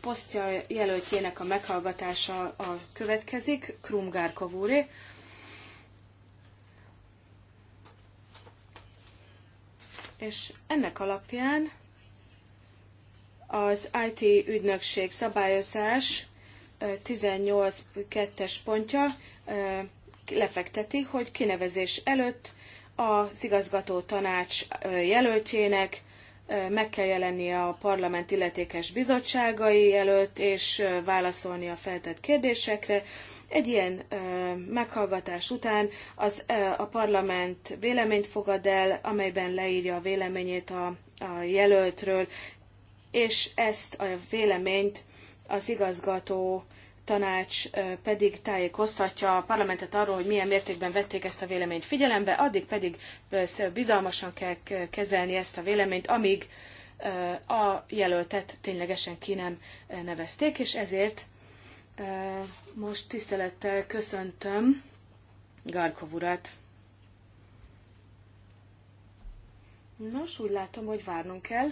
posztja jelöltjének a meghallgatása a következik, Krumgár Kavúré. És ennek alapján az IT ügynökség szabályozás 18.2-es pontja lefekteti, hogy kinevezés előtt az igazgató tanács jelöltjének meg kell jelennie a parlament illetékes bizottságai előtt, és válaszolni a feltett kérdésekre. Egy ilyen meghallgatás után az, a parlament véleményt fogad el, amelyben leírja a véleményét a, a jelöltről, és ezt a véleményt az igazgató tanács pedig tájékoztatja a parlamentet arról, hogy milyen mértékben vették ezt a véleményt figyelembe, addig pedig bizalmasan kell kezelni ezt a véleményt, amíg a jelöltet ténylegesen ki nem nevezték, és ezért most tisztelettel köszöntöm Garkov urat. Nos, úgy látom, hogy várnunk kell.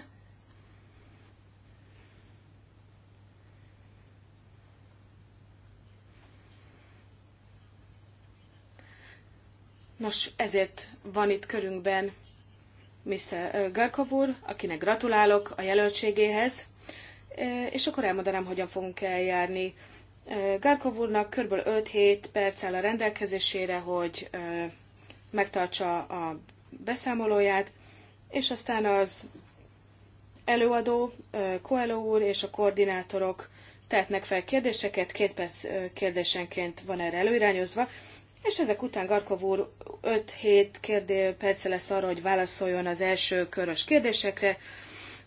Nos, ezért van itt körünkben Mr. Garkov úr, akinek gratulálok a jelöltségéhez, és akkor elmondanám, hogyan fogunk eljárni. Garkov úrnak kb. 5-7 perc áll a rendelkezésére, hogy megtartsa a beszámolóját, és aztán az előadó, Coelho úr és a koordinátorok tehetnek fel kérdéseket, két perc kérdésenként van erre előirányozva, és ezek után Garkov úr 5-7 kérdé, perce lesz arra, hogy válaszoljon az első körös kérdésekre,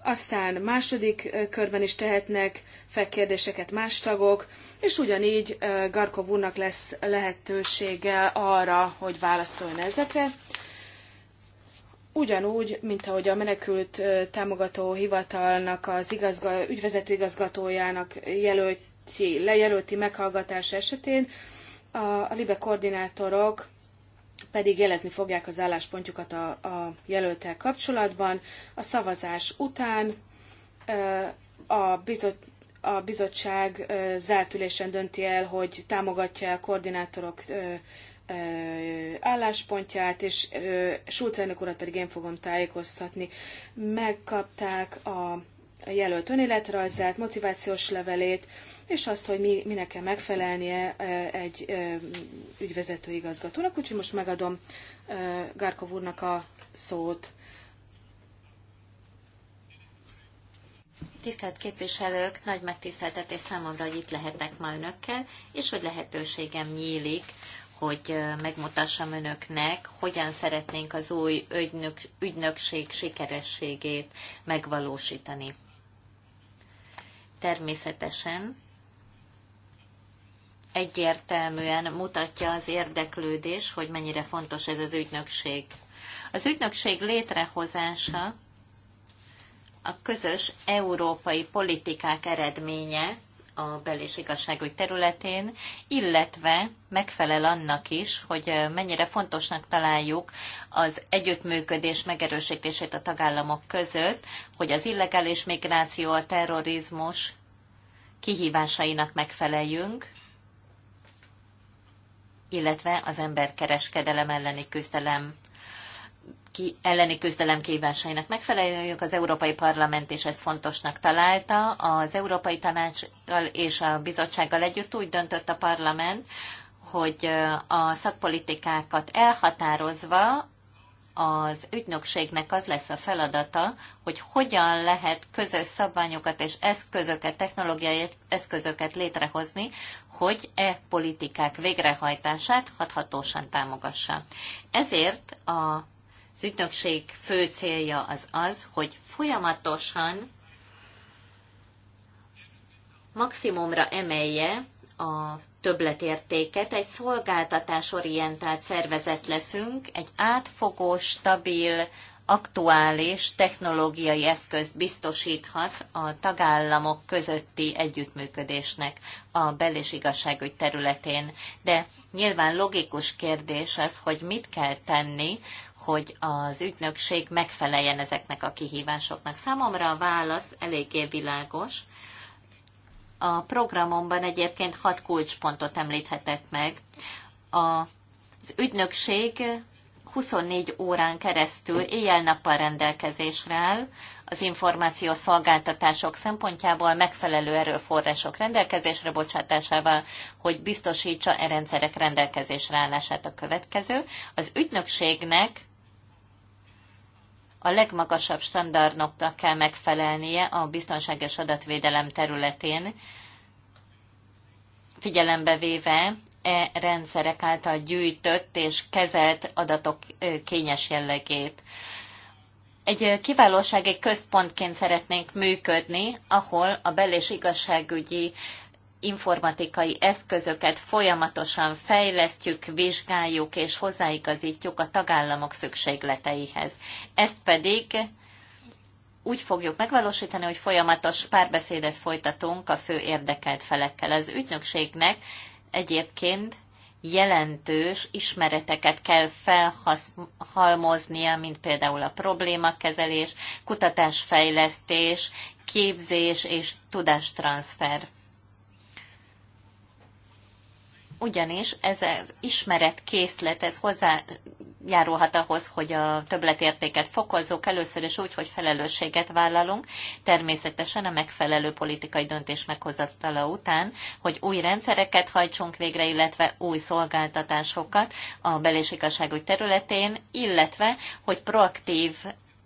aztán második körben is tehetnek fel kérdéseket más tagok, és ugyanígy Garkov úrnak lesz lehetősége arra, hogy válaszoljon ezekre. Ugyanúgy, mint ahogy a menekült támogató hivatalnak az igazga, ügyvezető igazgatójának jelölti, lejelölti meghallgatás esetén, a LIBE koordinátorok pedig jelezni fogják az álláspontjukat a, a jelöltel kapcsolatban. A szavazás után a, bizot, a bizottság zárt ülésen dönti el, hogy támogatja a koordinátorok álláspontját, és Schulz elnök urat pedig én fogom tájékoztatni. Megkapták a jelölt önéletrajzát, motivációs levelét, és azt, hogy mi, minek kell megfelelnie egy ügyvezető igazgatónak. Úgyhogy most megadom Gárkov úrnak a szót. Tisztelt képviselők, nagy megtiszteltetés számomra, hogy itt lehetek ma önökkel, és hogy lehetőségem nyílik, hogy megmutassam önöknek, hogyan szeretnénk az új ügynök, ügynökség sikerességét megvalósítani természetesen egyértelműen mutatja az érdeklődés, hogy mennyire fontos ez az ügynökség. Az ügynökség létrehozása a közös európai politikák eredménye, a bel- igazságügy területén, illetve megfelel annak is, hogy mennyire fontosnak találjuk az együttműködés megerősítését a tagállamok között, hogy az illegális migráció, a terrorizmus kihívásainak megfeleljünk, illetve az emberkereskedelem elleni küzdelem ki elleni küzdelem kívásainak megfeleljük. Az Európai Parlament is ezt fontosnak találta. Az Európai Tanácssal és a bizottsággal együtt úgy döntött a parlament, hogy a szakpolitikákat elhatározva az ügynökségnek az lesz a feladata, hogy hogyan lehet közös szabványokat és eszközöket, technológiai eszközöket létrehozni, hogy e politikák végrehajtását hathatósan támogassa. Ezért a az ügynökség fő célja az az, hogy folyamatosan maximumra emelje a többletértéket, egy szolgáltatásorientált szervezet leszünk, egy átfogó, stabil, aktuális technológiai eszköz biztosíthat a tagállamok közötti együttműködésnek a bel- és igazságügy területén. De nyilván logikus kérdés az, hogy mit kell tenni hogy az ügynökség megfeleljen ezeknek a kihívásoknak. Számomra a válasz eléggé világos. A programomban egyébként hat kulcspontot említhetek meg. Az ügynökség 24 órán keresztül éjjel-nappal rendelkezésre áll, az információ szolgáltatások szempontjából megfelelő erőforrások rendelkezésre bocsátásával, hogy biztosítsa e rendszerek rendelkezésre állását a következő. Az ügynökségnek a legmagasabb standardoknak kell megfelelnie a biztonságos adatvédelem területén, figyelembe véve e rendszerek által gyűjtött és kezelt adatok kényes jellegét. Egy kiválósági központként szeretnénk működni, ahol a bel- és igazságügyi informatikai eszközöket folyamatosan fejlesztjük, vizsgáljuk és hozzáigazítjuk a tagállamok szükségleteihez. Ezt pedig úgy fogjuk megvalósítani, hogy folyamatos párbeszédet folytatunk a fő érdekelt felekkel. Az ügynökségnek egyébként jelentős ismereteket kell felhalmoznia, mint például a problémakezelés, kutatásfejlesztés, képzés és tudástranszfer ugyanis ez az készlet ez hozzájárulhat ahhoz, hogy a többletértéket fokozzuk először is úgy, hogy felelősséget vállalunk, természetesen a megfelelő politikai döntés meghozatala után, hogy új rendszereket hajtsunk végre, illetve új szolgáltatásokat a belésigazságügy területén, illetve, hogy proaktív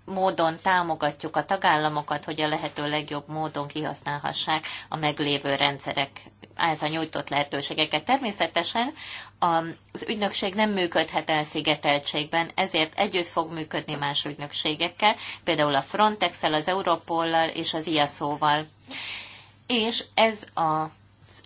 módon támogatjuk a tagállamokat, hogy a lehető legjobb módon kihasználhassák a meglévő rendszerek által nyújtott lehetőségeket. Természetesen az ügynökség nem működhet el szigeteltségben, ezért együtt fog működni más ügynökségekkel, például a Frontex-el, az Europollal és az IASZ-val. És ez a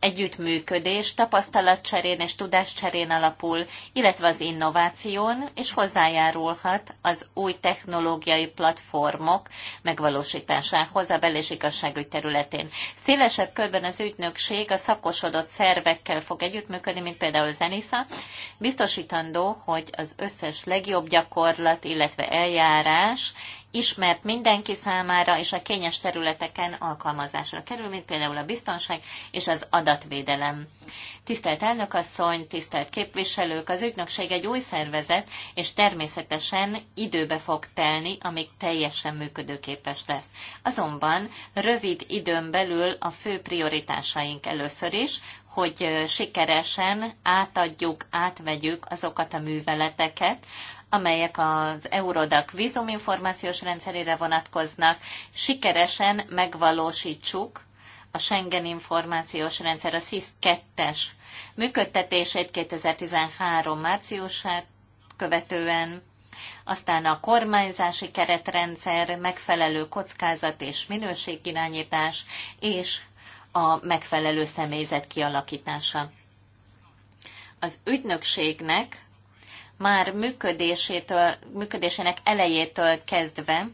együttműködés tapasztalatcserén és tudáscserén alapul, illetve az innováción, és hozzájárulhat az új technológiai platformok megvalósításához a bel- és igazságügy területén. Szélesebb körben az ügynökség a szakosodott szervekkel fog együttműködni, mint például Zenisa. biztosítandó, hogy az összes legjobb gyakorlat, illetve eljárás ismert mindenki számára, és a kényes területeken alkalmazásra kerül, mint például a biztonság és az adatvédelem. Tisztelt elnökasszony, tisztelt képviselők, az ügynökség egy új szervezet, és természetesen időbe fog telni, amíg teljesen működőképes lesz. Azonban rövid időn belül a fő prioritásaink először is, hogy sikeresen átadjuk, átvegyük azokat a műveleteket, amelyek az Eurodac vízuminformációs rendszerére vonatkoznak, sikeresen megvalósítsuk a Schengen információs rendszer, a SIS 2-es működtetését 2013 márciusát követően, aztán a kormányzási keretrendszer, megfelelő kockázat és minőségirányítás, és a megfelelő személyzet kialakítása. Az ügynökségnek már működésétől, működésének elejétől kezdve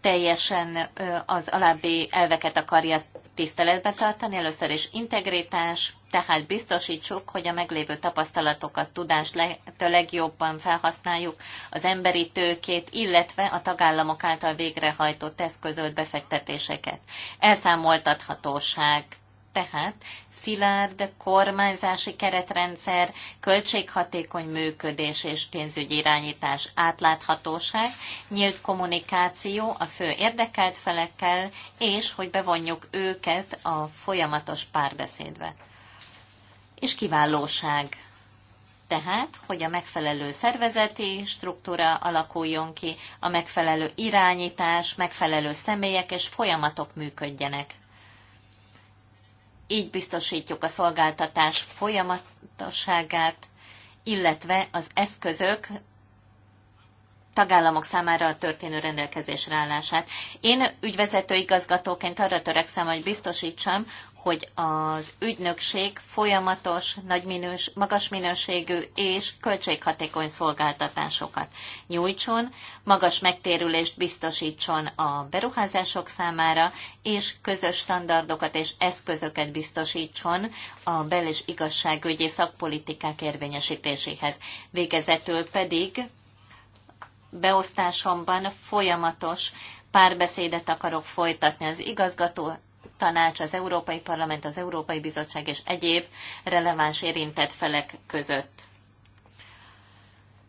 teljesen az alábbi elveket akarja tiszteletbe tartani. Először is integritás, tehát biztosítsuk, hogy a meglévő tapasztalatokat, tudást lehető legjobban felhasználjuk, az emberi tőkét, illetve a tagállamok által végrehajtott eszközölt befektetéseket. Elszámoltathatóság, tehát szilárd kormányzási keretrendszer, költséghatékony működés és pénzügyi irányítás, átláthatóság, nyílt kommunikáció a fő érdekelt felekkel, és hogy bevonjuk őket a folyamatos párbeszédbe. És kiválóság. Tehát, hogy a megfelelő szervezeti struktúra alakuljon ki, a megfelelő irányítás, megfelelő személyek és folyamatok működjenek így biztosítjuk a szolgáltatás folyamatosságát, illetve az eszközök tagállamok számára a történő rendelkezésre állását. Én ügyvezető igazgatóként arra törekszem, hogy biztosítsam, hogy az ügynökség folyamatos, nagy minős, magas minőségű és költséghatékony szolgáltatásokat nyújtson, magas megtérülést biztosítson a beruházások számára, és közös standardokat és eszközöket biztosítson a bel- és igazságügyi szakpolitikák érvényesítéséhez. Végezetül pedig beosztásomban folyamatos párbeszédet akarok folytatni az igazgató tanács, az Európai Parlament, az Európai Bizottság és egyéb releváns érintett felek között.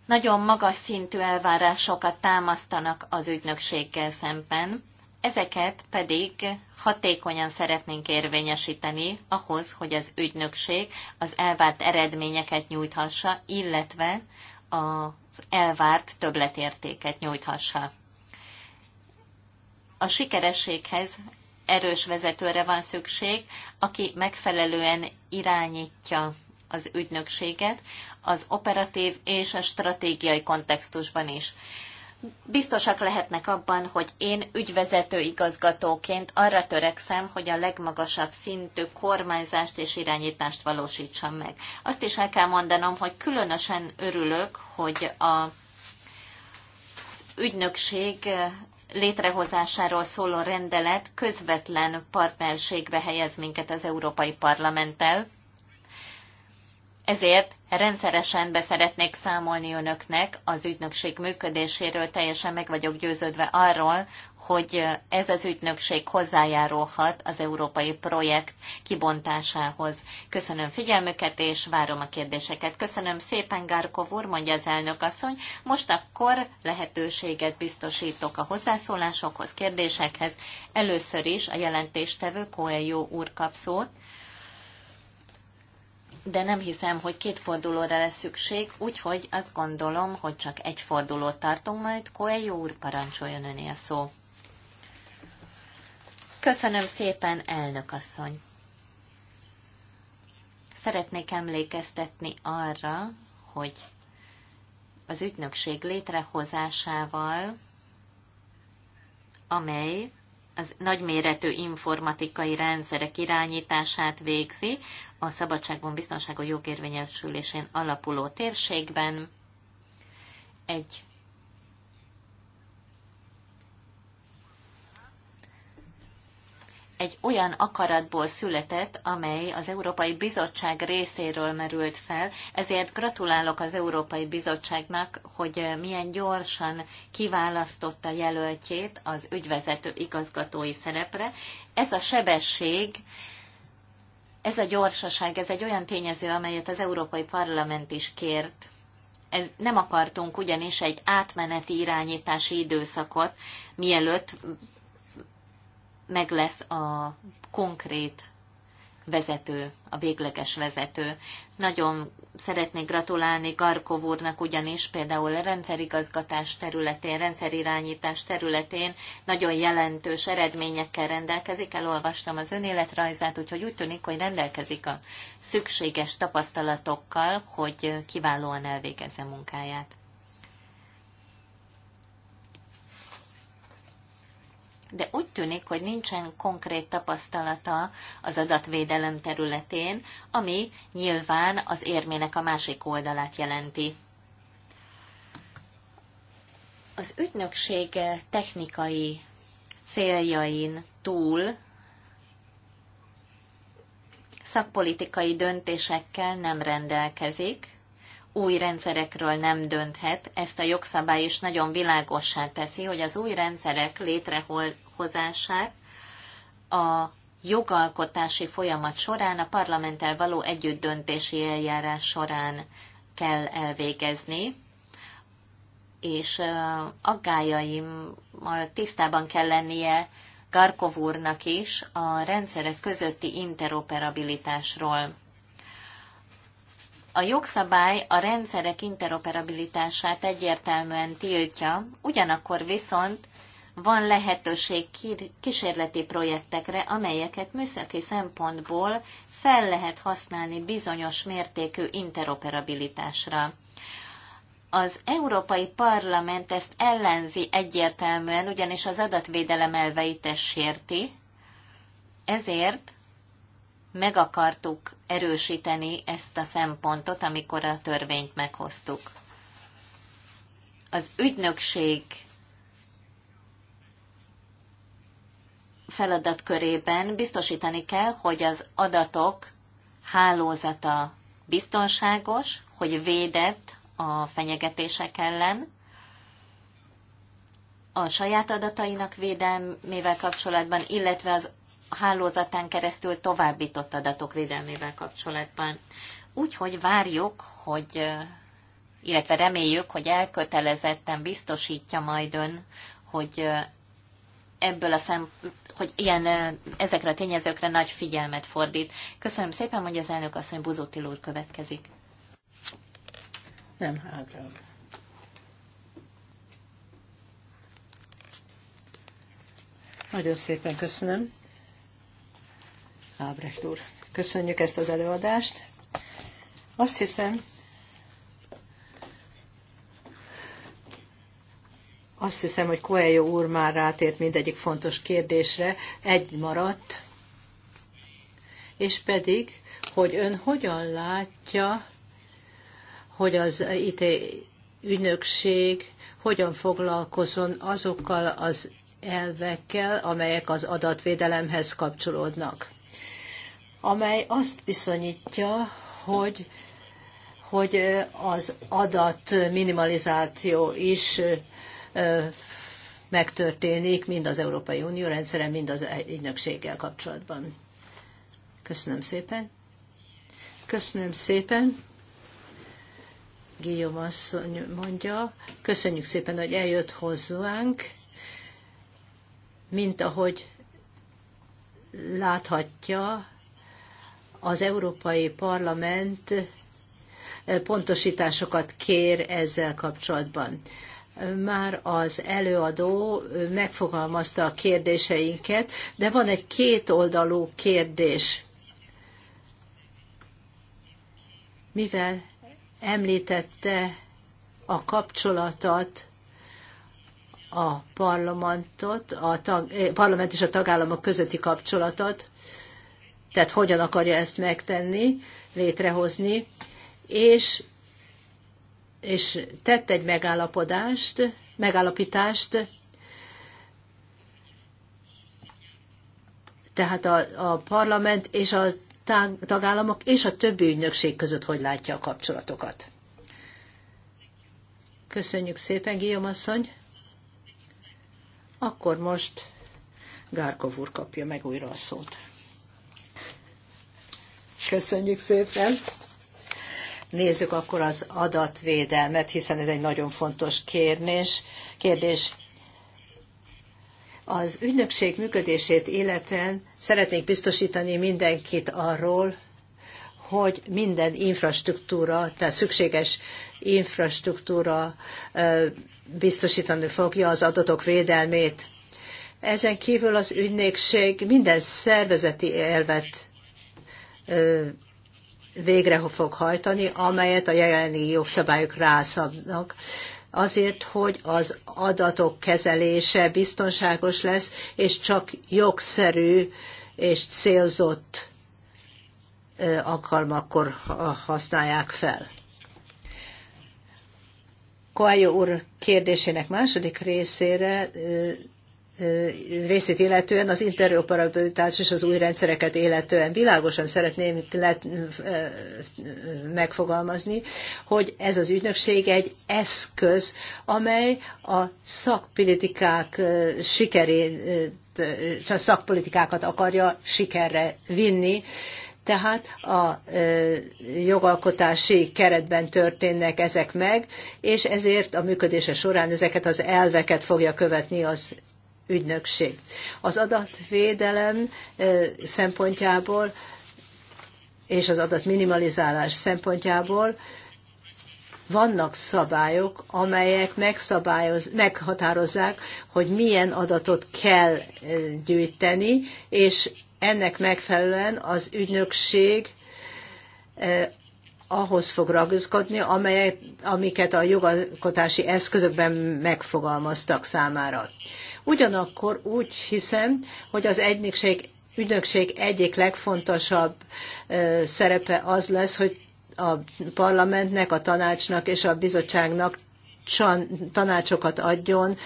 Nagyon magas szintű elvárásokat támasztanak az ügynökséggel szemben, ezeket pedig hatékonyan szeretnénk érvényesíteni ahhoz, hogy az ügynökség az elvárt eredményeket nyújthassa, illetve az elvárt többletértéket nyújthassa. A sikerességhez erős vezetőre van szükség, aki megfelelően irányítja az ügynökséget az operatív és a stratégiai kontextusban is biztosak lehetnek abban, hogy én ügyvezető igazgatóként arra törekszem, hogy a legmagasabb szintű kormányzást és irányítást valósítsam meg. Azt is el kell mondanom, hogy különösen örülök, hogy a, az ügynökség létrehozásáról szóló rendelet közvetlen partnerségbe helyez minket az Európai Parlamenttel, ezért rendszeresen beszeretnék számolni önöknek az ügynökség működéséről, teljesen meg vagyok győződve arról, hogy ez az ügynökség hozzájárulhat az európai projekt kibontásához. Köszönöm figyelmüket, és várom a kérdéseket. Köszönöm szépen, Gárkov úr, mondja az elnök asszony. Most akkor lehetőséget biztosítok a hozzászólásokhoz, kérdésekhez. Először is a jelentéstevő Coelho úr kap szót de nem hiszem, hogy két fordulóra lesz szükség, úgyhogy azt gondolom, hogy csak egy fordulót tartunk majd. Coelho úr, parancsoljon a szó. Köszönöm szépen, elnök asszony. Szeretnék emlékeztetni arra, hogy az ügynökség létrehozásával, amely az nagyméretű informatikai rendszerek irányítását végzi a szabadságban biztonságon jogérvényesülésén alapuló térségben. Egy egy olyan akaratból született, amely az Európai Bizottság részéről merült fel, ezért gratulálok az Európai Bizottságnak, hogy milyen gyorsan kiválasztotta jelöltjét az ügyvezető igazgatói szerepre. Ez a sebesség, ez a gyorsaság, ez egy olyan tényező, amelyet az Európai Parlament is kért. Nem akartunk ugyanis egy átmeneti irányítási időszakot, mielőtt meg lesz a konkrét vezető, a végleges vezető. Nagyon szeretnék gratulálni Garkov úrnak, ugyanis például a rendszerigazgatás területén, rendszerirányítás területén nagyon jelentős eredményekkel rendelkezik. Elolvastam az önéletrajzát, úgyhogy úgy tűnik, hogy rendelkezik a szükséges tapasztalatokkal, hogy kiválóan elvégezze munkáját. de úgy tűnik, hogy nincsen konkrét tapasztalata az adatvédelem területén, ami nyilván az érmének a másik oldalát jelenti. Az ügynökség technikai céljain túl szakpolitikai döntésekkel nem rendelkezik, új rendszerekről nem dönthet, ezt a jogszabály is nagyon világossá teszi, hogy az új rendszerek létrehol, vonatkozását a jogalkotási folyamat során, a parlamenttel való együttdöntési eljárás során kell elvégezni, és aggájaimmal tisztában kell lennie Garkov úrnak is a rendszerek közötti interoperabilitásról. A jogszabály a rendszerek interoperabilitását egyértelműen tiltja, ugyanakkor viszont van lehetőség kísérleti projektekre, amelyeket műszaki szempontból fel lehet használni bizonyos mértékű interoperabilitásra. Az Európai Parlament ezt ellenzi egyértelműen, ugyanis az adatvédelem elveit ez sérti, ezért meg akartuk erősíteni ezt a szempontot, amikor a törvényt meghoztuk. Az ügynökség feladatkörében biztosítani kell, hogy az adatok hálózata biztonságos, hogy védett a fenyegetések ellen, a saját adatainak védelmével kapcsolatban, illetve az hálózatán keresztül továbbított adatok védelmével kapcsolatban. Úgyhogy várjuk, hogy, illetve reméljük, hogy elkötelezetten biztosítja majd ön, hogy ebből a szem, hogy ilyen, ezekre a tényezőkre nagy figyelmet fordít. Köszönöm szépen, hogy az elnök asszony Buzóti úr következik. Nem, hátra. Nagyon szépen köszönöm. Ábrecht úr, köszönjük ezt az előadást. Azt hiszem, Azt hiszem, hogy Coelho úr már rátért mindegyik fontos kérdésre, egy maradt, és pedig, hogy ön hogyan látja, hogy az IT ügynökség hogyan foglalkozon azokkal az elvekkel, amelyek az adatvédelemhez kapcsolódnak, amely azt bizonyítja, hogy, hogy az adat minimalizáció is megtörténik, mind az Európai Unió rendszeren, mind az ügynökséggel kapcsolatban. Köszönöm szépen. Köszönöm szépen. Guillaume asszony mondja. Köszönjük szépen, hogy eljött hozzánk, mint ahogy láthatja, az Európai Parlament pontosításokat kér ezzel kapcsolatban már az előadó megfogalmazta a kérdéseinket, de van egy kétoldalú kérdés. Mivel említette a kapcsolatot a parlamentot, a tag, eh, parlament és a tagállamok közötti kapcsolatot, tehát hogyan akarja ezt megtenni, létrehozni, és és tett egy megállapodást, megállapítást, tehát a, a parlament és a tagállamok és a többi ügynökség között hogy látja a kapcsolatokat. Köszönjük szépen, Guillaume asszony. Akkor most Gárkov úr kapja meg újra a szót. Köszönjük szépen nézzük akkor az adatvédelmet, hiszen ez egy nagyon fontos kérdés. kérdés. Az ügynökség működését illetően szeretnék biztosítani mindenkit arról, hogy minden infrastruktúra, tehát szükséges infrastruktúra biztosítani fogja az adatok védelmét. Ezen kívül az ügynökség minden szervezeti elvet végre fog hajtani, amelyet a jelenlegi jogszabályok rászabnak azért, hogy az adatok kezelése biztonságos lesz, és csak jogszerű és célzott alkalmakkor használják fel. Koályó úr kérdésének második részére részét illetően, az interoperabilitás és az új rendszereket illetően világosan szeretném let, megfogalmazni, hogy ez az ügynökség egy eszköz, amely a szakpolitikák sikerét, a szakpolitikákat akarja sikerre vinni, tehát a jogalkotási keretben történnek ezek meg, és ezért a működése során ezeket az elveket fogja követni az ügynökség. Az adatvédelem szempontjából és az adat minimalizálás szempontjából vannak szabályok, amelyek megszabályoz, meghatározzák, hogy milyen adatot kell gyűjteni, és ennek megfelelően az ügynökség ahhoz fog ragaszkodni, amelyet, amiket a jogalkotási eszközökben megfogalmaztak számára. Ugyanakkor úgy hiszem, hogy az egynökség, ügynökség egyik legfontosabb szerepe az lesz, hogy a parlamentnek, a tanácsnak és a bizottságnak tanácsokat adjon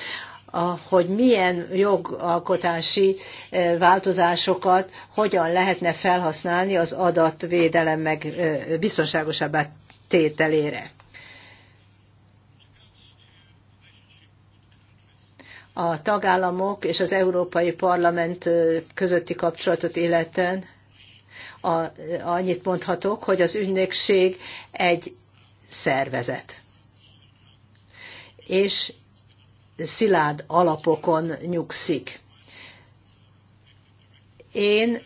hogy milyen jogalkotási e, változásokat hogyan lehetne felhasználni az adatvédelem meg e, biztonságosabbá tételére. A tagállamok és az Európai Parlament e, közötti kapcsolatot illetően a, annyit mondhatok, hogy az ügynökség egy szervezet. És szilárd alapokon nyugszik. Én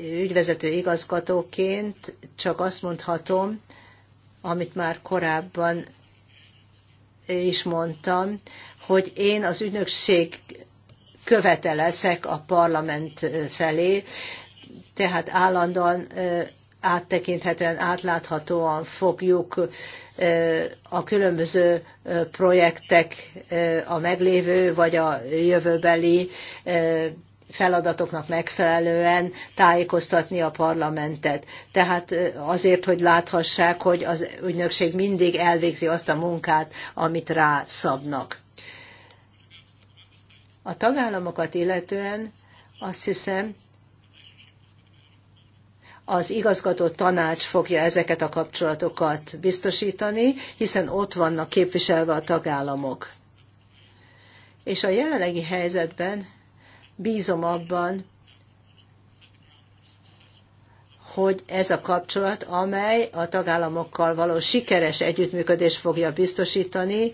ügyvezető igazgatóként csak azt mondhatom, amit már korábban is mondtam, hogy én az ügynökség követeleszek a parlament felé, tehát állandóan áttekinthetően, átláthatóan fogjuk eh, a különböző eh, projektek, eh, a meglévő vagy a jövőbeli feladatoknak megfelelően tájékoztatni a parlamentet. Tehát azért, hogy láthassák, hogy az ügynökség mindig elvégzi azt a munkát, amit rá szabnak. A tagállamokat illetően azt hiszem, az igazgató tanács fogja ezeket a kapcsolatokat biztosítani, hiszen ott vannak képviselve a tagállamok. És a jelenlegi helyzetben bízom abban, hogy ez a kapcsolat, amely a tagállamokkal való sikeres együttműködést fogja biztosítani,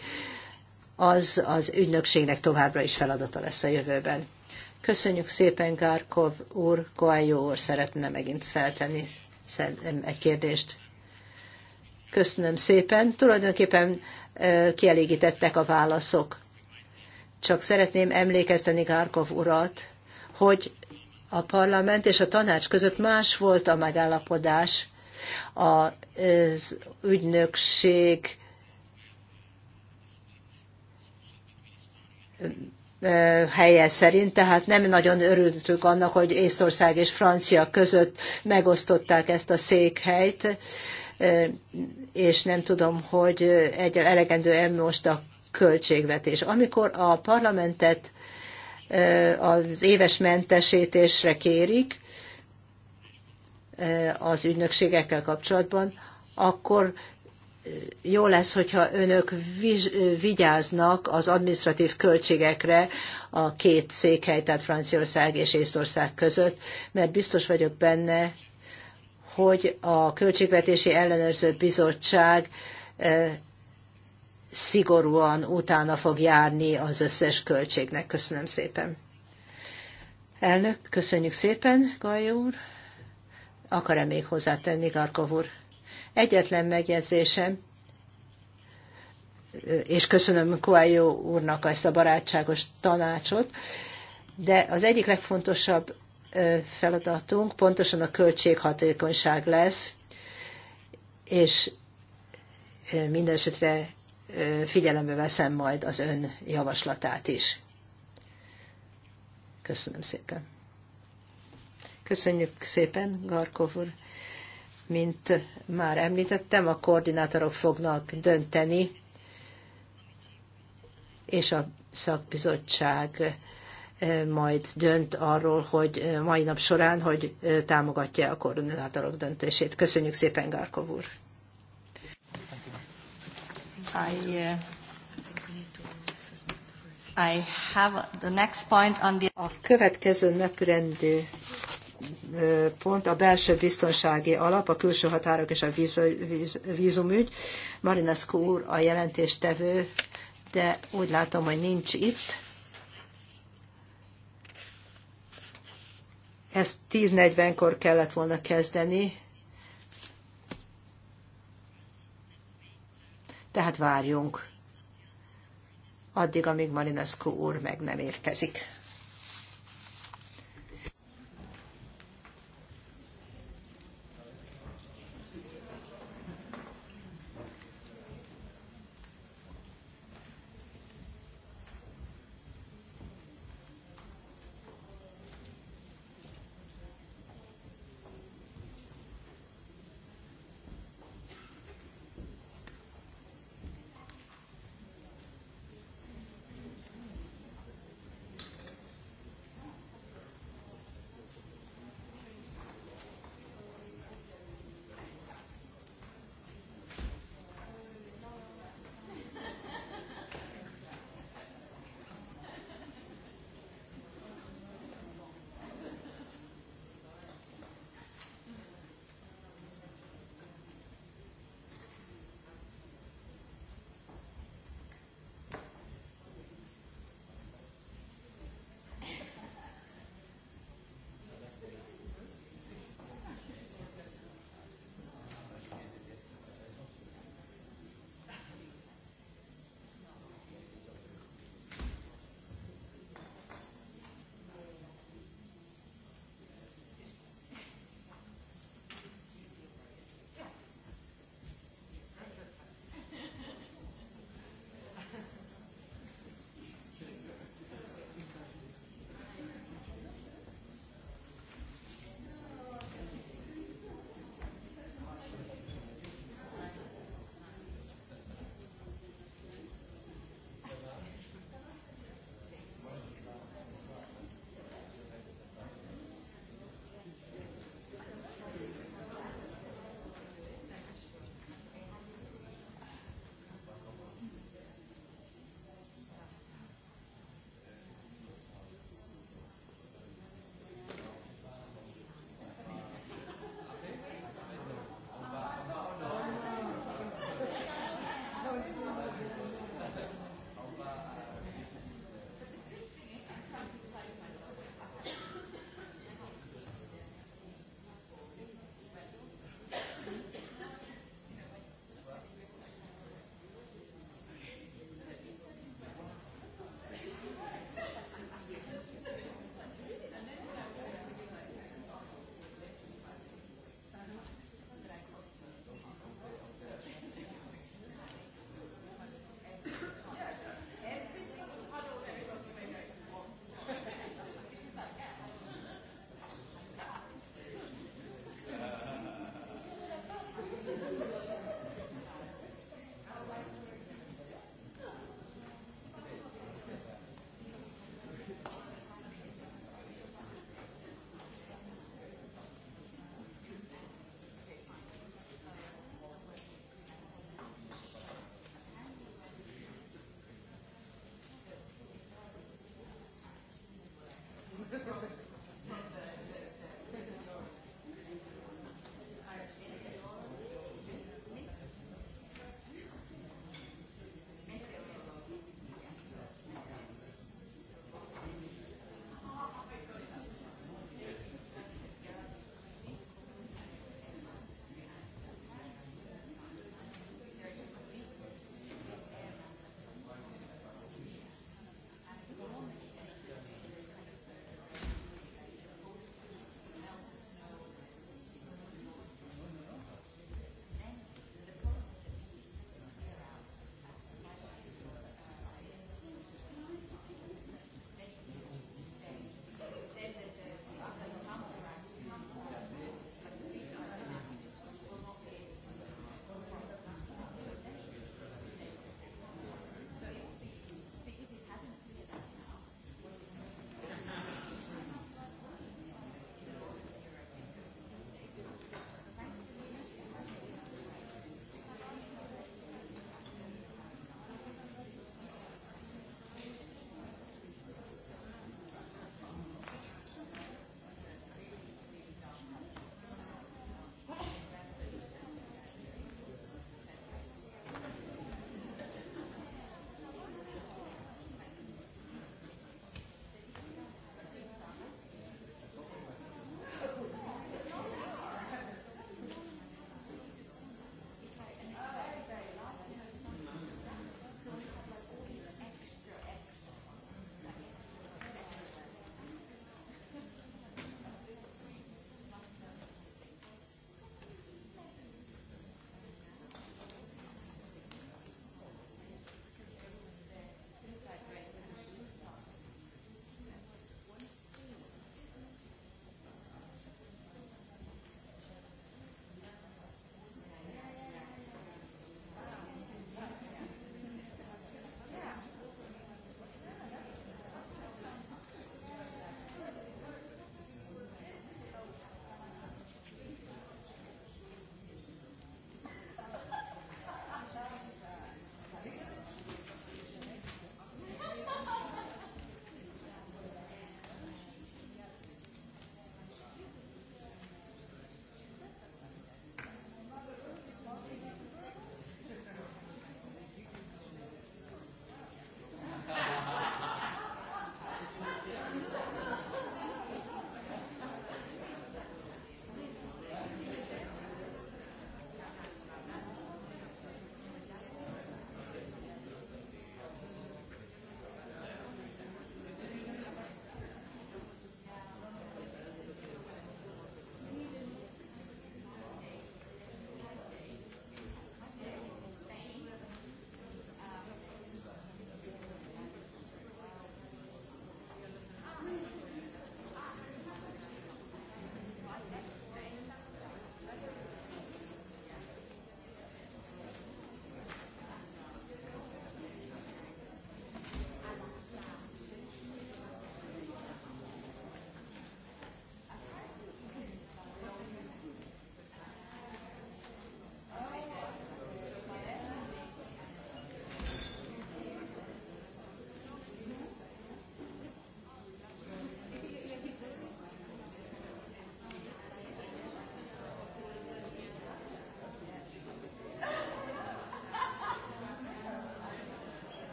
az az ügynökségnek továbbra is feladata lesz a jövőben. Köszönjük szépen, Gárkov úr, Koályó úr szeretne megint feltenni egy kérdést. Köszönöm szépen. Tulajdonképpen kielégítettek a válaszok. Csak szeretném emlékezteni Gárkov urat, hogy a parlament és a tanács között más volt a megállapodás, az ügynökség helye szerint, tehát nem nagyon örültük annak, hogy Észtország és Francia között megosztották ezt a székhelyt, és nem tudom, hogy egy elegendő-e most a költségvetés. Amikor a parlamentet az éves mentesítésre kérik az ügynökségekkel kapcsolatban, akkor jó lesz, hogyha önök vigyáznak az administratív költségekre a két székhely, tehát Franciaország és Észtország között, mert biztos vagyok benne, hogy a Költségvetési Ellenőrző Bizottság e, szigorúan utána fog járni az összes költségnek. Köszönöm szépen. Elnök, köszönjük szépen, Gajó úr. Akar-e még hozzátenni, Garkov úr? Egyetlen megjegyzésem, és köszönöm Coelho úrnak ezt a barátságos tanácsot, de az egyik legfontosabb feladatunk pontosan a költséghatékonyság lesz, és mindesetre figyelembe veszem majd az ön javaslatát is. Köszönöm szépen. Köszönjük szépen, Garkov úr. Mint már említettem, a koordinátorok fognak dönteni, és a szakbizottság eh, majd dönt arról, hogy eh, mai nap során, hogy eh, támogatja a koordinátorok döntését. Köszönjük szépen, Gárkov úr! I, uh, I have the next point on the... A következő rendő pont a belső biztonsági alap, a külső határok és a vízumügy. Marinescu úr a jelentéstevő, de úgy látom, hogy nincs itt. Ezt 10.40-kor kellett volna kezdeni, tehát várjunk addig, amíg Marinescu úr meg nem érkezik.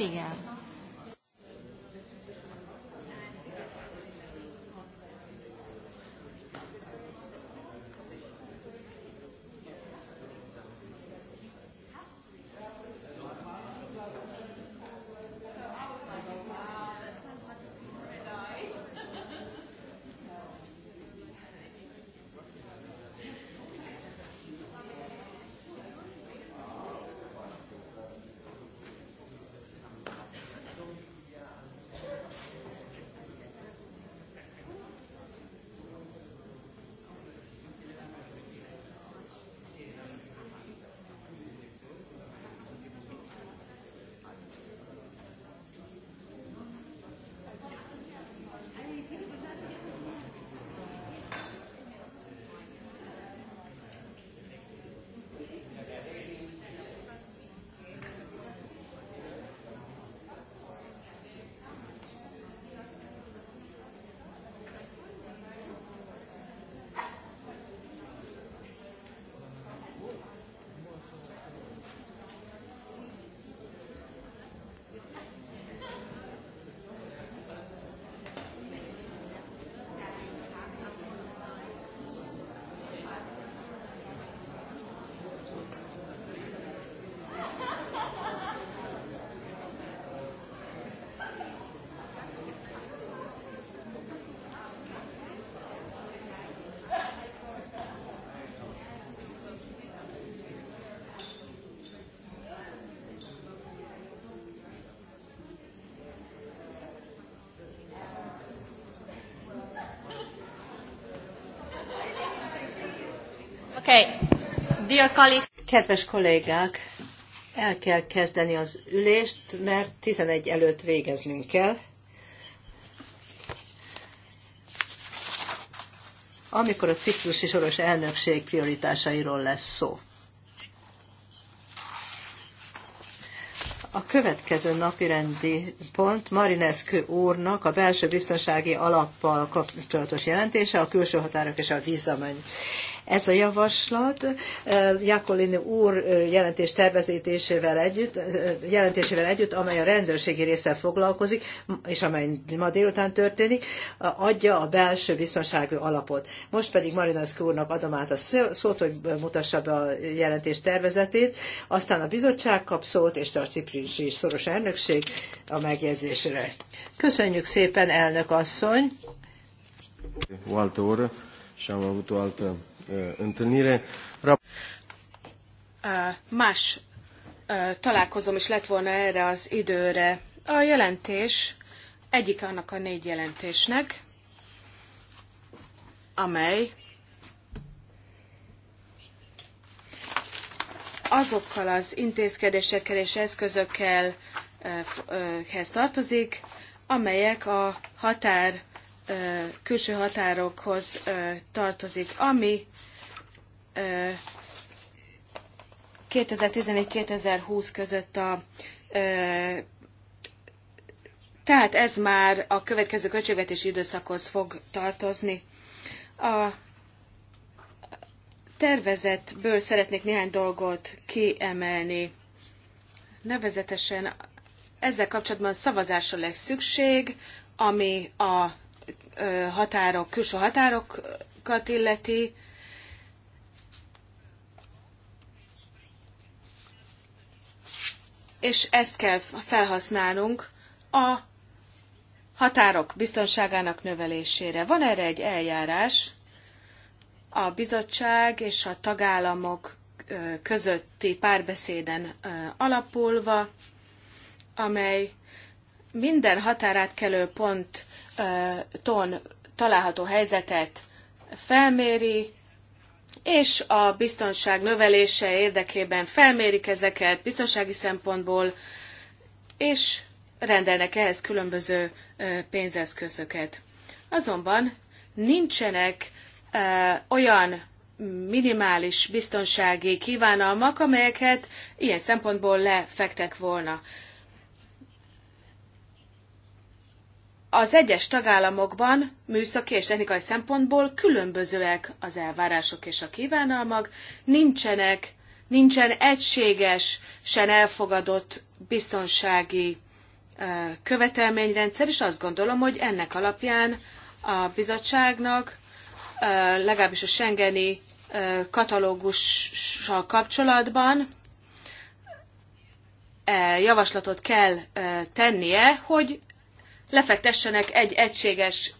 igen. Okay. Dear colleagues. Kedves kollégák, el kell kezdeni az ülést, mert 11 előtt végeznünk kell. amikor a ciklusi soros elnökség prioritásairól lesz szó. A következő napi rendi pont Marineszkő úrnak a belső biztonsági alappal kapcsolatos jelentése, a külső határok és a vízamennyi. Ez a javaslat Jakolini úr jelentés tervezítésével együtt, jelentésével együtt, amely a rendőrségi résszel foglalkozik, és amely ma délután történik, adja a belső biztonsági alapot. Most pedig Marinaszki úrnak adom át a szót, hogy mutassa be a jelentés tervezetét, aztán a bizottság kap szót, és a ciprisi szoros elnökség a megjegyzésre. Köszönjük szépen, elnök asszony! Walter, și am întâlnire. Más találkozom is lett volna erre az időre. A jelentés egyik annak a négy jelentésnek, amely azokkal az intézkedésekkel és eszközökkel tartozik, amelyek a határ külső határokhoz tartozik, ami 2014-2020 között a tehát ez már a következő költségvetési időszakhoz fog tartozni. A tervezetből szeretnék néhány dolgot kiemelni. Nevezetesen ezzel kapcsolatban szavazásra lesz szükség, ami a határok, külső határokat illeti, és ezt kell felhasználnunk a határok biztonságának növelésére. Van erre egy eljárás a bizottság és a tagállamok közötti párbeszéden alapulva, amely minden határátkelő pont ton található helyzetet felméri, és a biztonság növelése érdekében felmérik ezeket biztonsági szempontból, és rendelnek ehhez különböző pénzeszközöket. Azonban nincsenek olyan minimális biztonsági kívánalmak, amelyeket ilyen szempontból lefektek volna. az egyes tagállamokban műszaki és technikai szempontból különbözőek az elvárások és a kívánalmak, nincsenek, nincsen egységes, sen elfogadott biztonsági követelményrendszer, és azt gondolom, hogy ennek alapján a bizottságnak legalábbis a Schengeni katalógussal kapcsolatban e, javaslatot kell tennie, hogy lefektessenek egy egységes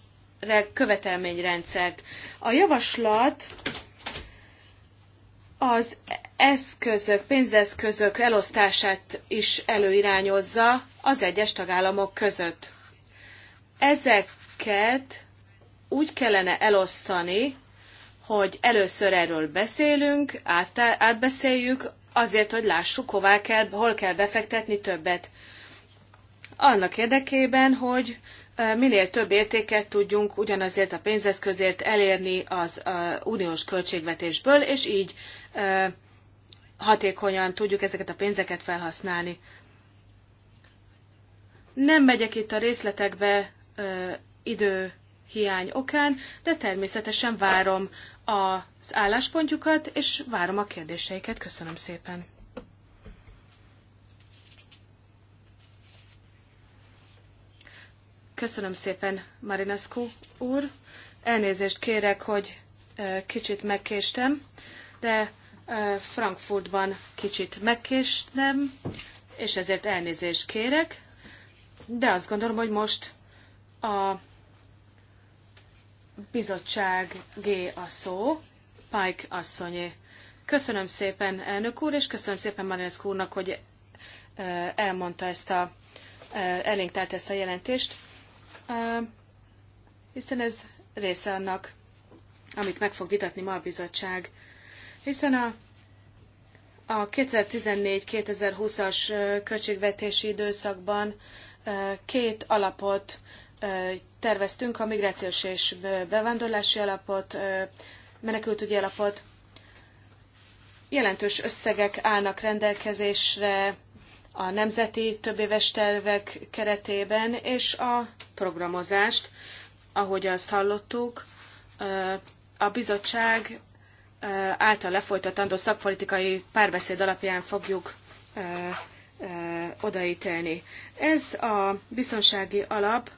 követelményrendszert. A javaslat az eszközök, pénzeszközök elosztását is előirányozza az egyes tagállamok között. Ezeket úgy kellene elosztani, hogy először erről beszélünk, át, átbeszéljük, azért, hogy lássuk, hová kell, hol kell befektetni többet annak érdekében, hogy minél több értéket tudjunk ugyanazért a pénzeszközért elérni az uniós költségvetésből, és így hatékonyan tudjuk ezeket a pénzeket felhasználni. Nem megyek itt a részletekbe idő hiány okán, de természetesen várom az álláspontjukat, és várom a kérdéseiket. Köszönöm szépen! Köszönöm szépen, Marinescu úr. Elnézést kérek, hogy kicsit megkéstem, de Frankfurtban kicsit megkéstem, és ezért elnézést kérek, de azt gondolom, hogy most a G a szó, Pike asszonyé. Köszönöm szépen, elnök úr, és köszönöm szépen Marinescu úrnak, hogy elmondta ezt a, elénk ezt a jelentést hiszen ez része annak, amit meg fog vitatni ma a bizottság. Hiszen a, a 2014-2020-as költségvetési időszakban két alapot terveztünk, a migrációs és bevándorlási alapot, menekültügyi alapot. Jelentős összegek állnak rendelkezésre a nemzeti többéves tervek keretében, és a programozást, ahogy azt hallottuk, a bizottság által lefolytatandó szakpolitikai párbeszéd alapján fogjuk odaítélni. Ez a biztonsági alap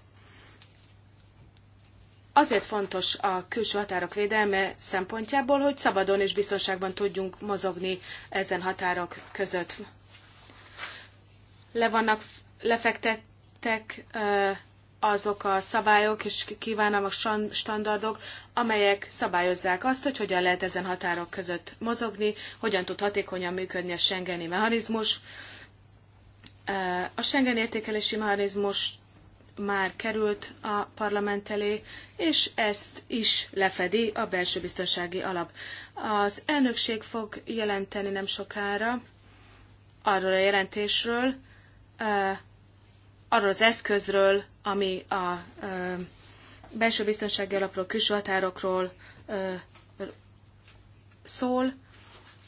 azért fontos a külső határok védelme szempontjából, hogy szabadon és biztonságban tudjunk mozogni ezen határok között le vannak lefektettek azok a szabályok és kívánom a standardok, amelyek szabályozzák azt, hogy hogyan lehet ezen határok között mozogni, hogyan tud hatékonyan működni a Schengeni mechanizmus. A Schengen értékelési mechanizmus már került a parlament elé, és ezt is lefedi a belső biztonsági alap. Az elnökség fog jelenteni nem sokára arról a jelentésről, arról az eszközről, ami a belső biztonsági alapról, külső határokról szól,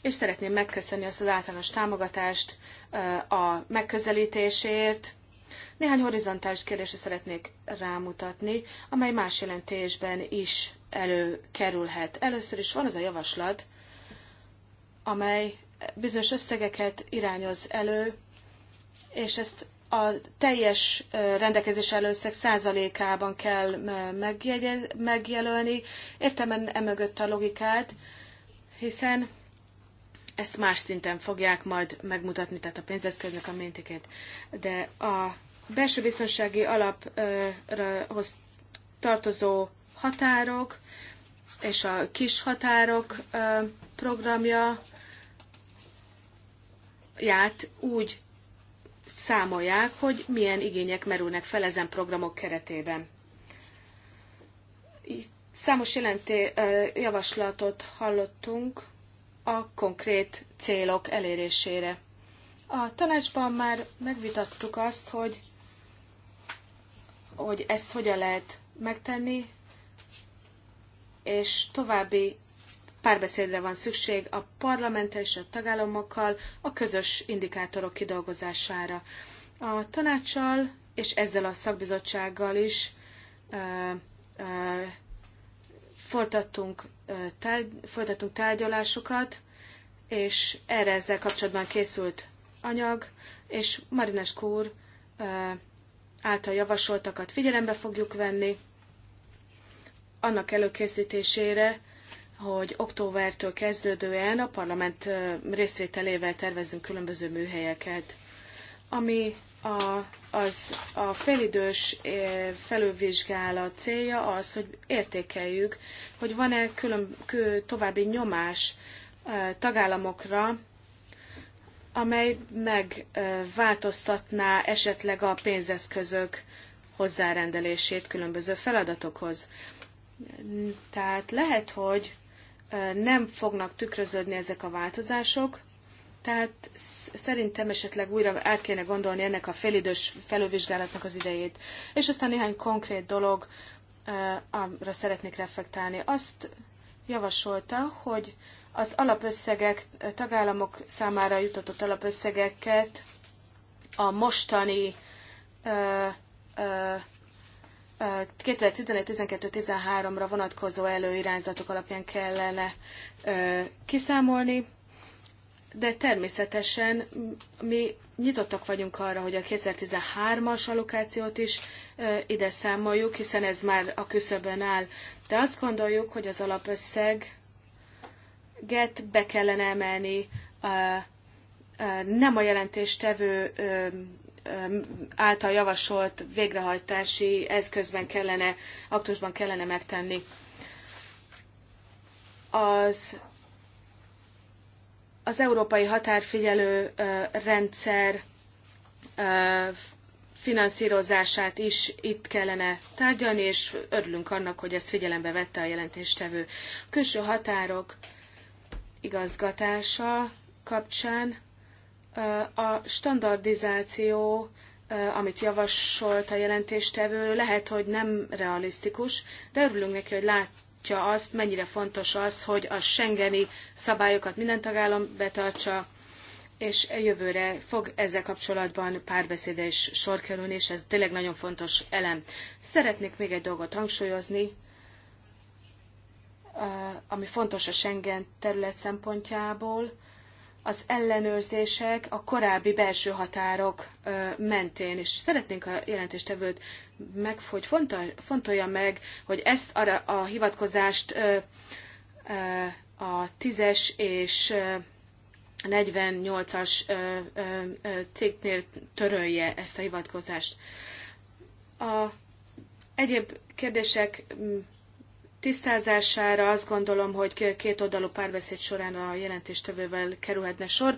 és szeretném megköszönni azt az általános támogatást a megközelítésért. Néhány horizontális kérdésre szeretnék rámutatni, amely más jelentésben is előkerülhet. Először is van az a javaslat, amely bizonyos összegeket irányoz elő és ezt a teljes rendelkezés előszeg százalékában kell megjelölni. Értem emögött a logikát, hiszen ezt más szinten fogják majd megmutatni, tehát a pénzeszköznek a mintikét. De a belső biztonsági alaphoz tartozó határok és a kis határok programja ját úgy számolják, hogy milyen igények merülnek fel ezen programok keretében. Számos jelenté, javaslatot hallottunk a konkrét célok elérésére. A tanácsban már megvitattuk azt, hogy, hogy ezt hogyan lehet megtenni, és további párbeszédre van szükség a parlamenttel és a tagállamokkal a közös indikátorok kidolgozására. A tanácssal és ezzel a szakbizottsággal is folytattunk, folytattunk tárgyalásokat, és erre ezzel kapcsolatban készült anyag, és Marines úr által javasoltakat figyelembe fogjuk venni annak előkészítésére, hogy októbertől kezdődően a parlament részvételével tervezünk különböző műhelyeket, ami a, az, a félidős felülvizsgálat célja az, hogy értékeljük, hogy van-e külön, további nyomás tagállamokra, amely megváltoztatná esetleg a pénzeszközök hozzárendelését különböző feladatokhoz. Tehát lehet, hogy nem fognak tükröződni ezek a változások, tehát szerintem esetleg újra át kéne gondolni ennek a félidős felülvizsgálatnak az idejét. És aztán néhány konkrét dolog, amire szeretnék reflektálni. Azt javasolta, hogy az alapösszegek, tagállamok számára jutatott alapösszegeket a mostani 2011-12-13-ra vonatkozó előirányzatok alapján kellene kiszámolni, de természetesen mi nyitottak vagyunk arra, hogy a 2013-as allokációt is ide számoljuk, hiszen ez már a küszöbön áll. De azt gondoljuk, hogy az alapösszeget be kellene emelni nem a jelentéstevő által javasolt végrehajtási eszközben kellene, aktusban kellene megtenni. Az, az Európai Határfigyelő rendszer finanszírozását is itt kellene tárgyalni, és örülünk annak, hogy ezt figyelembe vette a jelentéstevő. A külső határok igazgatása kapcsán a standardizáció, amit javasolt a jelentéstevő, lehet, hogy nem realisztikus, de örülünk neki, hogy látja azt, mennyire fontos az, hogy a Schengeni szabályokat minden tagállam betartsa, és jövőre fog ezzel kapcsolatban párbeszéde is sor kerülni, és ez tényleg nagyon fontos elem. Szeretnék még egy dolgot hangsúlyozni, ami fontos a Schengen terület szempontjából, az ellenőrzések a korábbi belső határok mentén, és szeretnénk a jelentéstevőt meg, hogy fontolja meg, hogy ezt arra a hivatkozást a 10-es és 48-as cégnél törölje ezt a hivatkozást. A egyéb kérdések tisztázására. Azt gondolom, hogy két oldalú párbeszéd során a jelentéstevővel kerülhetne sor,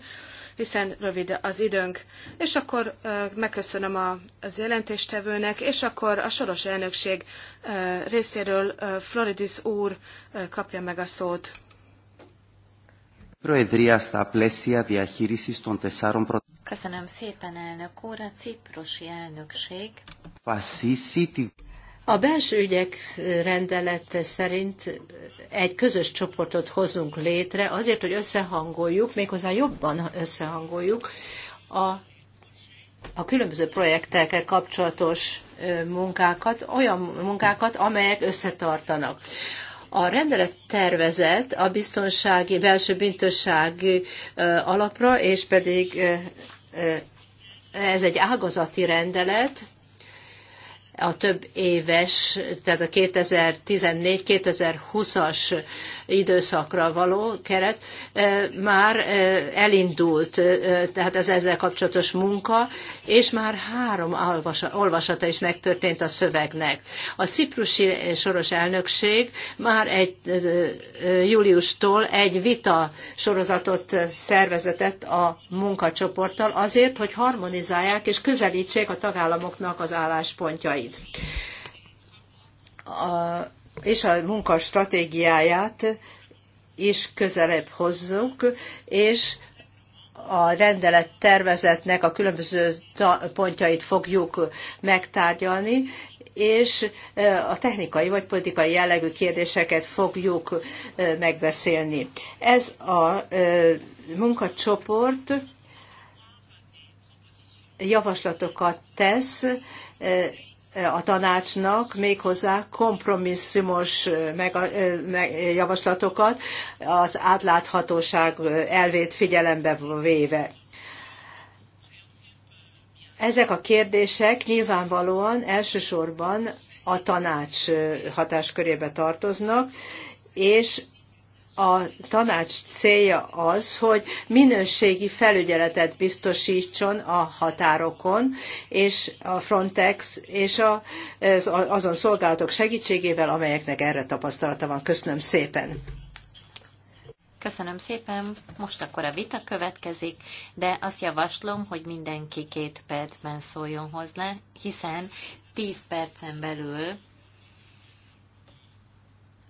hiszen rövid az időnk. És akkor megköszönöm a, az jelentéstevőnek, és akkor a soros elnökség részéről Floridis úr kapja meg a szót. Köszönöm szépen, elnök úr, a ciprusi elnökség. Βασίσει a belső ügyek rendelete szerint egy közös csoportot hozunk létre azért, hogy összehangoljuk, méghozzá jobban összehangoljuk a, a különböző projektekkel kapcsolatos munkákat, olyan munkákat, amelyek összetartanak. A rendelet tervezet a biztonsági, belső bintősági alapra, és pedig ez egy ágazati rendelet, a több éves, tehát a 2014-2020-as időszakra való keret már elindult, tehát ez ezzel kapcsolatos munka, és már három olvasata is megtörtént a szövegnek. A ciprusi soros elnökség már egy júliustól egy vita sorozatot szervezetett a munkacsoporttal azért, hogy harmonizálják és közelítsék a tagállamoknak az álláspontjait. A és a munka stratégiáját is közelebb hozzunk, és a rendelet tervezetnek a különböző pontjait fogjuk megtárgyalni, és e, a technikai vagy politikai jellegű kérdéseket fogjuk e, megbeszélni. Ez a e, munkacsoport javaslatokat tesz a tanácsnak méghozzá kompromisszumos javaslatokat az átláthatóság elvét figyelembe véve. Ezek a kérdések nyilvánvalóan elsősorban a tanács hatáskörébe tartoznak, és a tanács célja az, hogy minőségi felügyeletet biztosítson a határokon, és a Frontex és a, azon szolgálatok segítségével, amelyeknek erre tapasztalata van. Köszönöm szépen! Köszönöm szépen, most akkor a vita következik, de azt javaslom, hogy mindenki két percben szóljon hozzá, hiszen tíz percen belül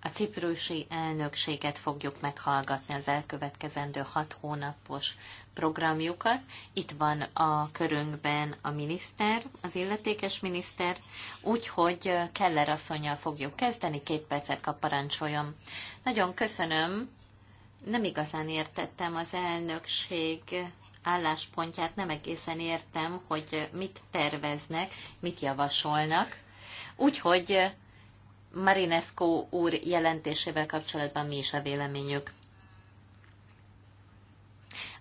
a ciprusi elnökséget fogjuk meghallgatni az elkövetkezendő hat hónapos programjukat. Itt van a körünkben a miniszter, az illetékes miniszter, úgyhogy Keller asszonyjal fogjuk kezdeni, két percet kap parancsoljon. Nagyon köszönöm, nem igazán értettem az elnökség álláspontját, nem egészen értem, hogy mit terveznek, mit javasolnak. Úgyhogy Marinescu úr jelentésével kapcsolatban mi is a véleményük.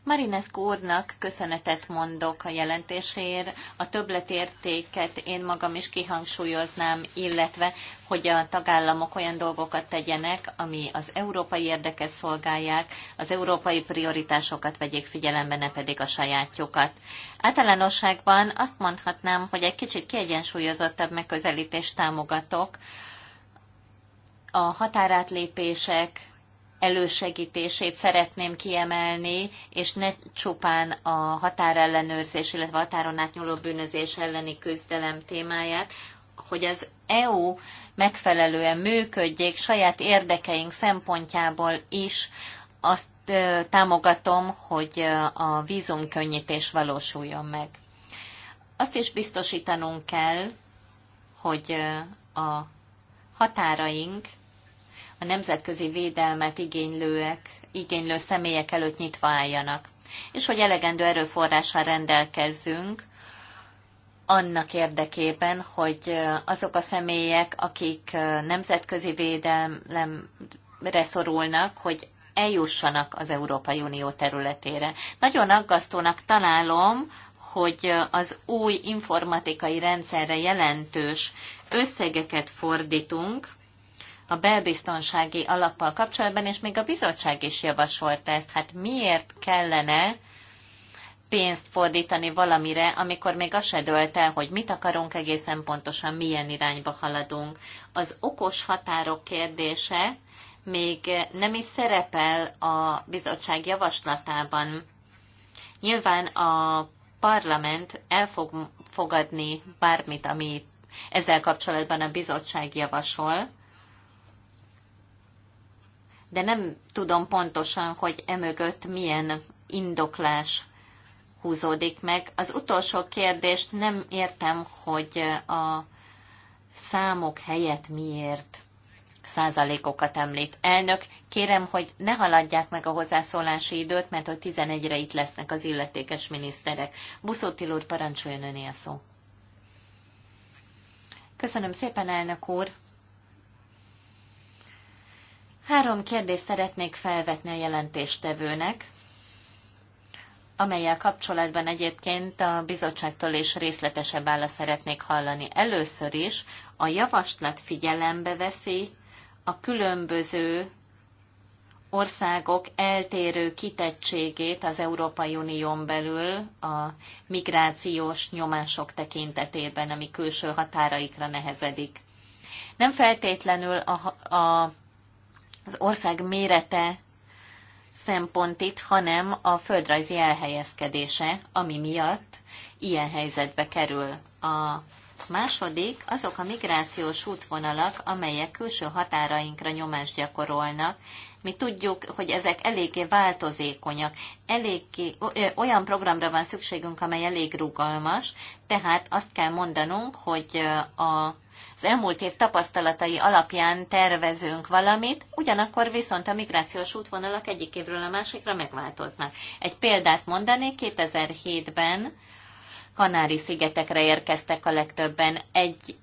Marinescu úrnak köszönetet mondok a jelentéséért, a többletértéket én magam is kihangsúlyoznám, illetve hogy a tagállamok olyan dolgokat tegyenek, ami az európai érdeket szolgálják, az európai prioritásokat vegyék figyelembe, ne pedig a sajátjukat. Általánosságban azt mondhatnám, hogy egy kicsit kiegyensúlyozottabb megközelítést támogatok, a határátlépések elősegítését szeretném kiemelni, és ne csupán a határellenőrzés, illetve határon átnyúló bűnözés elleni küzdelem témáját, hogy az EU megfelelően működjék saját érdekeink szempontjából is, azt támogatom, hogy a vízumkönnyítés valósuljon meg. Azt is biztosítanunk kell, hogy a határaink a nemzetközi védelmet igénylőek, igénylő személyek előtt nyitva álljanak, és hogy elegendő erőforrással rendelkezzünk annak érdekében, hogy azok a személyek, akik nemzetközi védelemre szorulnak, hogy eljussanak az Európai Unió területére. Nagyon aggasztónak találom, hogy az új informatikai rendszerre jelentős összegeket fordítunk, a belbiztonsági alappal kapcsolatban, és még a bizottság is javasolta ezt. Hát miért kellene pénzt fordítani valamire, amikor még azt se dölt el, hogy mit akarunk egészen pontosan, milyen irányba haladunk. Az okos határok kérdése még nem is szerepel a bizottság javaslatában. Nyilván a parlament el fog fogadni bármit, ami ezzel kapcsolatban a bizottság javasol, de nem tudom pontosan, hogy emögött milyen indoklás húzódik meg. Az utolsó kérdést nem értem, hogy a számok helyett miért százalékokat említ. Elnök, kérem, hogy ne haladják meg a hozzászólási időt, mert hogy 11-re itt lesznek az illetékes miniszterek. Buszótil úr, parancsoljon öné a szó. Köszönöm szépen, elnök úr! Három kérdést szeretnék felvetni a jelentéstevőnek, amelyel kapcsolatban egyébként a bizottságtól is részletesebb választ szeretnék hallani. Először is a javaslat figyelembe veszi a különböző országok eltérő kitettségét az Európai Unión belül a migrációs nyomások tekintetében, ami külső határaikra nehezedik. Nem feltétlenül a, a az ország mérete szempontit, hanem a földrajzi elhelyezkedése, ami miatt ilyen helyzetbe kerül. A második azok a migrációs útvonalak, amelyek külső határainkra nyomást gyakorolnak. Mi tudjuk, hogy ezek eléggé változékonyak, eléggé, olyan programra van szükségünk, amely elég rugalmas, tehát azt kell mondanunk, hogy a elmúlt év tapasztalatai alapján tervezünk valamit, ugyanakkor viszont a migrációs útvonalak egyik évről a másikra megváltoznak. Egy példát mondanék, 2007-ben Kanári-szigetekre érkeztek a legtöbben. Egy,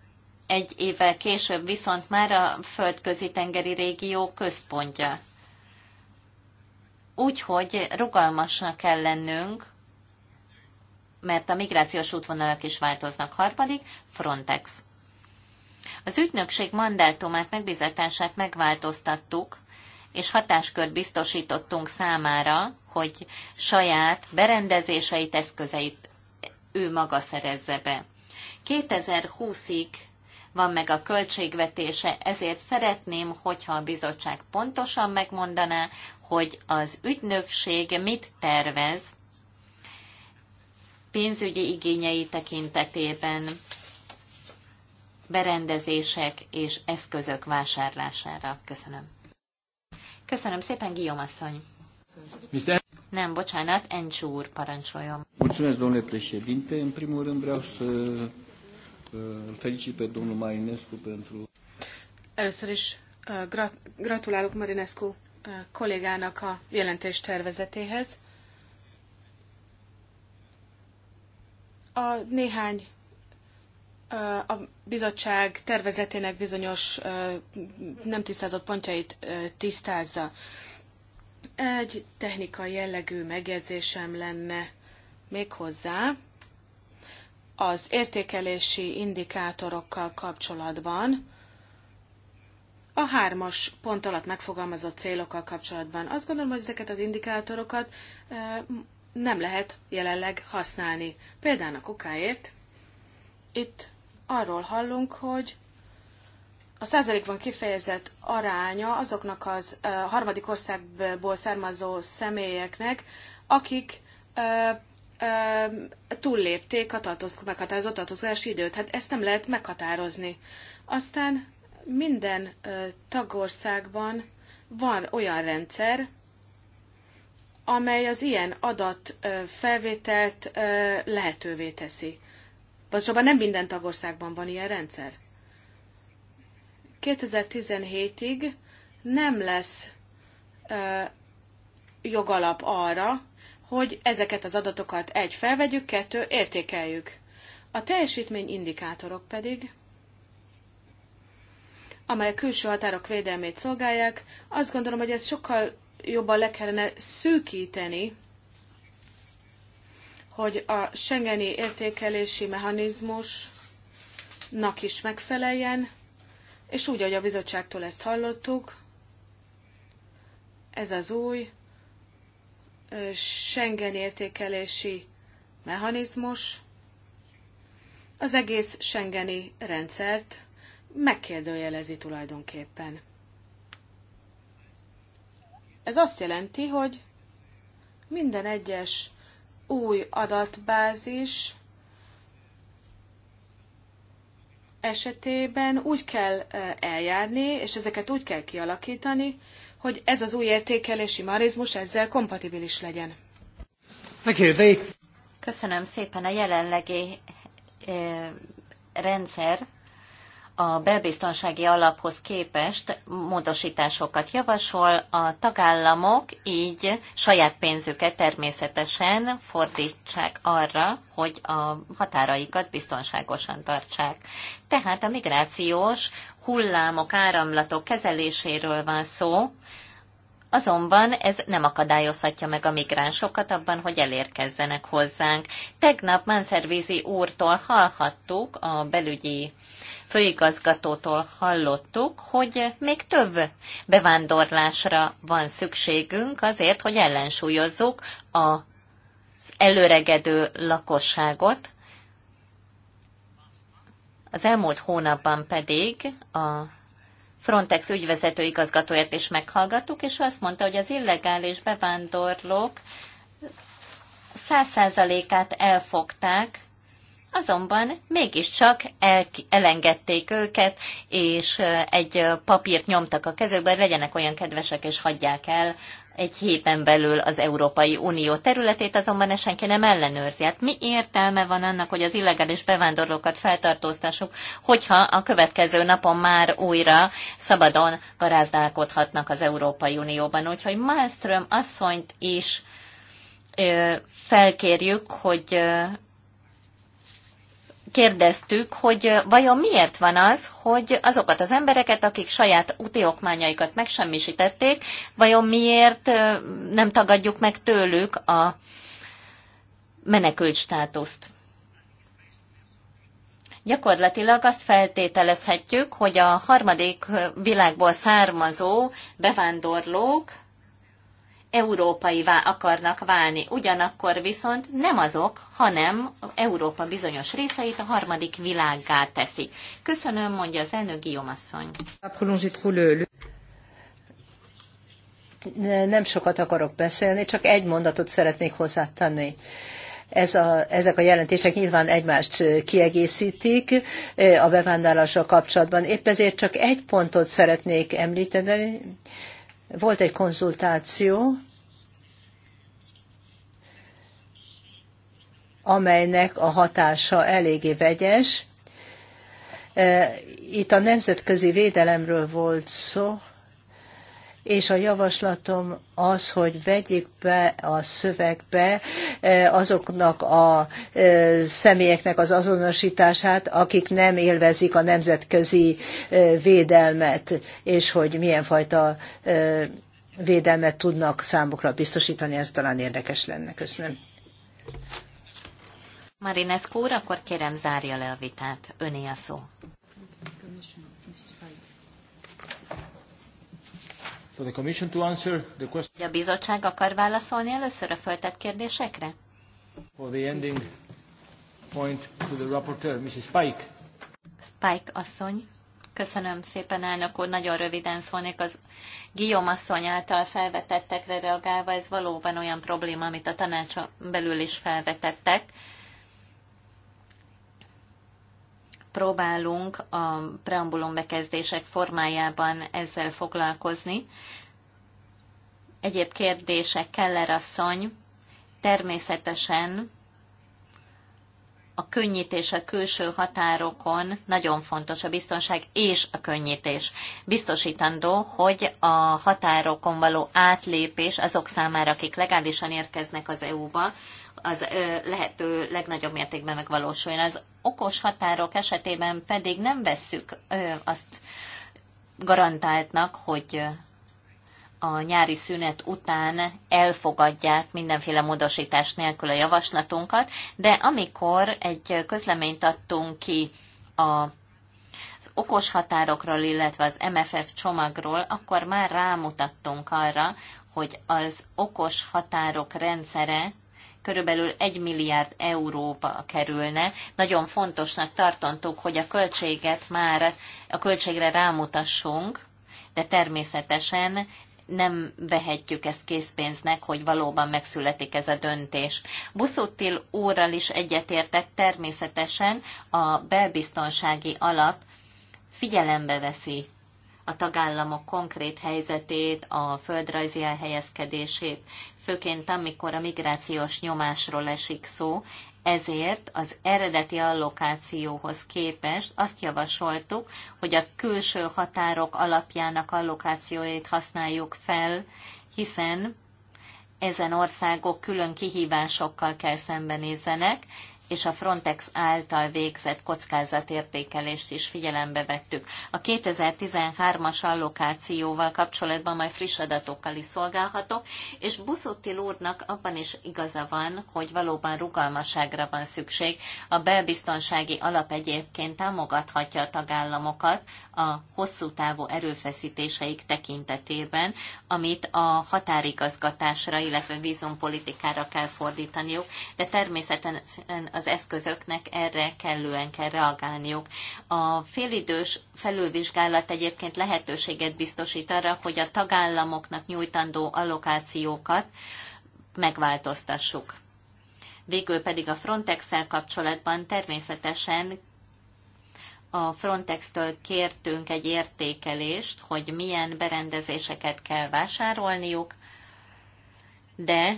egy évvel később viszont már a földközi-tengeri régió központja. Úgyhogy rugalmasnak kell lennünk, mert a migrációs útvonalak is változnak. Harmadik, Frontex. Az ügynökség mandátumát, megbizatását megváltoztattuk, és hatáskört biztosítottunk számára, hogy saját berendezéseit, eszközeit ő maga szerezze be. 2020-ig van meg a költségvetése, ezért szeretném, hogyha a bizottság pontosan megmondaná, hogy az ügynökség mit tervez pénzügyi igényei tekintetében, berendezések és eszközök vásárlására. Köszönöm. Köszönöm szépen, Guillaume asszony. Mr. Nem, bocsánat, Encsú úr, parancsoljon. Mulțumesc, domnule președinte. În primul rând vreau să îl uh, felicit pe domnul Marinescu pentru... Először is uh, grat gratulálok Marinescu uh, kollégának a jelentés tervezetéhez. A néhány a bizottság tervezetének bizonyos nem tisztázott pontjait tisztázza. Egy technikai jellegű megjegyzésem lenne még hozzá az értékelési indikátorokkal kapcsolatban, a hármas pont alatt megfogalmazott célokkal kapcsolatban. Azt gondolom, hogy ezeket az indikátorokat nem lehet jelenleg használni. Például a kokáért itt arról hallunk, hogy a százalékban kifejezett aránya azoknak az uh, harmadik országból származó személyeknek, akik uh, uh, túllépték a tartózkodás, meghatározott tartózkodási időt. Hát ezt nem lehet meghatározni. Aztán minden uh, tagországban van olyan rendszer, amely az ilyen adatfelvételt lehetővé teszi pontosabban nem minden tagországban van ilyen rendszer. 2017-ig nem lesz ö, jogalap arra, hogy ezeket az adatokat egy felvegyük, kettő értékeljük. A teljesítményindikátorok pedig, amelyek külső határok védelmét szolgálják, azt gondolom, hogy ez sokkal jobban le kellene szűkíteni hogy a Schengeni értékelési mechanizmusnak is megfeleljen, és úgy, ahogy a bizottságtól ezt hallottuk, ez az új Schengen értékelési mechanizmus az egész Schengeni rendszert megkérdőjelezi tulajdonképpen. Ez azt jelenti, hogy minden egyes új adatbázis esetében úgy kell eljárni, és ezeket úgy kell kialakítani, hogy ez az új értékelési marizmus ezzel kompatibilis legyen. Köszönöm szépen a jelenlegi rendszer a belbiztonsági alaphoz képest módosításokat javasol, a tagállamok így saját pénzüket természetesen fordítsák arra, hogy a határaikat biztonságosan tartsák. Tehát a migrációs hullámok, áramlatok kezeléséről van szó, Azonban ez nem akadályozhatja meg a migránsokat abban, hogy elérkezzenek hozzánk. Tegnap Manszervízi úrtól hallhattuk, a belügyi főigazgatótól hallottuk, hogy még több bevándorlásra van szükségünk azért, hogy ellensúlyozzuk az előregedő lakosságot, az elmúlt hónapban pedig a Frontex ügyvezető igazgatóját is meghallgattuk, és azt mondta, hogy az illegális bevándorlók száz százalékát elfogták, azonban mégiscsak el, elengedték őket, és egy papírt nyomtak a kezükbe, hogy legyenek olyan kedvesek, és hagyják el egy héten belül az Európai Unió területét, azonban ezt senki nem ellenőrzi. Hát mi értelme van annak, hogy az illegális bevándorlókat feltartóztassuk, hogyha a következő napon már újra szabadon garázdálkodhatnak az Európai Unióban. Úgyhogy Malmström asszonyt is felkérjük, hogy kérdeztük, hogy vajon miért van az, hogy azokat az embereket, akik saját úti okmányaikat megsemmisítették, vajon miért nem tagadjuk meg tőlük a menekült státuszt. Gyakorlatilag azt feltételezhetjük, hogy a harmadik világból származó bevándorlók európaivá akarnak válni. Ugyanakkor viszont nem azok, hanem Európa bizonyos részeit a harmadik világgá teszik. Köszönöm, mondja az elnök Guillaume asszony. Nem sokat akarok beszélni, csak egy mondatot szeretnék hozzátenni ez a, ezek a jelentések nyilván egymást kiegészítik eh, a bevándorlással kapcsolatban. Épp ezért csak egy pontot szeretnék említeni, volt egy konzultáció, amelynek a hatása eléggé vegyes. Itt a nemzetközi védelemről volt szó, és a javaslatom az, hogy vegyék be a szövegbe e, azoknak a e, személyeknek az azonosítását, akik nem élvezik a nemzetközi e, védelmet, és hogy milyen fajta védelmet tudnak számukra biztosítani, ez talán érdekes lenne. Köszönöm. Marinescu úr, akkor kérem zárja le a vitát. Öné a szó. for the commission to answer the question. A bizottság akar válaszolni először a föltett kérdésekre? For the ending point to the rapporteur, Mrs. Pike. Spike asszony. Köszönöm szépen, elnök úr. Nagyon röviden szólnék az Guillaume asszony által felvetettekre reagálva. Ez valóban olyan probléma, amit a tanácson belül is felvetettek. próbálunk a preambulum bekezdések formájában ezzel foglalkozni. Egyéb kérdések, Keller asszony, természetesen a könnyítés a külső határokon nagyon fontos a biztonság és a könnyítés. Biztosítandó, hogy a határokon való átlépés azok számára, akik legálisan érkeznek az EU-ba, az lehető legnagyobb mértékben megvalósuljon. Az okos határok esetében pedig nem vesszük azt garantáltnak, hogy a nyári szünet után elfogadják mindenféle módosítás nélkül a javaslatunkat, de amikor egy közleményt adtunk ki a az okos határokról, illetve az MFF csomagról, akkor már rámutattunk arra, hogy az okos határok rendszere körülbelül 1 milliárd euróba kerülne. Nagyon fontosnak tartottuk, hogy a költséget már a költségre rámutassunk, de természetesen nem vehetjük ezt készpénznek, hogy valóban megszületik ez a döntés. Buszuttil úrral is egyetértek természetesen a belbiztonsági alap figyelembe veszi a tagállamok konkrét helyzetét, a földrajzi elhelyezkedését, főként amikor a migrációs nyomásról esik szó, ezért az eredeti allokációhoz képest azt javasoltuk, hogy a külső határok alapjának allokációit használjuk fel, hiszen ezen országok külön kihívásokkal kell szembenézzenek, és a Frontex által végzett kockázatértékelést is figyelembe vettük. A 2013-as allokációval kapcsolatban majd friss adatokkal is szolgálhatok, és Buszotti úrnak abban is igaza van, hogy valóban rugalmasságra van szükség. A belbiztonsági alap egyébként támogathatja a tagállamokat a hosszú távú erőfeszítéseik tekintetében, amit a határigazgatásra, illetve vízumpolitikára kell fordítaniuk, de természetesen az eszközöknek erre kellően kell reagálniuk. A félidős felülvizsgálat egyébként lehetőséget biztosít arra, hogy a tagállamoknak nyújtandó allokációkat megváltoztassuk. Végül pedig a Frontex-el kapcsolatban természetesen a Frontex-től kértünk egy értékelést, hogy milyen berendezéseket kell vásárolniuk, de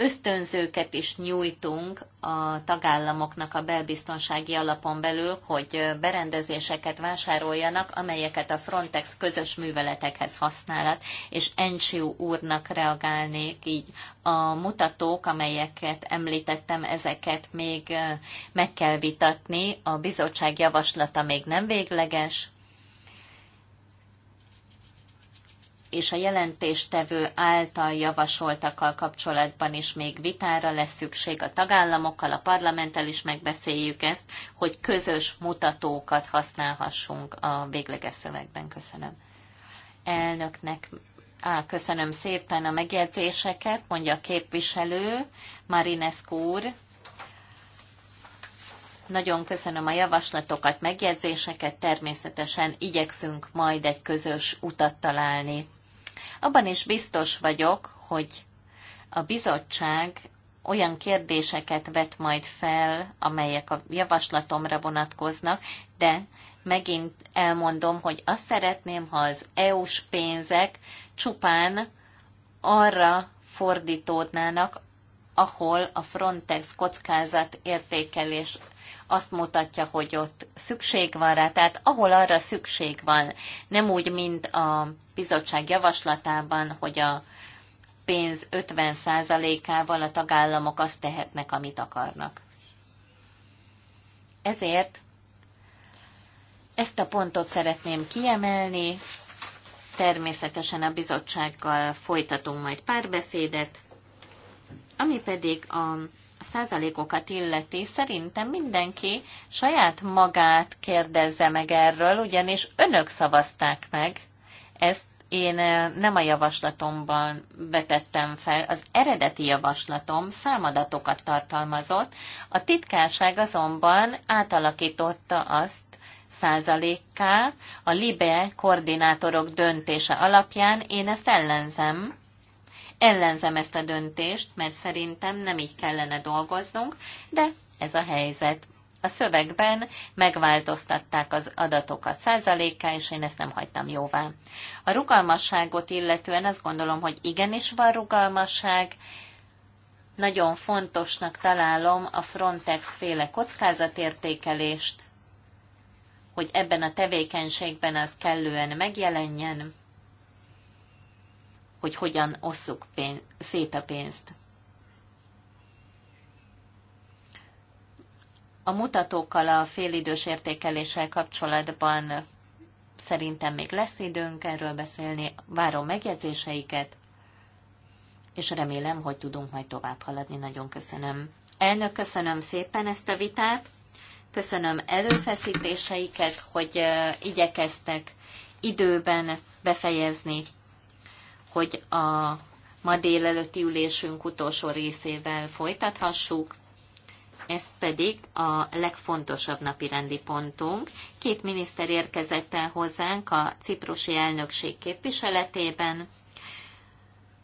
ösztönzőket is nyújtunk a tagállamoknak a belbiztonsági alapon belül, hogy berendezéseket vásároljanak, amelyeket a Frontex közös műveletekhez használat, és NCU úrnak reagálnék így. A mutatók, amelyeket említettem, ezeket még eh, meg kell vitatni, a bizottság javaslata még nem végleges, és a jelentéstevő által javasoltakkal kapcsolatban is még vitára lesz szükség a tagállamokkal, a parlamenttel is megbeszéljük ezt, hogy közös mutatókat használhassunk a végleges szövegben. Köszönöm. Elnöknek Á, köszönöm szépen a megjegyzéseket, mondja a képviselő, Marinescu úr. Nagyon köszönöm a javaslatokat, megjegyzéseket, természetesen igyekszünk majd egy közös utat találni. Abban is biztos vagyok, hogy a bizottság olyan kérdéseket vet majd fel, amelyek a javaslatomra vonatkoznak, de megint elmondom, hogy azt szeretném, ha az EU-s pénzek csupán arra fordítódnának, ahol a Frontex kockázat értékelés azt mutatja, hogy ott szükség van rá, tehát ahol arra szükség van, nem úgy, mint a bizottság javaslatában, hogy a pénz 50%-ával a tagállamok azt tehetnek, amit akarnak. Ezért ezt a pontot szeretném kiemelni, természetesen a bizottsággal folytatunk majd párbeszédet, ami pedig a százalékokat illeti, szerintem mindenki saját magát kérdezze meg erről, ugyanis önök szavazták meg. Ezt én nem a javaslatomban vetettem fel, az eredeti javaslatom számadatokat tartalmazott, a titkárság azonban átalakította azt százalékká, a LIBE koordinátorok döntése alapján én ezt ellenzem, Ellenzem ezt a döntést, mert szerintem nem így kellene dolgoznunk, de ez a helyzet. A szövegben megváltoztatták az adatokat százalékká, és én ezt nem hagytam jóvá. A rugalmasságot illetően azt gondolom, hogy igenis van rugalmasság, nagyon fontosnak találom a Frontex féle kockázatértékelést, hogy ebben a tevékenységben az kellően megjelenjen hogy hogyan osszuk pénz, szét a pénzt. A mutatókkal a félidős értékeléssel kapcsolatban szerintem még lesz időnk erről beszélni, várom megjegyzéseiket, és remélem, hogy tudunk majd tovább haladni. Nagyon köszönöm. Elnök, köszönöm szépen ezt a vitát, köszönöm előfeszítéseiket, hogy igyekeztek időben befejezni hogy a ma délelőtti ülésünk utolsó részével folytathassuk. Ez pedig a legfontosabb napi rendi pontunk. Két miniszter érkezett el hozzánk a ciprusi elnökség képviseletében.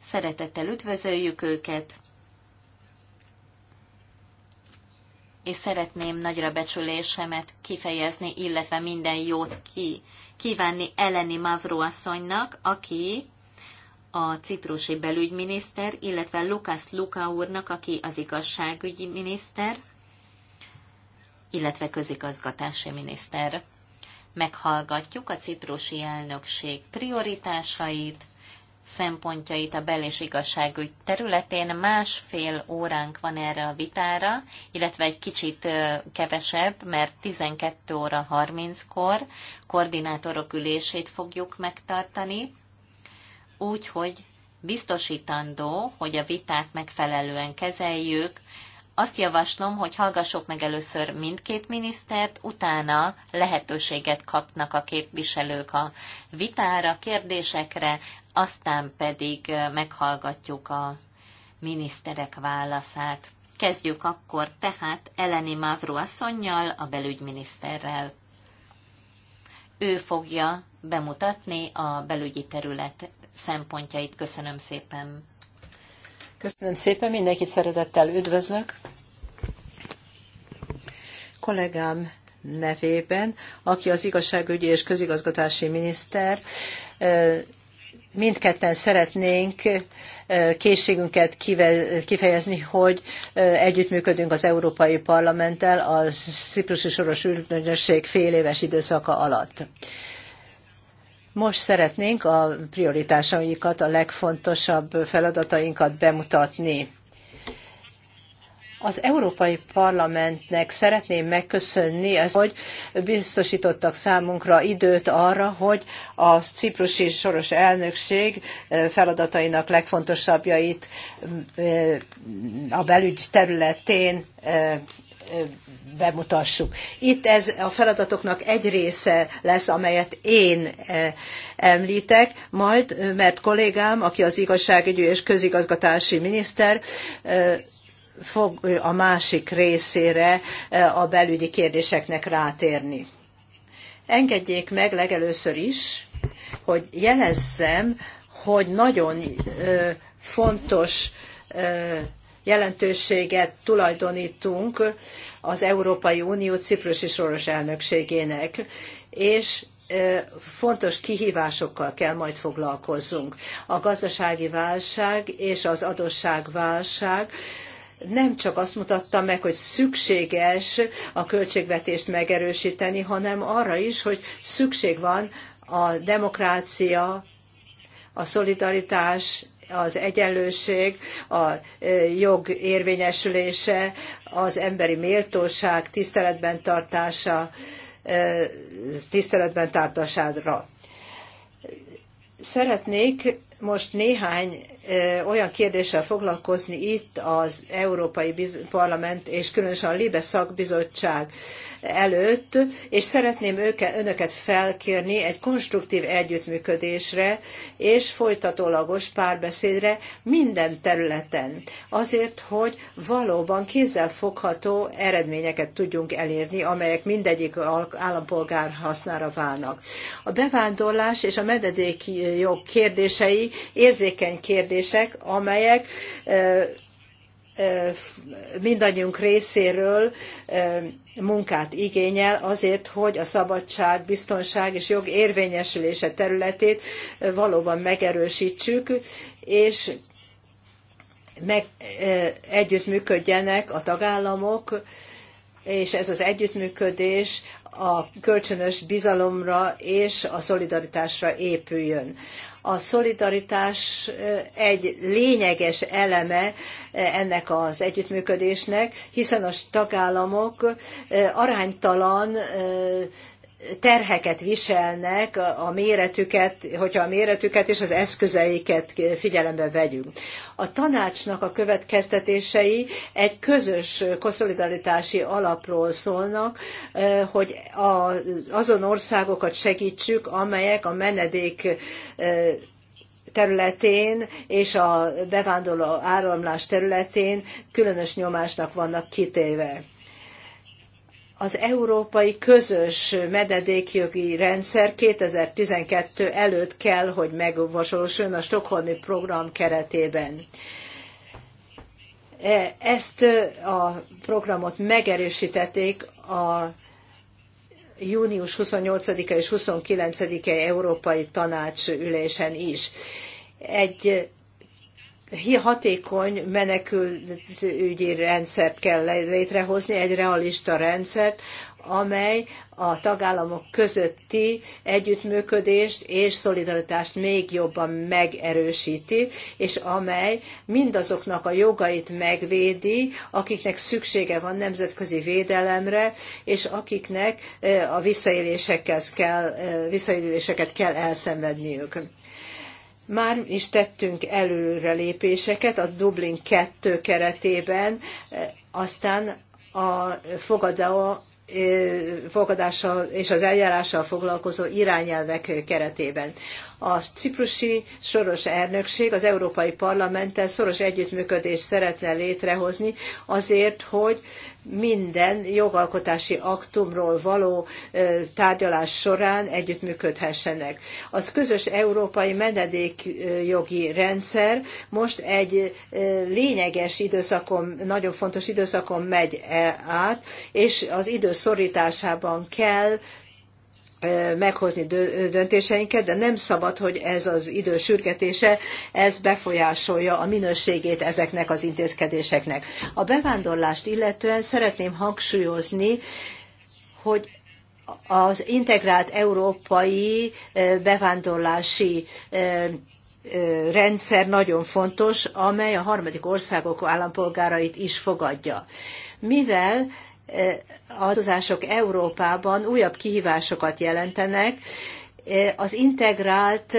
Szeretettel üdvözöljük őket, és szeretném nagyra becsülésemet kifejezni, illetve minden jót ki, kívánni Eleni Mavro asszonynak, aki a ciprusi belügyminiszter, illetve Lukasz Luka úrnak, aki az igazságügyi miniszter, illetve közigazgatási miniszter. Meghallgatjuk a ciprusi elnökség prioritásait, szempontjait a bel- és igazságügy területén. Másfél óránk van erre a vitára, illetve egy kicsit kevesebb, mert 12 óra 30-kor koordinátorok ülését fogjuk megtartani úgy, hogy biztosítandó, hogy a vitát megfelelően kezeljük. Azt javaslom, hogy hallgassuk meg először mindkét minisztert, utána lehetőséget kapnak a képviselők a vitára, kérdésekre, aztán pedig meghallgatjuk a miniszterek válaszát. Kezdjük akkor tehát Eleni Mavru asszonynal, a belügyminiszterrel. Ő fogja bemutatni a belügyi terület szempontjait. Köszönöm szépen. Köszönöm szépen, mindenkit szeretettel üdvözlök. Kollégám nevében, aki az igazságügyi és közigazgatási miniszter, mindketten szeretnénk készségünket kifejezni, hogy együttműködünk az Európai Parlamenttel a Ciprusi Soros Ügynökség fél éves időszaka alatt. Most szeretnénk a prioritásainkat, a legfontosabb feladatainkat bemutatni. Az Európai Parlamentnek szeretném megköszönni, ezt, hogy biztosítottak számunkra időt arra, hogy a ciprusi soros elnökség feladatainak legfontosabbjait a belügy területén bemutassuk. Itt ez a feladatoknak egy része lesz, amelyet én említek, majd, mert kollégám, aki az igazságügyi és közigazgatási miniszter, fog a másik részére a belügyi kérdéseknek rátérni. Engedjék meg legelőször is, hogy jelezzem, hogy nagyon fontos jelentőséget tulajdonítunk az Európai Unió ciprusi soros elnökségének, és fontos kihívásokkal kell majd foglalkozzunk. A gazdasági válság és az adósságválság nem csak azt mutatta meg, hogy szükséges a költségvetést megerősíteni, hanem arra is, hogy szükség van a demokrácia, a szolidaritás az egyenlőség, a jog érvényesülése, az emberi méltóság tiszteletben tartása, tiszteletben tartására. Szeretnék most néhány olyan kérdéssel foglalkozni itt az Európai Parlament és különösen a Libe szakbizottság előtt, és szeretném őke, önöket felkérni egy konstruktív együttműködésre és folytatólagos párbeszédre minden területen, azért, hogy valóban kézzelfogható eredményeket tudjunk elérni, amelyek mindegyik állampolgár hasznára válnak. A bevándorlás és a mededéki jog kérdései érzékeny kérdések, amelyek mindannyiunk részéről munkát igényel azért, hogy a szabadság, biztonság és jog érvényesülése területét valóban megerősítsük, és meg, együttműködjenek a tagállamok, és ez az együttműködés a kölcsönös bizalomra és a szolidaritásra épüljön. A szolidaritás egy lényeges eleme ennek az együttműködésnek, hiszen a tagállamok aránytalan terheket viselnek a méretüket, hogyha a méretüket és az eszközeiket figyelembe vegyünk. A tanácsnak a következtetései egy közös konszolidaritási alapról szólnak, hogy azon országokat segítsük, amelyek a menedék területén és a bevándorló áramlás területén különös nyomásnak vannak kitéve az európai közös mededékjogi rendszer 2012 előtt kell, hogy megvalósuljon a Stockholmi program keretében. E, ezt a programot megerősítették a június 28-a és 29-e Európai Tanács ülésen is. Egy hatékony menekültügyi rendszert kell létrehozni, egy realista rendszert, amely a tagállamok közötti együttműködést és szolidaritást még jobban megerősíti, és amely mindazoknak a jogait megvédi, akiknek szüksége van nemzetközi védelemre, és akiknek eh, a kell, eh, visszaéléseket kell elszenvedniük már is tettünk előre lépéseket a Dublin 2 keretében, aztán a fogadó fogadással és az eljárással foglalkozó irányelvek keretében. A ciprusi soros elnökség az Európai Parlamenttel szoros együttműködést szeretne létrehozni azért, hogy minden jogalkotási aktumról való tárgyalás során együttműködhessenek. Az közös európai menedékjogi rendszer most egy lényeges időszakon, nagyon fontos időszakon megy e át, és az idő szorításában kell meghozni döntéseinket, de nem szabad, hogy ez az idő sürgetése, ez befolyásolja a minőségét ezeknek az intézkedéseknek. A bevándorlást illetően szeretném hangsúlyozni, hogy az integrált európai bevándorlási rendszer nagyon fontos, amely a harmadik országok állampolgárait is fogadja. Mivel változások Európában újabb kihívásokat jelentenek. Az integrált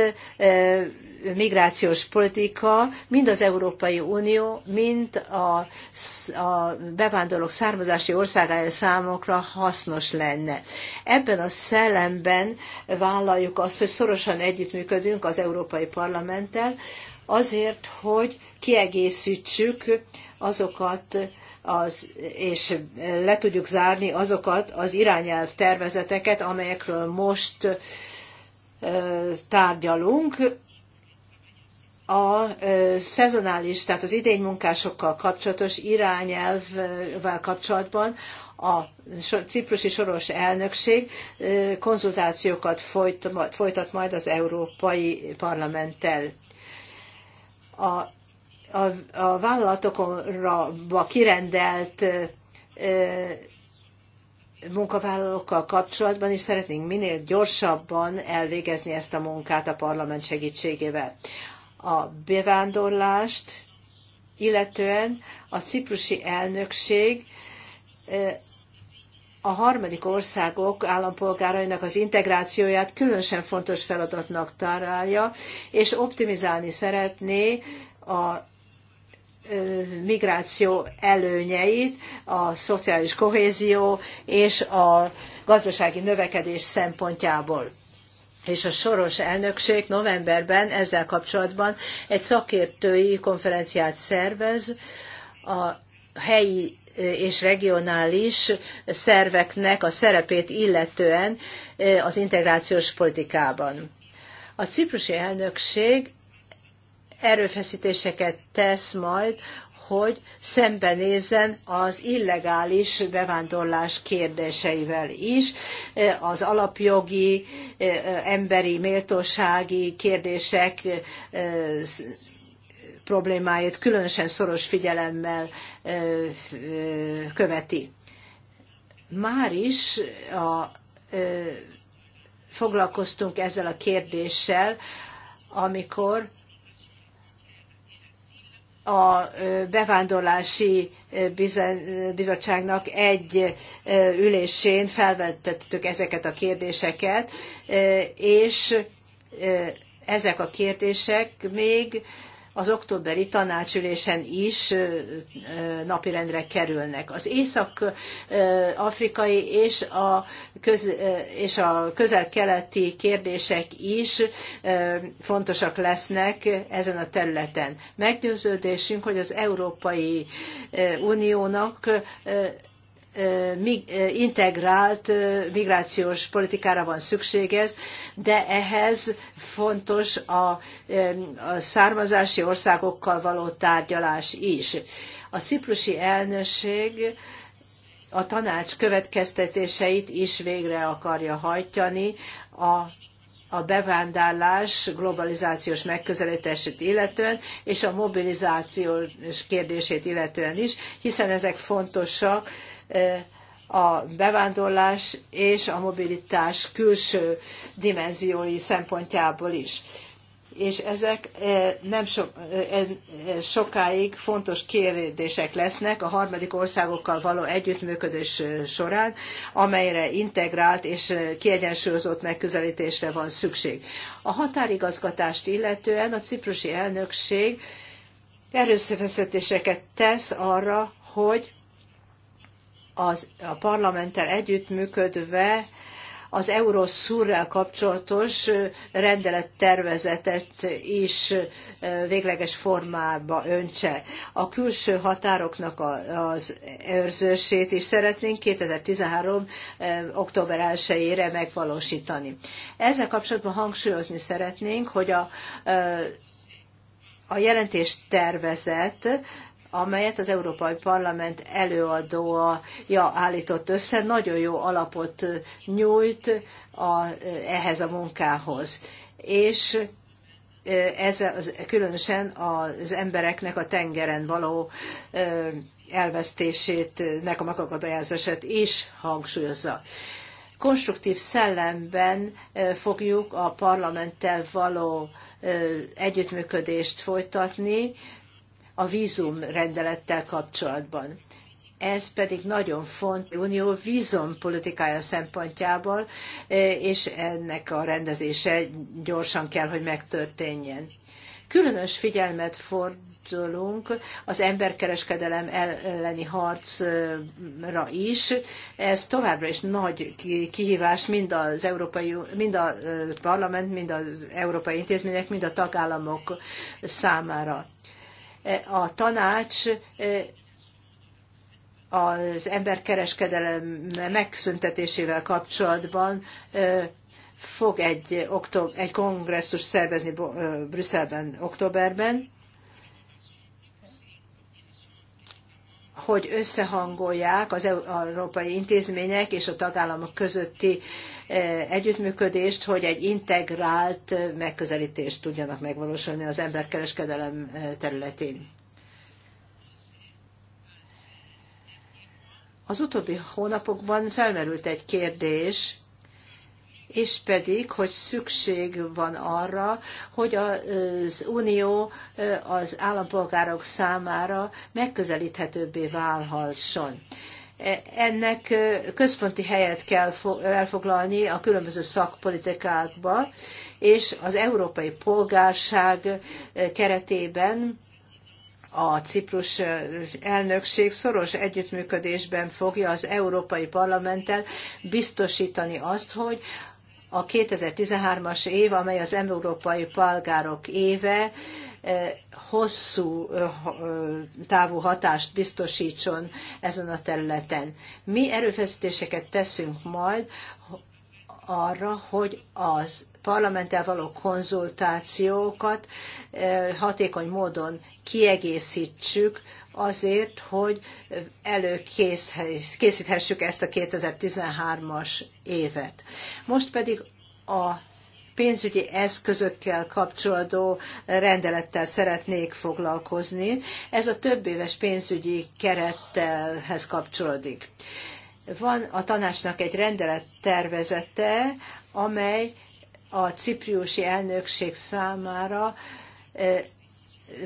migrációs politika mind az Európai Unió, mind a, a bevándorlók származási országája számokra hasznos lenne. Ebben a szellemben vállaljuk azt, hogy szorosan együttműködünk az Európai Parlamenttel, azért, hogy kiegészítsük azokat az, és le tudjuk zárni azokat az irányelv tervezeteket, amelyekről most tárgyalunk. A szezonális, tehát az idény munkásokkal kapcsolatos irányelvvel kapcsolatban a ciprusi soros elnökség konzultációkat folytat majd az Európai Parlamenttel. A a, a vállalatokra kirendelt munkavállalókkal kapcsolatban is szeretnénk minél gyorsabban elvégezni ezt a munkát a parlament segítségével. A bevándorlást illetően a ciprusi elnökség a harmadik országok állampolgárainak az integrációját különösen fontos feladatnak találja, és optimizálni szeretné a migráció előnyeit, a szociális kohézió és a gazdasági növekedés szempontjából. És a soros elnökség novemberben ezzel kapcsolatban egy szakértői konferenciát szervez a helyi és regionális szerveknek a szerepét illetően az integrációs politikában. A ciprusi elnökség erőfeszítéseket tesz majd, hogy szembenézzen az illegális bevándorlás kérdéseivel is, az alapjogi, emberi, méltósági kérdések problémáit különösen szoros figyelemmel követi. Már is a, foglalkoztunk ezzel a kérdéssel, amikor a bevándorlási bizottságnak egy ülésén felvetettük ezeket a kérdéseket, és ezek a kérdések még az októberi tanácsülésen is napirendre kerülnek. Az észak-afrikai és a, köz, és a közel-keleti kérdések is fontosak lesznek ezen a területen. Meggyőződésünk, hogy az Európai Uniónak integrált migrációs politikára van szükséges, de ehhez fontos a, származási országokkal való tárgyalás is. A ciprusi elnökség a tanács következtetéseit is végre akarja hajtani a a bevándárlás globalizációs megközelítését illetően, és a mobilizációs kérdését illetően is, hiszen ezek fontosak a bevándorlás és a mobilitás külső dimenziói szempontjából is. És ezek nem so, sokáig fontos kérdések lesznek a harmadik országokkal való együttműködés során, amelyre integrált és kiegyensúlyozott megközelítésre van szükség. A határigazgatást illetően a ciprusi elnökség erőszöfeszetéseket tesz arra, hogy az, a parlamenttel együttműködve az Euroszurrel kapcsolatos rendelettervezetet is végleges formába öntse. A külső határoknak az őrzősét is szeretnénk 2013. október 1-ére megvalósítani. Ezzel kapcsolatban hangsúlyozni szeretnénk, hogy a a jelentés tervezet amelyet az Európai Parlament előadója állított össze, nagyon jó alapot nyújt a, ehhez a munkához. És ez az, különösen az embereknek a tengeren való elvesztésétnek a megakadályozását is hangsúlyozza. Konstruktív szellemben fogjuk a parlamenttel való együttműködést folytatni, vízum rendelettel kapcsolatban. Ez pedig nagyon fontos unió vízum politikája szempontjából, e, és ennek a rendezése gyorsan kell, hogy megtörténjen. Különös figyelmet fordulunk az emberkereskedelem elleni harcra is. Ez továbbra is nagy kihívás mind az európai, mind a e, parlament, mind az európai intézmények, mind a tagállamok számára a tanács e, az emberkereskedelem megszüntetésével kapcsolatban e, fog egy, október, egy kongresszus szervezni e, Brüsszelben októberben, hogy összehangolják az európai intézmények és a tagállamok közötti e, együttműködést, hogy egy integrált megközelítést tudjanak megvalósulni az emberkereskedelem e, területén. Az utóbbi hónapokban felmerült egy kérdés, és pedig, hogy szükség van arra, hogy az Unió az állampolgárok számára megközelíthetőbbé válhasson. Ennek központi helyet kell elfoglalni a különböző szakpolitikákba, és az európai polgárság keretében a ciprus elnökség szoros együttműködésben fogja az Európai Parlamenttel biztosítani azt, hogy a 2013-as év, amely az európai polgárok éve, eh, hosszú eh, eh, távú hatást biztosítson ezen a területen. Mi erőfeszítéseket teszünk majd arra, hogy az parlamenttel való konzultációkat hatékony módon kiegészítsük azért, hogy előkészíthessük ezt a 2013-as évet. Most pedig a pénzügyi eszközökkel kapcsolódó rendelettel szeretnék foglalkozni. Ez a több éves pénzügyi kerettelhez kapcsolódik. Van a tanácsnak egy rendelet tervezete, amely a cipriusi elnökség számára eh,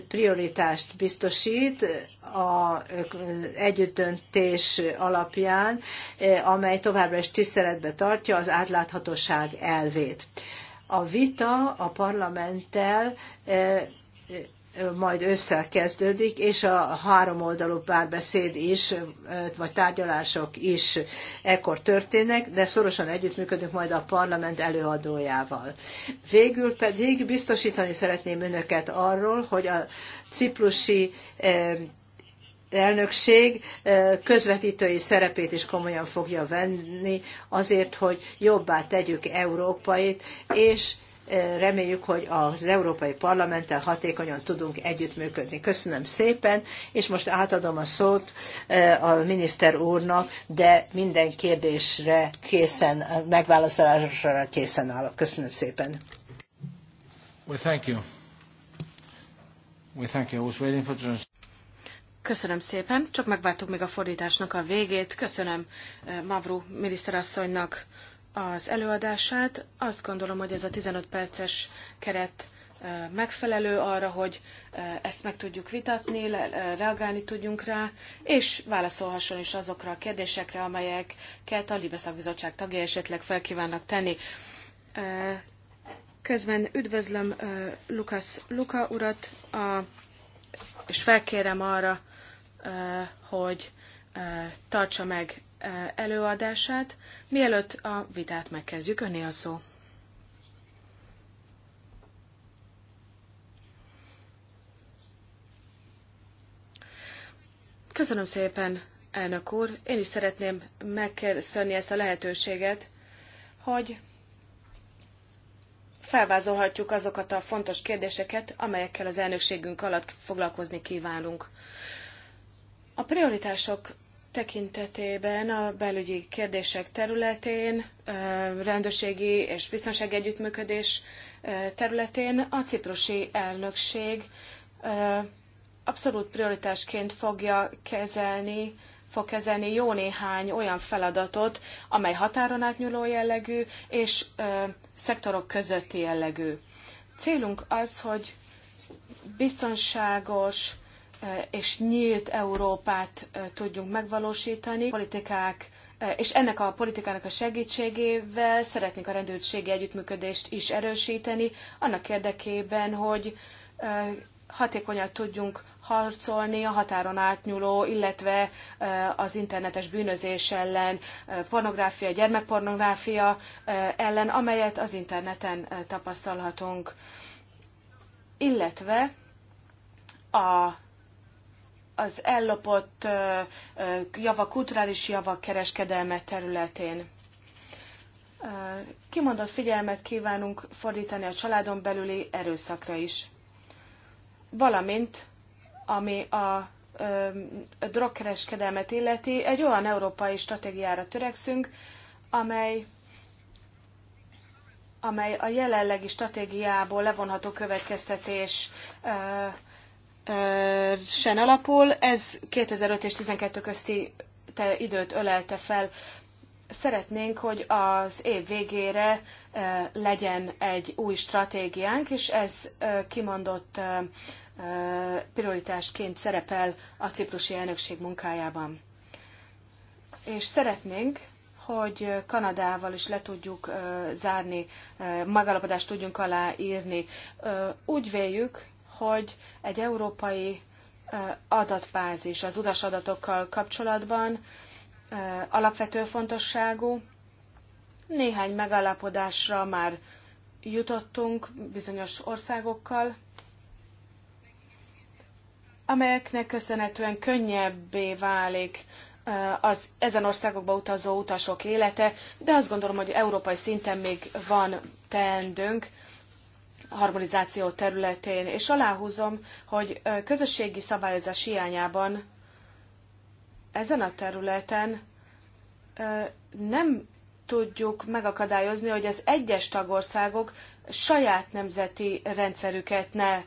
prioritást biztosít a együttdöntés alapján, amely továbbra is tiszteletbe tartja az átláthatóság elvét. A vita a parlamenttel majd ősszel kezdődik, és a háromoldalú párbeszéd is, vagy tárgyalások is ekkor történnek, de szorosan együttműködünk majd a parlament előadójával. Végül pedig biztosítani szeretném önöket arról, hogy a ciprusi elnökség közvetítői szerepét is komolyan fogja venni azért, hogy jobbá tegyük Európait, és Reméljük, hogy az Európai Parlamenttel hatékonyan tudunk együttműködni. Köszönöm szépen, és most átadom a szót eh, a miniszter úrnak, de minden kérdésre készen, megválaszolásra készen állok. Köszönöm szépen. thank you. thank you. I was waiting for Köszönöm szépen. Csak megvártuk még a fordításnak a végét. Köszönöm eh, Mavru miniszterasszonynak az előadását. Azt gondolom, hogy ez a 15 perces keret megfelelő arra, hogy ezt meg tudjuk vitatni, reagálni tudjunk rá, és válaszolhasson is azokra a kérdésekre, amelyeket a Libeszakbizottság tagjai esetleg felkívánnak tenni. Közben üdvözlöm Lukasz Luka urat, a, és felkérem arra, hogy tartsa meg Eh, előadását. Mielőtt a vitát megkezdjük, öné a szó. Köszönöm szépen, elnök úr. Én is szeretném megköszönni ezt a lehetőséget, hogy felvázolhatjuk azokat a fontos kérdéseket, amelyekkel az elnökségünk alatt foglalkozni kívánunk. A prioritások tekintetében a belügyi kérdések területén, rendőrségi és biztonsági együttműködés területén a ciprusi elnökség abszolút prioritásként fogja kezelni, fog kezelni jó néhány olyan feladatot, amely határon átnyúló jellegű és szektorok közötti jellegű. Célunk az, hogy biztonságos, Eh, és nyílt Európát eh, tudjunk megvalósítani. Politikák eh, és ennek a politikának a segítségével szeretnénk a rendőrségi együttműködést is erősíteni, annak érdekében, hogy hatékonyan tudjunk harcolni a határon átnyúló, illetve az internetes bűnözés ellen, pornográfia, gyermekpornográfia ellen, amelyet az interneten tapasztalhatunk. Illetve a az ellopott java, kulturális javak kereskedelme területén. Kimondott figyelmet kívánunk fordítani a családon belüli erőszakra is, valamint ami a drogkereskedelmet illeti, egy olyan európai stratégiára törekszünk, amely amely a jelenlegi stratégiából levonható következtetés sen alapul. Ez 2005 és 12 közti te időt ölelte fel. Szeretnénk, hogy az év végére legyen egy új stratégiánk, és ez kimondott prioritásként szerepel a ciprusi elnökség munkájában. És szeretnénk, hogy Kanadával is le tudjuk zárni, megalapodást tudjunk aláírni. Úgy véljük, hogy egy európai adatbázis az udas adatokkal kapcsolatban alapvető fontosságú. Néhány megállapodásra már jutottunk bizonyos országokkal, amelyeknek köszönhetően könnyebbé válik az ezen országokba utazó utasok élete, de azt gondolom, hogy európai szinten még van teendőnk, harmonizáció területén, és aláhúzom, hogy közösségi szabályozás hiányában ezen a területen nem tudjuk megakadályozni, hogy az egyes tagországok saját nemzeti rendszerüket ne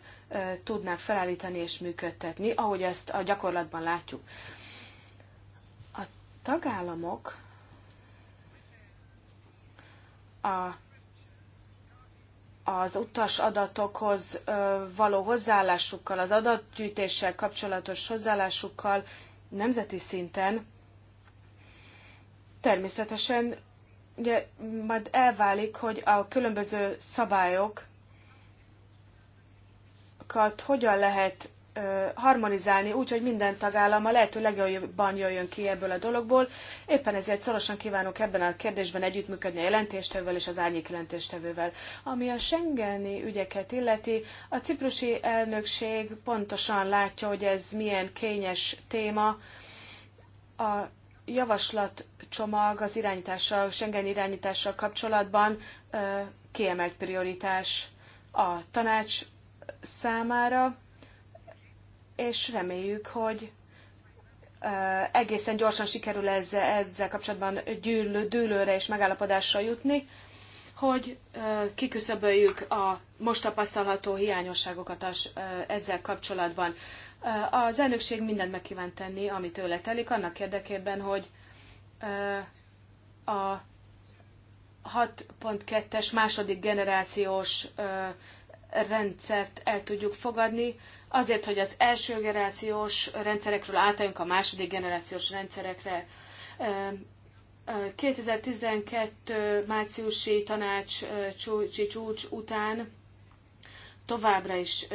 tudnák felállítani és működtetni, ahogy ezt a gyakorlatban látjuk. A tagállamok a az utas adatokhoz való hozzáállásukkal, az adatgyűjtéssel kapcsolatos hozzáállásukkal nemzeti szinten természetesen ugye majd elválik, hogy a különböző szabályokat hogyan lehet harmonizálni úgy, hogy minden tagállam a lehető legjobban jöjjön ki ebből a dologból. Éppen ezért szorosan kívánok ebben a kérdésben együttműködni a jelentéstevővel és az árnyék jelentéstevővel. Ami a Schengeni ügyeket illeti, a ciprusi elnökség pontosan látja, hogy ez milyen kényes téma. A javaslatcsomag az irányítással, Schengen irányítással kapcsolatban kiemelt prioritás a tanács számára és reméljük, hogy egészen gyorsan sikerül ezzel, ezzel kapcsolatban gyűlő, dűlőre és megállapodásra jutni, hogy kiküszöböljük a most tapasztalható hiányosságokat ezzel kapcsolatban. Az elnökség mindent meg kíván tenni, amit tőle telik, annak érdekében, hogy a 6.2-es második generációs rendszert el tudjuk fogadni, azért, hogy az első generációs rendszerekről átálljunk a második generációs rendszerekre. 2012 márciusi tanács csúcs után továbbra is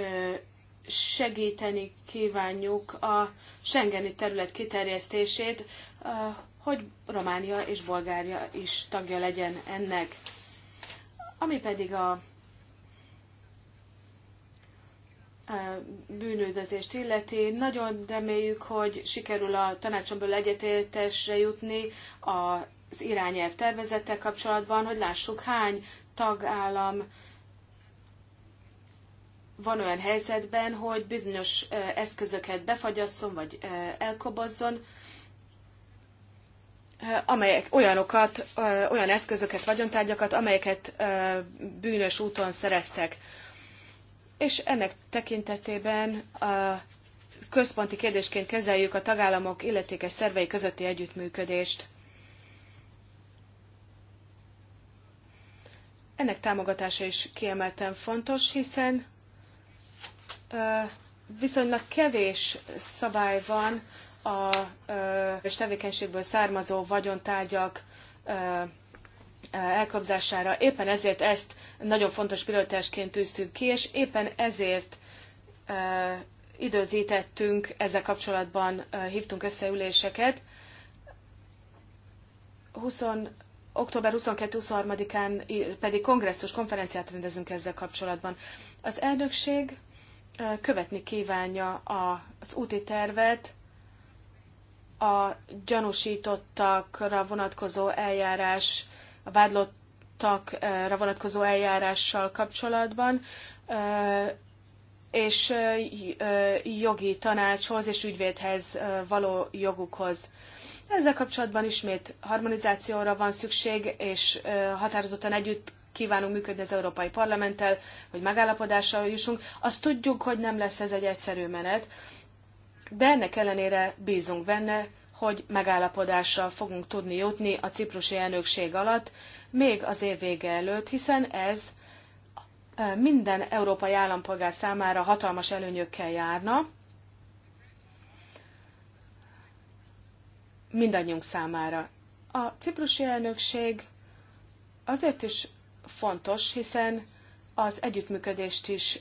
segíteni kívánjuk a Schengeni terület kiterjesztését, hogy Románia és Bulgária is tagja legyen ennek. Ami pedig a bűnüldözést illeti. Nagyon reméljük, hogy sikerül a tanácsomból egyetértésre jutni az irányelv tervezettel kapcsolatban, hogy lássuk hány tagállam van olyan helyzetben, hogy bizonyos eszközöket befagyasszon vagy elkobozzon, amelyek olyanokat, olyan eszközöket, vagyontárgyakat, amelyeket bűnös úton szereztek és ennek tekintetében a központi kérdésként kezeljük a tagállamok illetékes szervei közötti együttműködést. Ennek támogatása is kiemelten fontos, hiszen viszonylag kevés szabály van a és tevékenységből származó vagyontárgyak elkobzására. Éppen ezért ezt nagyon fontos prioritásként tűztük ki, és éppen ezért időzítettünk, ezzel kapcsolatban hívtunk összeüléseket. 20, október 22-23-án pedig kongresszus konferenciát rendezünk ezzel kapcsolatban. Az elnökség követni kívánja az úti tervet, a gyanúsítottakra vonatkozó eljárás a vádlottakra vonatkozó eljárással kapcsolatban, és jogi tanácshoz és ügyvédhez való jogukhoz. Ezzel kapcsolatban ismét harmonizációra van szükség, és határozottan együtt kívánunk működni az Európai Parlamenttel, hogy megállapodásra jussunk. Azt tudjuk, hogy nem lesz ez egy egyszerű menet, de ennek ellenére bízunk benne, hogy megállapodással fogunk tudni jutni a ciprusi elnökség alatt, még az év vége előtt, hiszen ez minden európai állampolgár számára hatalmas előnyökkel járna, mindannyiunk számára. A ciprusi elnökség azért is fontos, hiszen az együttműködést is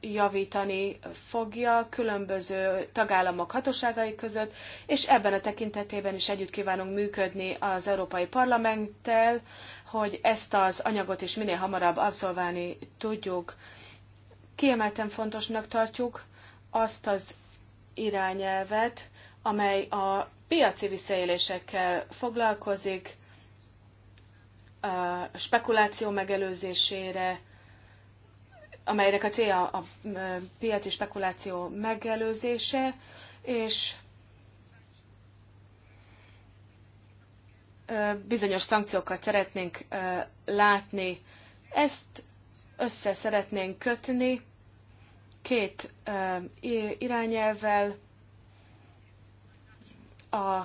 javítani fogja különböző tagállamok hatóságai között, és ebben a tekintetében is együtt kívánunk működni az Európai Parlamenttel, hogy ezt az anyagot is minél hamarabb abszolválni tudjuk. Kiemelten fontosnak tartjuk azt az irányelvet, amely a piaci visszaélésekkel foglalkozik, spekuláció megelőzésére, amelynek a célja a piaci spekuláció megelőzése, és bizonyos szankciókat szeretnénk látni. Ezt össze szeretnénk kötni két irányelvel a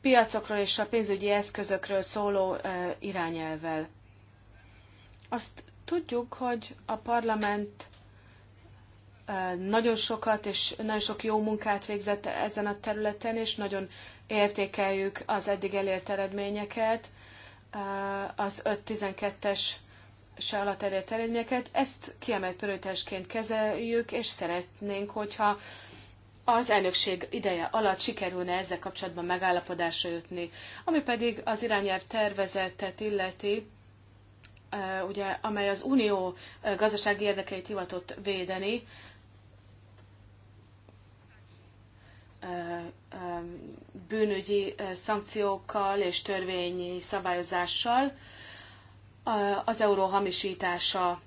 piacokról és a pénzügyi eszközökről szóló irányelvel. Azt Tudjuk, hogy a parlament eh, nagyon sokat és nagyon sok jó munkát végzett ezen a területen, és nagyon értékeljük az eddig elért eredményeket, eh, az 5-12-es se alatt elért eredményeket. Ezt kiemelt prioritásként kezeljük, és szeretnénk, hogyha az elnökség ideje alatt sikerülne ezzel kapcsolatban megállapodásra jutni. Ami pedig az irányelv tervezetet illeti, ugye, amely az unió gazdasági érdekeit hivatott védeni, bűnügyi szankciókkal és törvényi szabályozással az euró hamisítása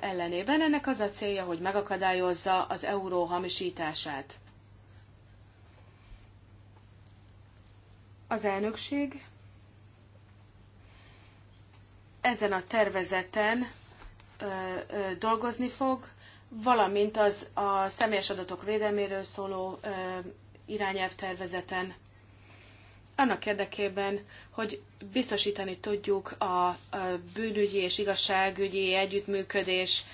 ellenében. Ennek az a célja, hogy megakadályozza az euró hamisítását. Az elnökség ezen a tervezeten ö, ö, dolgozni fog, valamint az a személyes adatok védelméről szóló ö, tervezeten. Annak érdekében, hogy biztosítani tudjuk a, a bűnügyi és igazságügyi együttműködés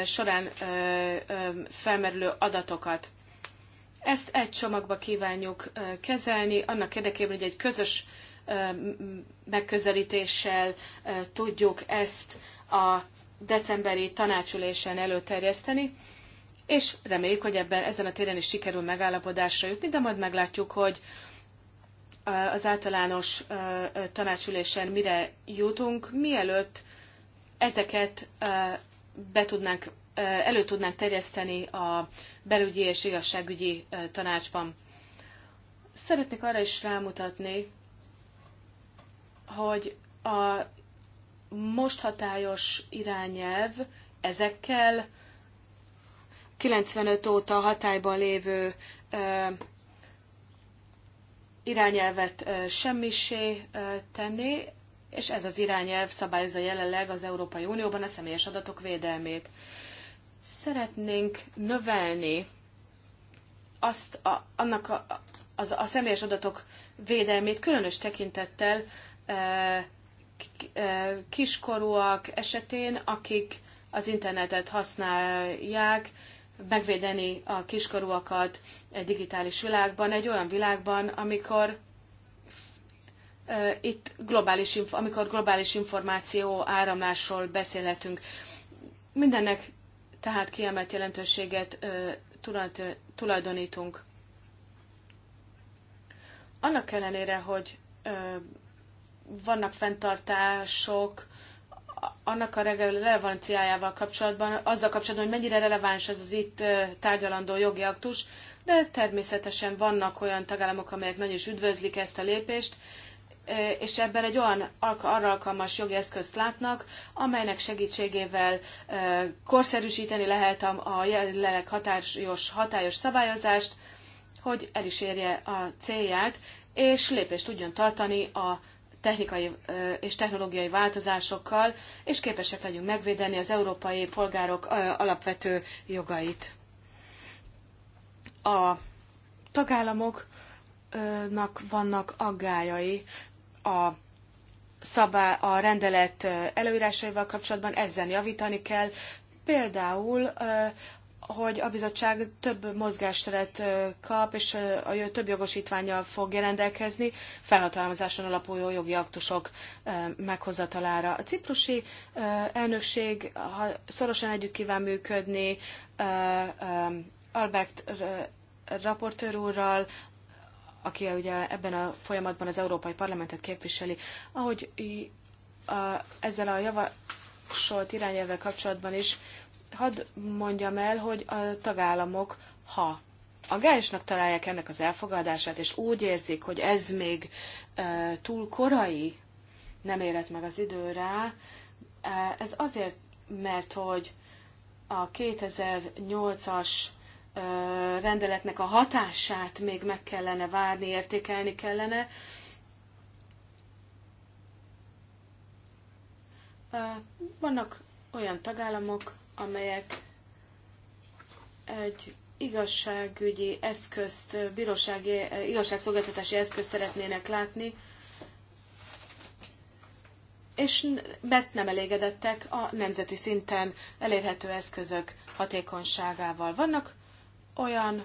ö, során ö, ö, felmerülő adatokat. Ezt egy csomagba kívánjuk kezelni, annak érdekében, hogy egy közös megközelítéssel tudjuk ezt a decemberi tanácsülésen előterjeszteni, és reméljük, hogy ebben ezen a téren is sikerül megállapodásra jutni, de majd meglátjuk, hogy az általános tanácsülésen mire jutunk, mielőtt ezeket be tudnánk, elő tudnánk terjeszteni a belügyi és igazságügyi tanácsban. Szeretnék arra is rámutatni, hogy a most hatályos irányelv ezekkel 95 óta hatályban lévő ö, irányelvet ö, semmisé ö, tenni, és ez az irányelv szabályozza jelenleg az Európai Unióban a személyes adatok védelmét. Szeretnénk növelni azt a, annak a, az, a személyes adatok védelmét különös tekintettel kiskorúak esetén, akik az internetet használják, megvédeni a kiskorúakat egy digitális világban, egy olyan világban, amikor itt globális, amikor globális információ áramlásról beszélhetünk. Mindennek tehát kiemelt jelentőséget tulajdonítunk. Annak ellenére, hogy vannak fenntartások annak a relevanciájával kapcsolatban, azzal kapcsolatban, hogy mennyire releváns ez az itt tárgyalandó jogi aktus, de természetesen vannak olyan tagállamok, amelyek nagyon is üdvözlik ezt a lépést, és ebben egy olyan arra alkalmas jogi eszközt látnak, amelynek segítségével korszerűsíteni lehet a jelenleg hatályos, hatályos szabályozást, hogy el is érje a célját, és lépést tudjon tartani a technikai és technológiai változásokkal, és képesek legyünk megvédeni az európai polgárok alapvető jogait. A tagállamoknak vannak aggályai a szabá, a rendelet előírásaival kapcsolatban, ezen javítani kell, például hogy a bizottság több mozgásteret kap, és a több jogosítványjal fog rendelkezni felhatalmazáson alapuló jogi aktusok meghozatalára. A ciprusi elnökség szorosan együtt kíván működni Albert raportőr úrral, aki ugye ebben a folyamatban az Európai Parlamentet képviseli, ahogy ezzel a javasolt irányelvvel kapcsolatban is hadd mondjam el, hogy a tagállamok, ha agályosnak találják ennek az elfogadását, és úgy érzik, hogy ez még e, túl korai, nem érett meg az idő rá, e, ez azért, mert hogy a 2008-as e, rendeletnek a hatását még meg kellene várni, értékelni kellene. E, vannak olyan tagállamok, amelyek egy igazságügyi eszközt, bírósági, igazságszolgáltatási eszközt szeretnének látni, és mert nem elégedettek a nemzeti szinten elérhető eszközök hatékonyságával. Vannak olyan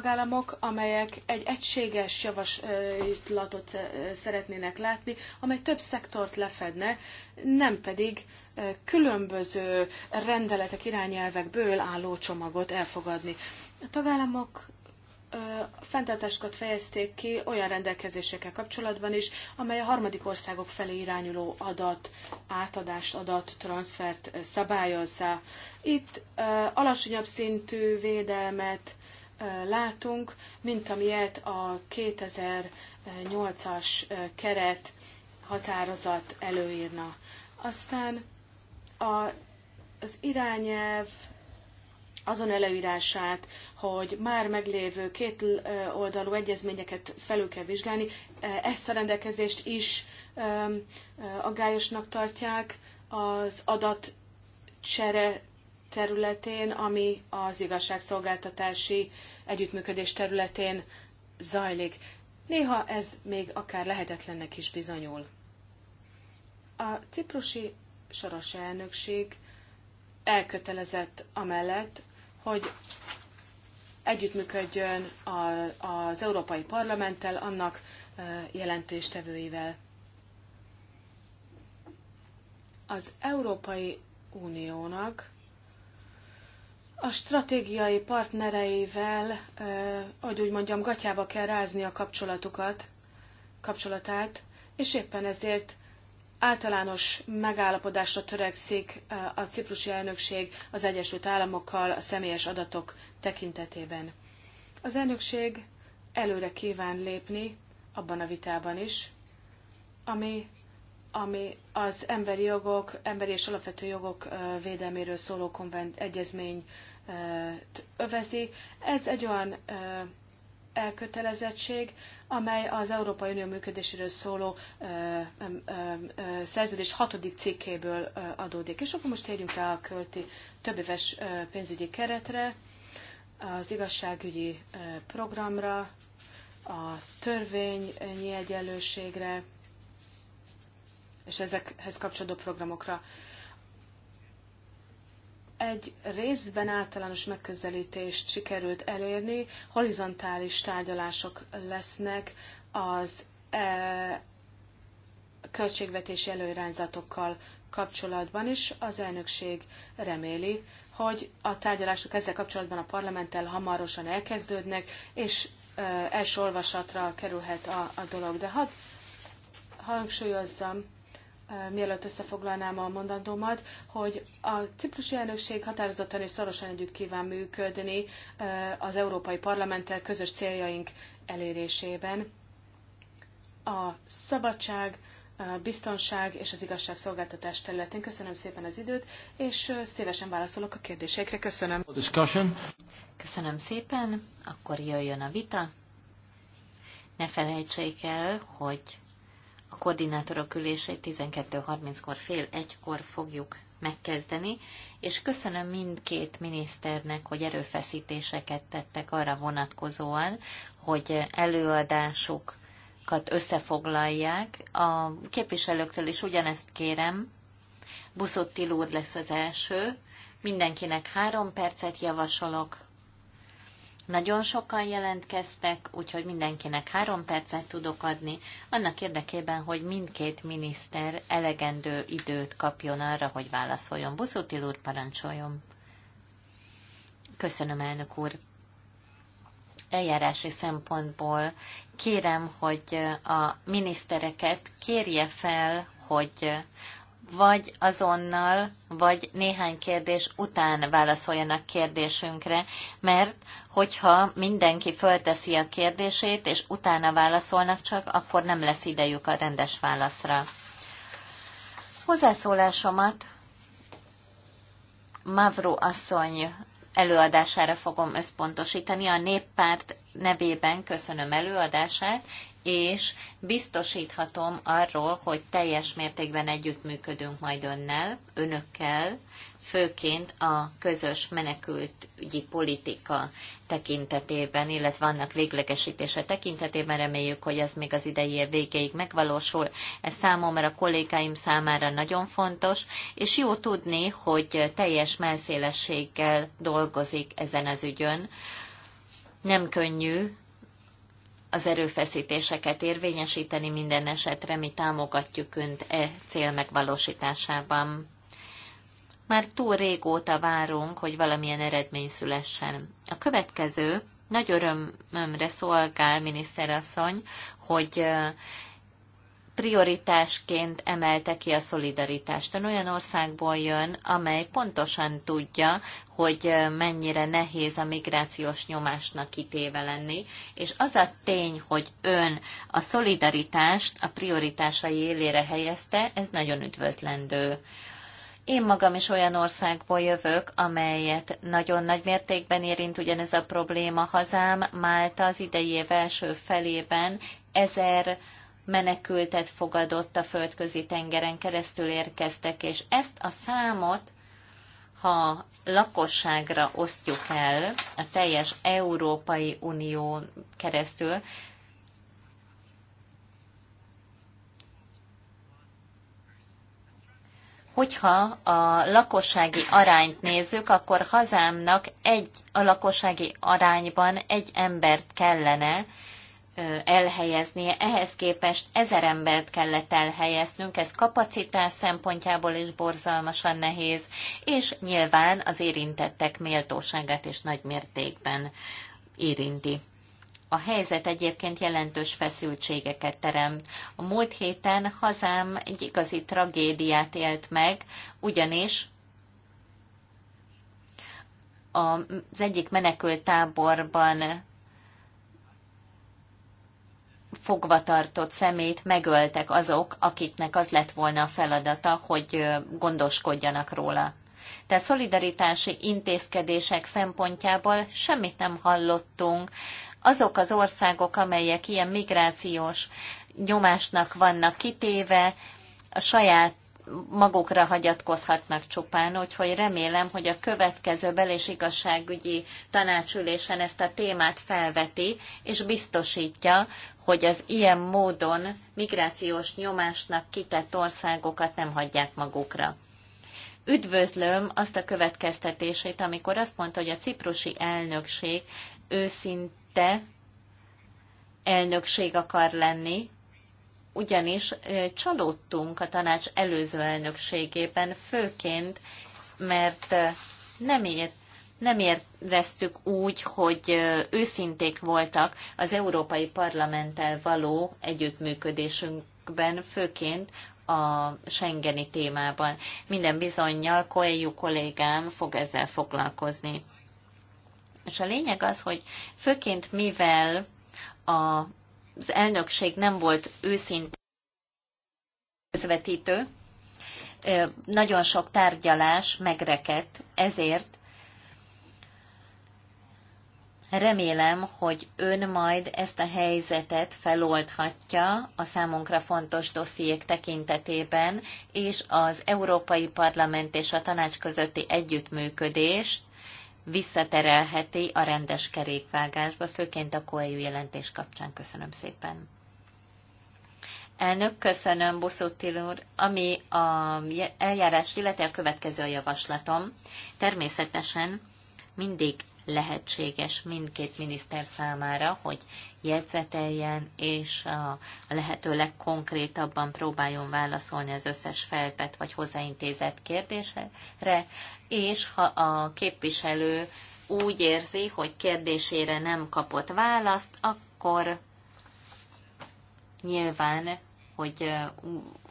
tagállamok, amelyek egy egységes javaslatot szeretnének látni, amely több szektort lefedne, nem pedig különböző rendeletek, irányelvekből álló csomagot elfogadni. A tagállamok fenntartásokat fejezték ki olyan rendelkezésekkel kapcsolatban is, amely a harmadik országok felé irányuló adat, átadást, adat, transfert szabályozza. Itt alacsonyabb szintű védelmet látunk, mint amilyet a 2008-as keret határozat előírna. Aztán a, az irányelv azon előírását, hogy már meglévő két oldalú egyezményeket felül kell vizsgálni, ezt a rendelkezést is aggályosnak tartják az adatcsere területén, ami az igazságszolgáltatási együttműködés területén zajlik. Néha ez még akár lehetetlennek is bizonyul. A ciprusi soros elnökség elkötelezett amellett, hogy együttműködjön az Európai Parlamenttel, annak jelentéstevőivel. Az Európai Uniónak a stratégiai partnereivel, hogy úgy mondjam, gatyába kell rázni a kapcsolatukat, kapcsolatát, és éppen ezért általános megállapodásra törekszik a ciprusi elnökség az Egyesült Államokkal a személyes adatok tekintetében. Az elnökség előre kíván lépni abban a vitában is, ami, ami az emberi jogok, emberi és alapvető jogok védelméről szóló konvent egyezmény övezi. Ez egy olyan elkötelezettség, amely az Európai Unió működéséről szóló szerződés hatodik cikkéből adódik. És akkor most térjünk rá a költi többéves pénzügyi keretre, az igazságügyi programra, a törvényi egyenlőségre, és ezekhez kapcsolódó programokra egy részben általános megközelítést sikerült elérni, horizontális tárgyalások lesznek az e, költségvetési előirányzatokkal kapcsolatban is. Az elnökség reméli, hogy a tárgyalások ezzel kapcsolatban a parlamenttel hamarosan elkezdődnek, és e, első olvasatra kerülhet a, a dolog. De hadd hangsúlyozzam, mielőtt összefoglalnám a mondandómat, hogy a ciprusi elnökség határozottan és szorosan együtt kíván működni az Európai Parlamenttel közös céljaink elérésében. A szabadság, a biztonság és az igazságszolgáltatás területén. Köszönöm szépen az időt, és szívesen válaszolok a kérdésekre. Köszönöm. Köszönöm szépen, akkor jöjjön a vita. Ne felejtsék el, hogy a koordinátorok ülését 12.30-kor fél egykor fogjuk megkezdeni, és köszönöm mindkét miniszternek, hogy erőfeszítéseket tettek arra vonatkozóan, hogy előadásokat összefoglalják. A képviselőktől is ugyanezt kérem. Buszott úr lesz az első. Mindenkinek három percet javasolok, nagyon sokan jelentkeztek, úgyhogy mindenkinek három percet tudok adni, annak érdekében, hogy mindkét miniszter elegendő időt kapjon arra, hogy válaszoljon. Buszutil úr, parancsoljon. Köszönöm, elnök úr. Eljárási szempontból kérem, hogy a minisztereket kérje fel, hogy vagy azonnal, vagy néhány kérdés után válaszoljanak kérdésünkre, mert hogyha mindenki fölteszi a kérdését, és utána válaszolnak csak, akkor nem lesz idejük a rendes válaszra. Hozzászólásomat Mavro asszony előadására fogom összpontosítani. A néppárt nevében köszönöm előadását, és biztosíthatom arról, hogy teljes mértékben együttműködünk majd önnel, önökkel, főként a közös menekültügyi politika tekintetében, illetve annak véglegesítése tekintetében reméljük, hogy ez még az idei év végéig megvalósul. Ez számomra, a kollégáim számára nagyon fontos, és jó tudni, hogy teljes melszélességgel dolgozik ezen az ügyön. Nem könnyű, az erőfeszítéseket érvényesíteni minden esetre, mi támogatjuk Önt e cél megvalósításában. Már túl régóta várunk, hogy valamilyen eredmény szülessen. A következő nagy örömömre szolgál, miniszterasszony, hogy prioritásként emelte ki a szolidaritást. Ön olyan országból jön, amely pontosan tudja, hogy mennyire nehéz a migrációs nyomásnak kitéve lenni, és az a tény, hogy ön a szolidaritást a prioritásai élére helyezte, ez nagyon üdvözlendő. Én magam is olyan országból jövök, amelyet nagyon nagy mértékben érint ugyanez a probléma hazám. Málta az idei év első felében ezer menekültet fogadott a földközi tengeren keresztül érkeztek, és ezt a számot ha lakosságra osztjuk el a teljes Európai unió keresztül, Hogyha a lakossági arányt nézzük, akkor hazámnak egy a lakossági arányban egy embert kellene elhelyeznie. Ehhez képest ezer embert kellett elhelyeznünk, ez kapacitás szempontjából is borzalmasan nehéz, és nyilván az érintettek méltóságát is nagy mértékben érinti. A helyzet egyébként jelentős feszültségeket teremt. A múlt héten hazám egy igazi tragédiát élt meg, ugyanis az egyik menekült táborban fogvatartott szemét megöltek azok, akiknek az lett volna a feladata, hogy gondoskodjanak róla. Tehát szolidaritási intézkedések szempontjából semmit nem hallottunk. Azok az országok, amelyek ilyen migrációs nyomásnak vannak kitéve, a saját magukra hagyatkozhatnak csupán, úgyhogy remélem, hogy a következő bel- és igazságügyi tanácsülésen ezt a témát felveti, és biztosítja, hogy az ilyen módon migrációs nyomásnak kitett országokat nem hagyják magukra. Üdvözlöm azt a következtetését, amikor azt mondta, hogy a ciprusi elnökség őszinte elnökség akar lenni, ugyanis csalódtunk a tanács előző elnökségében, főként, mert nem ért nem éreztük úgy, hogy őszinték voltak az Európai Parlamenttel való együttműködésünkben, főként a Schengeni témában. Minden bizonyal Koelju kollégám fog ezzel foglalkozni. És a lényeg az, hogy főként mivel a az elnökség nem volt őszintén közvetítő, nagyon sok tárgyalás megrekedt, ezért remélem, hogy ön majd ezt a helyzetet feloldhatja a számunkra fontos dossziék tekintetében, és az Európai Parlament és a Tanács közötti együttműködést visszaterelheti a rendes kerékvágásba, főként a COEU jelentés kapcsán. Köszönöm szépen. Elnök, köszönöm, Buszottil úr. Ami a eljárás illeti, a következő a javaslatom. Természetesen mindig lehetséges mindkét miniszter számára, hogy jegyzeteljen és a lehető legkonkrétabban próbáljon válaszolni az összes feltett vagy hozzáintézett kérdésre, és ha a képviselő úgy érzi, hogy kérdésére nem kapott választ, akkor nyilván, hogy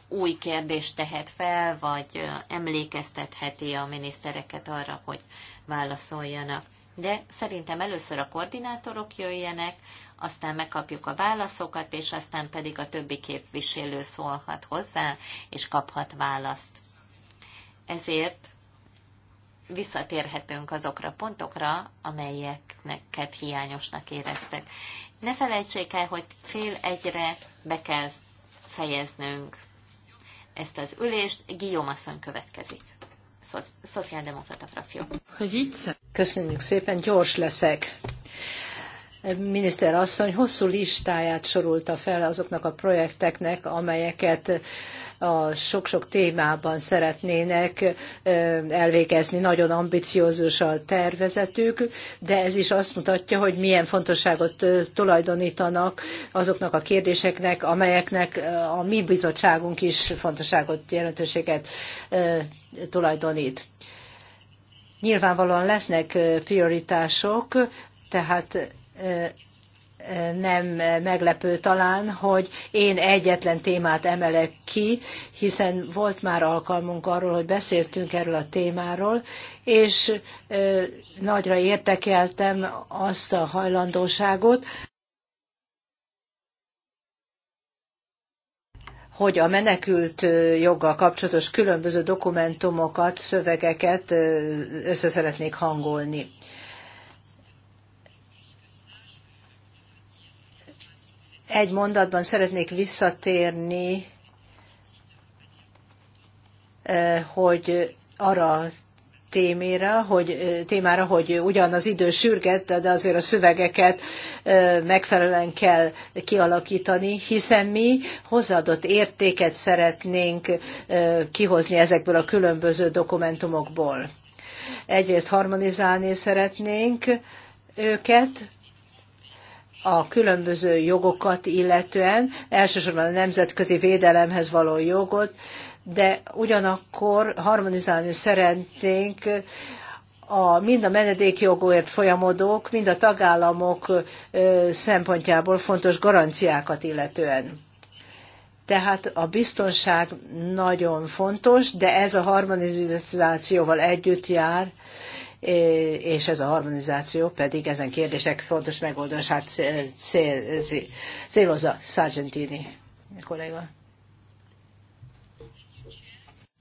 új kérdést tehet fel, vagy emlékeztetheti a minisztereket arra, hogy válaszoljanak de szerintem először a koordinátorok jöjjenek, aztán megkapjuk a válaszokat, és aztán pedig a többi képviselő szólhat hozzá, és kaphat választ. Ezért visszatérhetünk azokra a pontokra, amelyeknek hiányosnak éreztek. Ne felejtsék el, hogy fél egyre be kell fejeznünk ezt az ülést. Guillaume asszony következik. Szociáldemokrata frakció. Köszönjük szépen, gyors leszek miniszter asszony hosszú listáját sorolta fel azoknak a projekteknek, amelyeket a sok-sok témában szeretnének elvégezni. Nagyon ambiciózus a tervezetük, de ez is azt mutatja, hogy milyen fontosságot tulajdonítanak azoknak a kérdéseknek, amelyeknek a mi bizottságunk is fontosságot, jelentőséget tulajdonít. Nyilvánvalóan lesznek prioritások, tehát nem meglepő talán, hogy én egyetlen témát emelek ki, hiszen volt már alkalmunk arról, hogy beszéltünk erről a témáról, és nagyra értekeltem azt a hajlandóságot, hogy a menekült joggal kapcsolatos különböző dokumentumokat, szövegeket össze szeretnék hangolni. egy mondatban szeretnék visszatérni, hogy arra témára, hogy, témára, hogy ugyan az idő sürget, de azért a szövegeket megfelelően kell kialakítani, hiszen mi hozzáadott értéket szeretnénk kihozni ezekből a különböző dokumentumokból. Egyrészt harmonizálni szeretnénk őket, a különböző jogokat illetően, elsősorban a nemzetközi védelemhez való jogot, de ugyanakkor harmonizálni szeretnénk a, mind a menedékjogóért folyamodók, mind a tagállamok szempontjából fontos garanciákat illetően. Tehát a biztonság nagyon fontos, de ez a harmonizációval együtt jár, és ez a harmonizáció pedig ezen kérdések fontos megoldását cél, célozza Sargentini kolléga.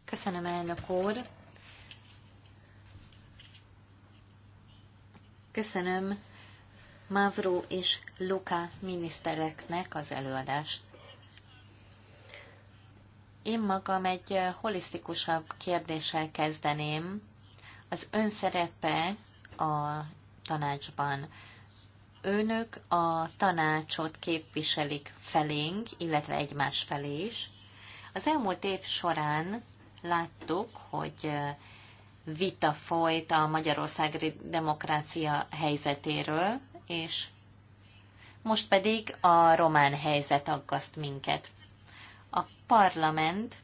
Köszönöm, elnök úr. Köszönöm Mavro és Luka minisztereknek az előadást. Én magam egy holisztikusabb kérdéssel kezdeném, az önszerepe a tanácsban. Önök a tanácsot képviselik felénk, illetve egymás felé is. Az elmúlt év során láttuk, hogy vita folyt a magyarországi demokrácia helyzetéről, és most pedig a román helyzet aggaszt minket. A parlament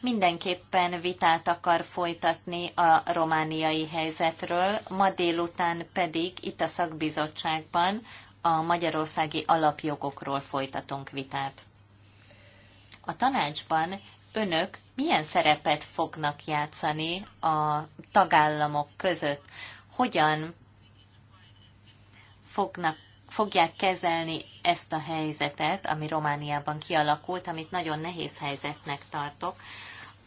mindenképpen vitát akar folytatni a romániai helyzetről, ma délután pedig itt a szakbizottságban a magyarországi alapjogokról folytatunk vitát. A tanácsban önök milyen szerepet fognak játszani a tagállamok között? Hogyan fognak, fogják kezelni ezt a helyzetet, ami Romániában kialakult, amit nagyon nehéz helyzetnek tartok.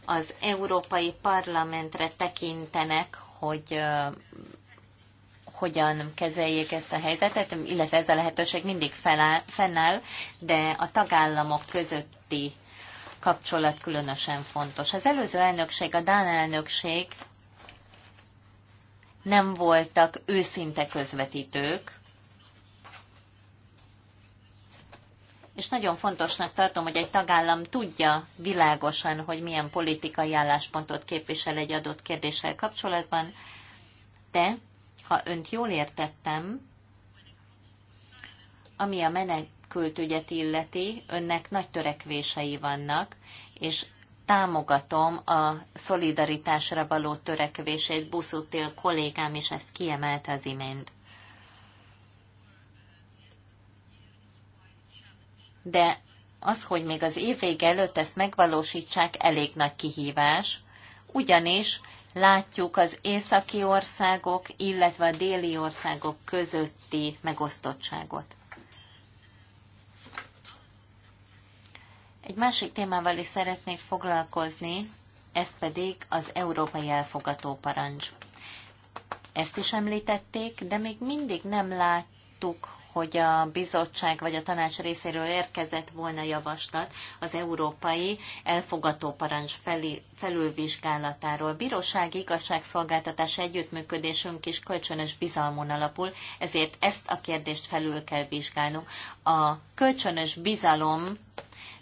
Az Európai Parlamentre tekintenek, hogy hogyan kezeljék ezt a helyzetet, illetve ez a lehetőség mindig feláll, fennáll, de a tagállamok közötti kapcsolat különösen fontos. Az előző elnökség, a Dán elnökség nem voltak őszinte közvetítők, és nagyon fontosnak tartom, hogy egy tagállam tudja világosan, hogy milyen politikai álláspontot képvisel egy adott kérdéssel kapcsolatban, de ha önt jól értettem, ami a menekültügyet illeti, önnek nagy törekvései vannak, és támogatom a szolidaritásra való törekvését, buszútél kollégám is ezt kiemelte az imént. de az, hogy még az év vége előtt ezt megvalósítsák, elég nagy kihívás, ugyanis látjuk az északi országok, illetve a déli országok közötti megosztottságot. Egy másik témával is szeretnék foglalkozni, ez pedig az európai elfogató parancs. Ezt is említették, de még mindig nem láttuk, hogy a bizottság vagy a tanács részéről érkezett volna javaslat az európai elfogató parancs felülvizsgálatáról. Bíróság igazságszolgáltatás együttműködésünk is kölcsönös bizalmon alapul, ezért ezt a kérdést felül kell vizsgálnunk. A kölcsönös bizalom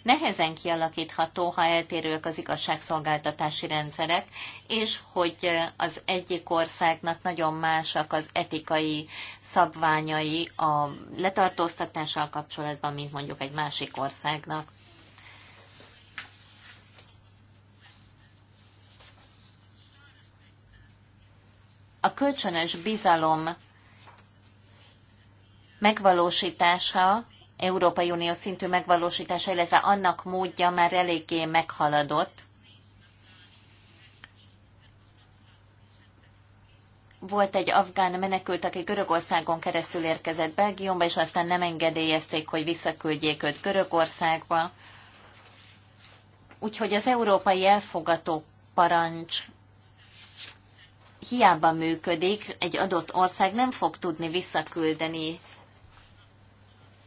nehezen kialakítható, ha eltérőek az igazságszolgáltatási rendszerek, és hogy az egyik országnak nagyon másak az etikai szabványai a letartóztatással kapcsolatban, mint mondjuk egy másik országnak. A kölcsönös bizalom megvalósítása Európai Unió szintű megvalósítása, illetve annak módja már eléggé meghaladott. Volt egy afgán menekült, aki Görögországon keresztül érkezett Belgiumba, és aztán nem engedélyezték, hogy visszaküldjék őt Görögországba. Úgyhogy az európai elfogató parancs hiába működik, egy adott ország nem fog tudni visszaküldeni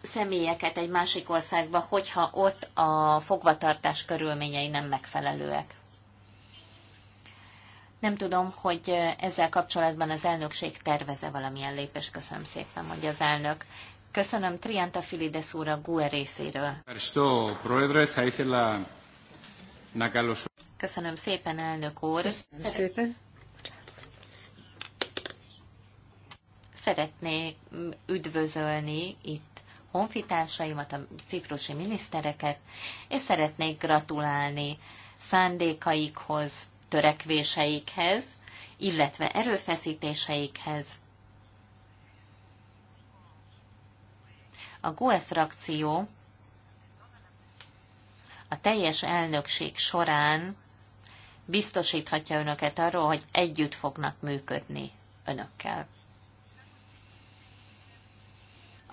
személyeket egy másik országba, hogyha ott a fogvatartás körülményei nem megfelelőek. Nem tudom, hogy ezzel kapcsolatban az elnökség terveze valamilyen lépés. Köszönöm szépen, mondja az elnök. Köszönöm Trianta Filides úr a GUE részéről. Köszönöm szépen, elnök úr. Köszönöm szépen. Szeretnék üdvözölni itt honfitársaimat, a ciprusi minisztereket, és szeretnék gratulálni szándékaikhoz, törekvéseikhez, illetve erőfeszítéseikhez. A GUE frakció a teljes elnökség során biztosíthatja önöket arról, hogy együtt fognak működni önökkel.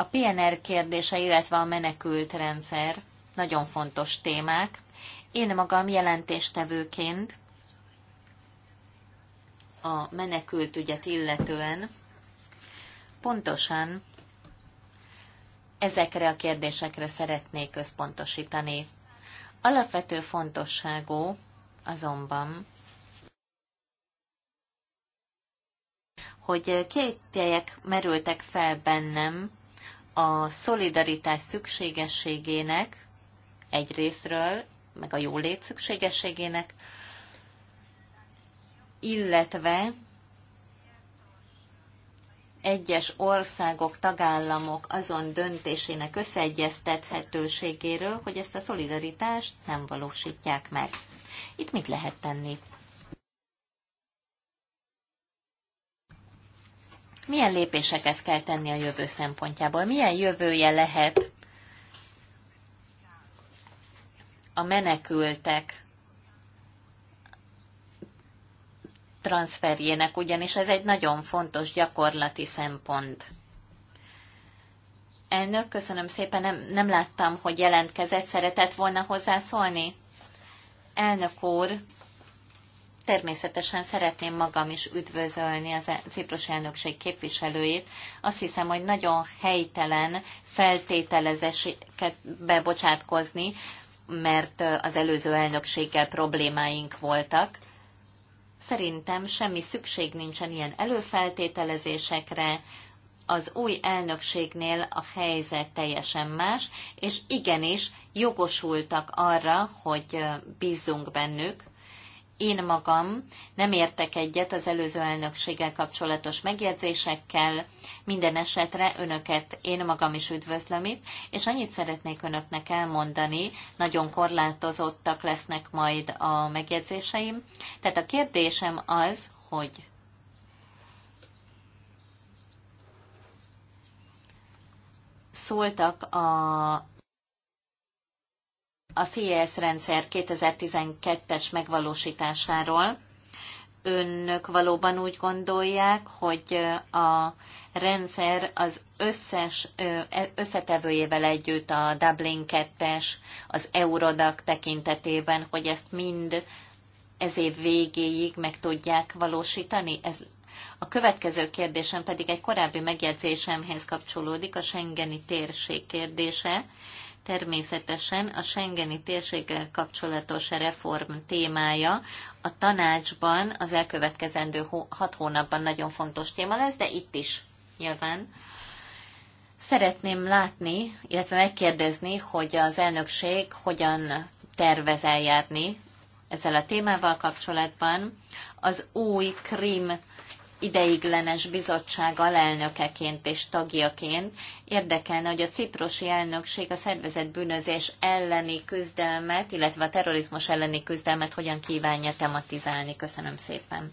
A PNR kérdése, illetve a menekült rendszer nagyon fontos témák. Én magam jelentéstevőként a menekült ügyet illetően pontosan ezekre a kérdésekre szeretnék központosítani. Alapvető fontosságú azonban, hogy két merültek fel bennem a szolidaritás szükségességének egy részről, meg a jólét szükségességének, illetve egyes országok, tagállamok azon döntésének összeegyeztethetőségéről, hogy ezt a szolidaritást nem valósítják meg. Itt mit lehet tenni? milyen lépéseket kell tenni a jövő szempontjából, milyen jövője lehet a menekültek transferjének, ugyanis ez egy nagyon fontos gyakorlati szempont. Elnök, köszönöm szépen, nem, nem láttam, hogy jelentkezett, szeretett volna hozzászólni. Elnök úr, természetesen szeretném magam is üdvözölni az Ciprus elnökség képviselőjét. Azt hiszem, hogy nagyon helytelen feltételezéseket bebocsátkozni, mert az előző elnökséggel problémáink voltak. Szerintem semmi szükség nincsen ilyen előfeltételezésekre, az új elnökségnél a helyzet teljesen más, és igenis jogosultak arra, hogy bízzunk bennük, én magam nem értek egyet az előző elnökséggel kapcsolatos megjegyzésekkel, minden esetre önöket én magam is üdvözlöm itt, és annyit szeretnék önöknek elmondani, nagyon korlátozottak lesznek majd a megjegyzéseim. Tehát a kérdésem az, hogy szóltak a a CES rendszer 2012-es megvalósításáról. Önök valóban úgy gondolják, hogy a rendszer az összes e, összetevőjével együtt a Dublin 2-es, az Eurodac tekintetében, hogy ezt mind ez év végéig meg tudják valósítani? Ez a következő kérdésem pedig egy korábbi megjegyzésemhez kapcsolódik, a Schengeni térség kérdése. Természetesen a Schengeni térséggel kapcsolatos reform témája a tanácsban az elkövetkezendő hat hónapban nagyon fontos téma lesz, de itt is nyilván. Szeretném látni, illetve megkérdezni, hogy az elnökség hogyan tervez eljárni ezzel a témával kapcsolatban. Az új krím ideiglenes bizottság alelnökeként és tagjaként érdekelne, hogy a ciprosi elnökség a szervezett bűnözés elleni küzdelmet, illetve a terrorizmus elleni küzdelmet hogyan kívánja tematizálni. Köszönöm szépen.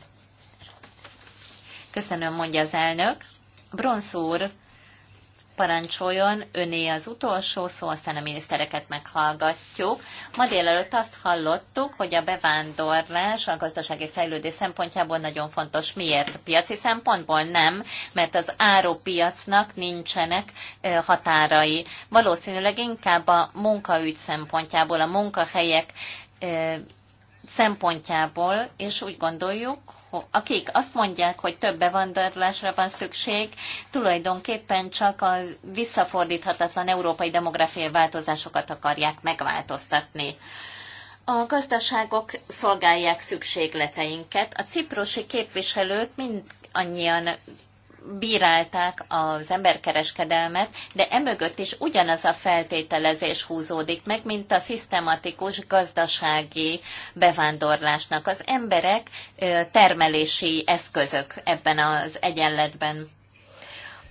Köszönöm, mondja az elnök. Bronsz úr Parancsoljon, öné az utolsó szó, aztán a minisztereket meghallgatjuk. Ma délelőtt azt hallottuk, hogy a bevándorlás a gazdasági fejlődés szempontjából nagyon fontos. Miért? Piaci szempontból nem, mert az árópiacnak nincsenek határai. Valószínűleg inkább a munkaügy szempontjából, a munkahelyek szempontjából, és úgy gondoljuk, akik azt mondják, hogy több bevándorlásra van szükség, tulajdonképpen csak a visszafordíthatatlan európai demográfiai változásokat akarják megváltoztatni. A gazdaságok szolgálják szükségleteinket. A ciprusi képviselők mind annyian bírálták az emberkereskedelmet, de emögött is ugyanaz a feltételezés húzódik meg, mint a szisztematikus gazdasági bevándorlásnak. Az emberek termelési eszközök ebben az egyenletben.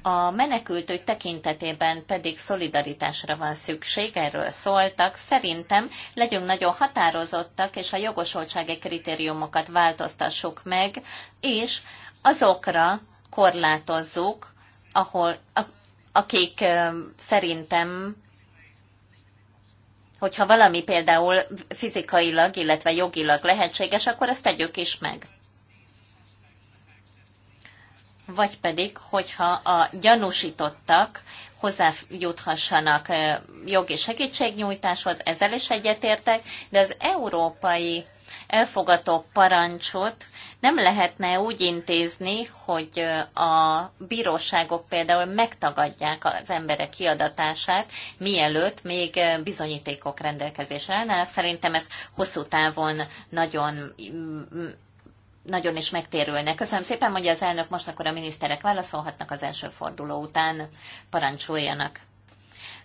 A menekültők tekintetében pedig szolidaritásra van szükség, erről szóltak. Szerintem legyünk nagyon határozottak, és a jogosultsági kritériumokat változtassuk meg, és azokra korlátozzuk, ahol, akik szerintem hogyha valami például fizikailag, illetve jogilag lehetséges, akkor ezt tegyük is meg. Vagy pedig, hogyha a gyanúsítottak hozzájuthassanak jogi segítségnyújtáshoz, ezzel is egyetértek, de az európai elfogató parancsot nem lehetne úgy intézni, hogy a bíróságok például megtagadják az emberek kiadatását, mielőtt még bizonyítékok rendelkezésre állnának. Szerintem ez hosszú távon nagyon nagyon is megtérülnek. Köszönöm szépen, mondja az elnök, most akkor a miniszterek válaszolhatnak az első forduló után. Parancsoljanak.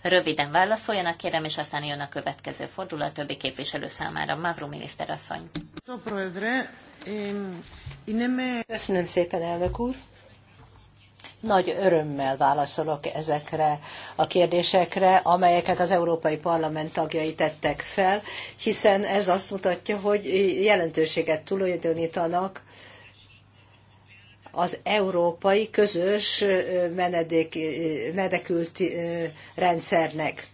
Röviden válaszoljanak, kérem, és aztán jön a következő forduló a többi képviselő számára. Mavro miniszterasszony. Köszönöm szépen, elnök úr. Nagy örömmel válaszolok ezekre a kérdésekre, amelyeket az Európai Parlament tagjai tettek fel, hiszen ez azt mutatja, hogy jelentőséget tulajdonítanak az európai közös menedék, menekült rendszernek.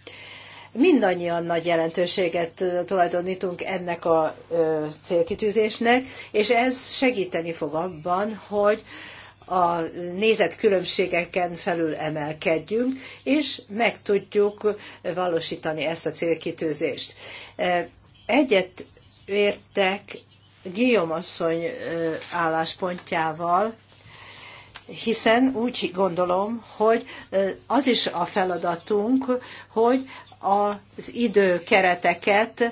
Mindannyian nagy jelentőséget tulajdonítunk ennek a célkitűzésnek, és ez segíteni fog abban, hogy a nézetkülönbségeken felül emelkedjünk, és meg tudjuk valósítani ezt a célkitűzést. E, egyet értek Guillaume asszony e, álláspontjával, hiszen úgy gondolom, hogy e, az is a feladatunk, hogy az időkereteket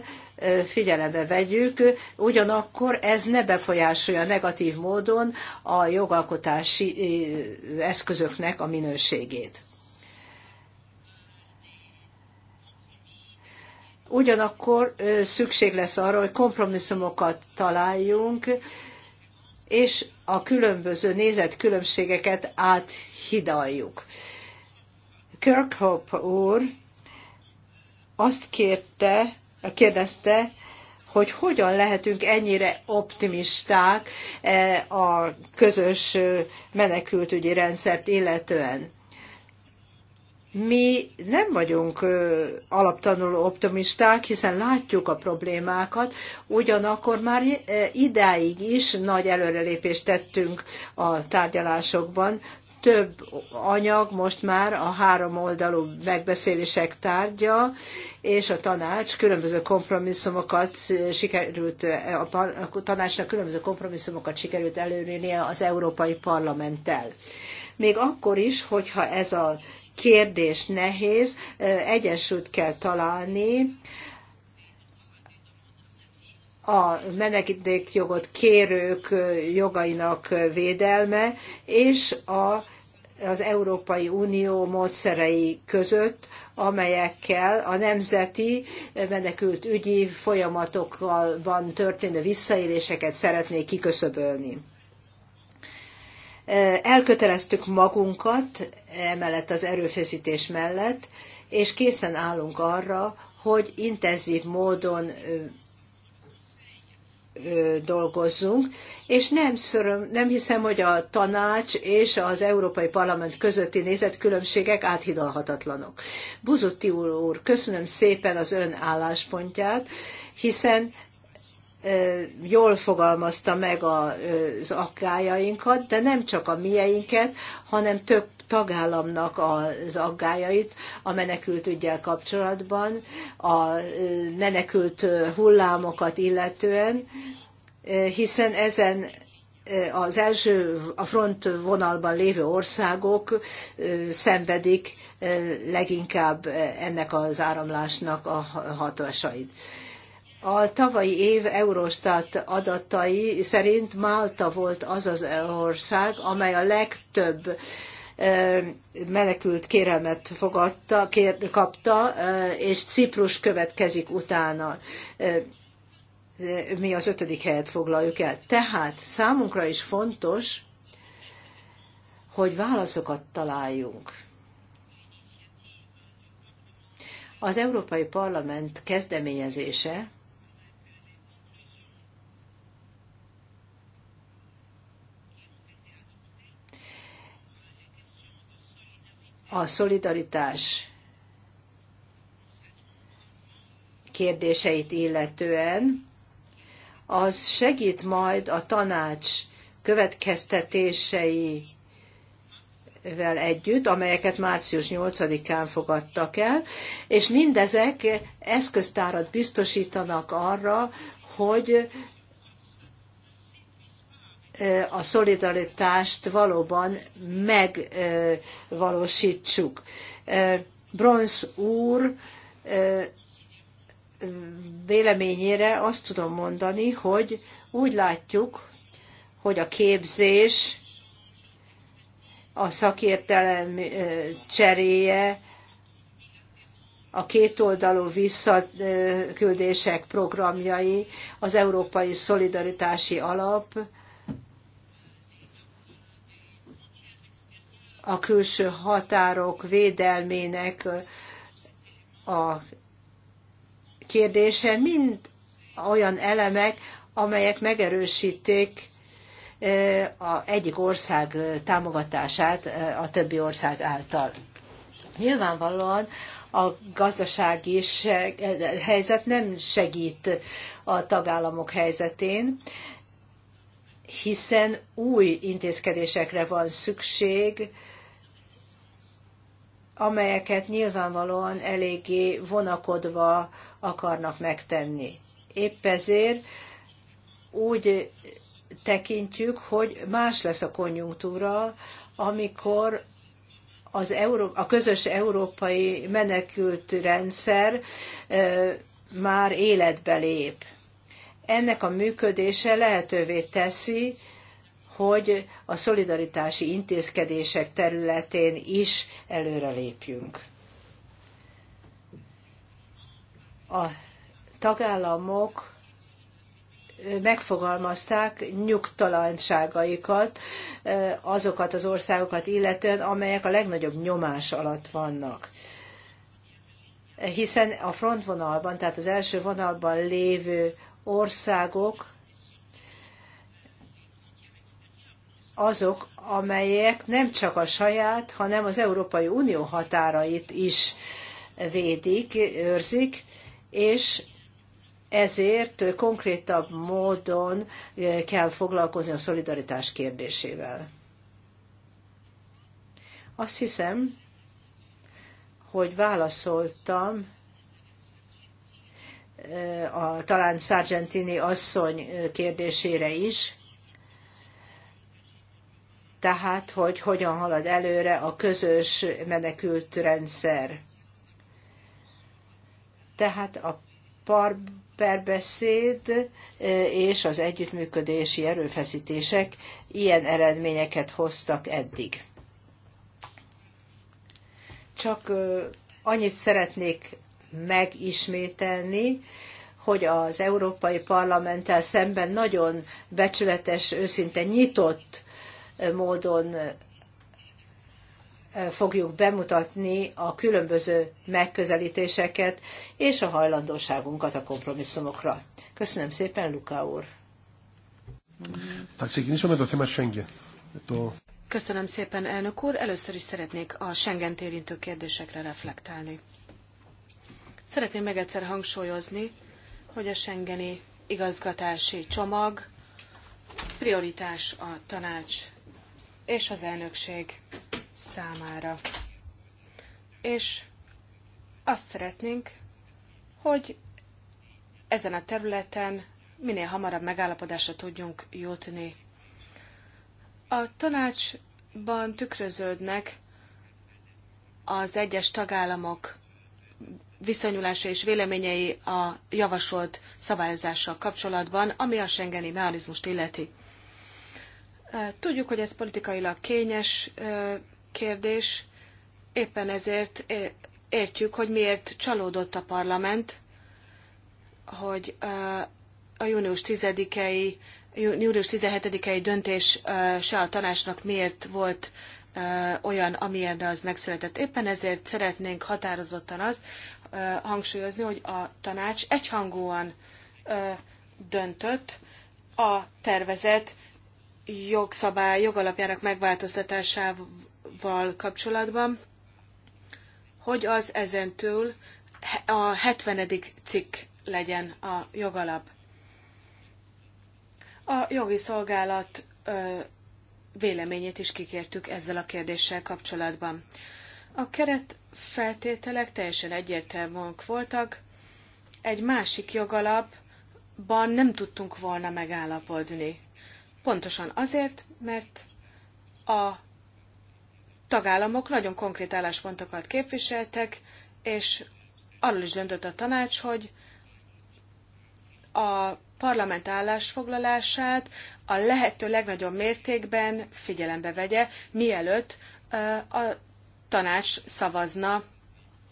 figyelembe vegyük, ugyanakkor ez ne befolyásolja negatív módon a jogalkotási eszközöknek a minőségét. Ugyanakkor szükség lesz arra, hogy kompromisszumokat találjunk, és a különböző nézetkülönbségeket áthidaljuk. Kirkhope úr azt kérte, kérdezte, hogy hogyan lehetünk ennyire optimisták e, a közös menekültügyi rendszert illetően. Mi nem vagyunk alaptanuló optimisták, hiszen látjuk a problémákat, ugyanakkor már e, idáig is nagy előrelépést tettünk a tárgyalásokban, több anyag most már a három oldalú megbeszélések tárgya, és a tanács különböző kompromisszumokat sikerült, a tanácsnak különböző kompromisszumokat sikerült előrénie az Európai Parlamenttel. Még akkor is, hogyha ez a kérdés nehéz, egyensúlyt kell találni, a menekítékjogot kérők jogainak védelme és a az Európai Unió módszerei között, amelyekkel a nemzeti menekült ügyi van történő visszaéléseket szeretnék kiköszöbölni. Elköteleztük magunkat emellett az erőfeszítés mellett, és készen állunk arra, hogy intenzív módon dolgozzunk, és nem, szöröm, nem hiszem, hogy a tanács és az Európai Parlament közötti nézetkülönbségek áthidalhatatlanok. Buzuti úr, köszönöm szépen az ön álláspontját, hiszen jól fogalmazta meg az aggájainkat, de nem csak a mieinket, hanem több tagállamnak az aggájait a menekült ügyel kapcsolatban, a menekült hullámokat illetően, hiszen ezen az első a front vonalban lévő országok szenvedik leginkább ennek az áramlásnak a hatásait. A tavalyi év Eurostat adatai szerint Málta volt az az ország, amely a legtöbb menekült kérelmet fogadta, kér, kapta, és Ciprus következik utána. Mi az ötödik helyet foglaljuk el. Tehát számunkra is fontos, hogy válaszokat találjunk. Az Európai Parlament kezdeményezése a szolidaritás kérdéseit illetően, az segít majd a tanács következtetéseivel együtt, amelyeket március 8-án fogadtak el, és mindezek eszköztárat biztosítanak arra, hogy a szolidaritást valóban megvalósítsuk. Bronz úr véleményére azt tudom mondani, hogy úgy látjuk, hogy a képzés, a szakértelem cseréje, a kétoldalú visszaküldések programjai, az Európai Szolidaritási Alap, a külső határok védelmének a kérdése mind olyan elemek, amelyek megerősítik eh, a egyik ország eh, támogatását eh, a többi ország által. Nyilvánvalóan a gazdasági helyzet nem segít a tagállamok helyzetén, hiszen új intézkedésekre van szükség, amelyeket nyilvánvalóan eléggé vonakodva akarnak megtenni. Épp ezért úgy tekintjük, hogy más lesz a konjunktúra, amikor az Euró- a közös európai menekültrendszer már életbe lép. Ennek a működése lehetővé teszi, hogy a szolidaritási intézkedések területén is előrelépjünk. A tagállamok megfogalmazták nyugtalanságaikat eh, azokat az országokat illetően, amelyek a legnagyobb nyomás alatt vannak. Hiszen a frontvonalban, tehát az első vonalban lévő országok azok, amelyek nem csak a saját, hanem az Európai Unió határait is védik, őrzik, és ezért konkrétabb módon kell foglalkozni a szolidaritás kérdésével. Azt hiszem, hogy válaszoltam a, talán Sargentini asszony kérdésére is, tehát hogy hogyan halad előre a közös menekült rendszer. Tehát a párbeszéd e, és az együttműködési erőfeszítések ilyen eredményeket hoztak eddig. Csak e, annyit szeretnék megismételni, hogy az Európai Parlamenttel szemben nagyon becsületes, őszinte nyitott módon fogjuk bemutatni a különböző megközelítéseket és a hajlandóságunkat a kompromisszumokra. Köszönöm szépen, Luka úr! Köszönöm szépen, elnök úr! Először is szeretnék a Schengen érintő kérdésekre reflektálni. Szeretném meg egyszer hangsúlyozni, hogy a Schengeni igazgatási csomag prioritás a tanács és az elnökség számára. És azt szeretnénk, hogy ezen a területen minél hamarabb megállapodásra tudjunk jutni. A tanácsban tükröződnek az egyes tagállamok viszonyulása és véleményei a javasolt szabályozással kapcsolatban, ami a Schengeni mechanizmust illeti. Tudjuk, hogy ez politikailag kényes kérdés, éppen ezért értjük, hogy miért csalódott a parlament, hogy a június 10-i, június 17-i döntés se a tanácsnak miért volt olyan, amilyenre az megszületett. Éppen ezért szeretnénk határozottan azt hangsúlyozni, hogy a tanács egyhangúan döntött a tervezet jogszabály, jogalapjának megváltoztatásával kapcsolatban, hogy az ezentől a 70. cikk legyen a jogalap. A jogi szolgálat véleményét is kikértük ezzel a kérdéssel kapcsolatban. A keret feltételek teljesen egyértelműek voltak, egy másik jogalapban nem tudtunk volna megállapodni. Pontosan azért, mert a tagállamok nagyon konkrét álláspontokat képviseltek, és arról is döntött a tanács, hogy a parlament állásfoglalását a lehető legnagyobb mértékben figyelembe vegye, mielőtt a tanács szavazna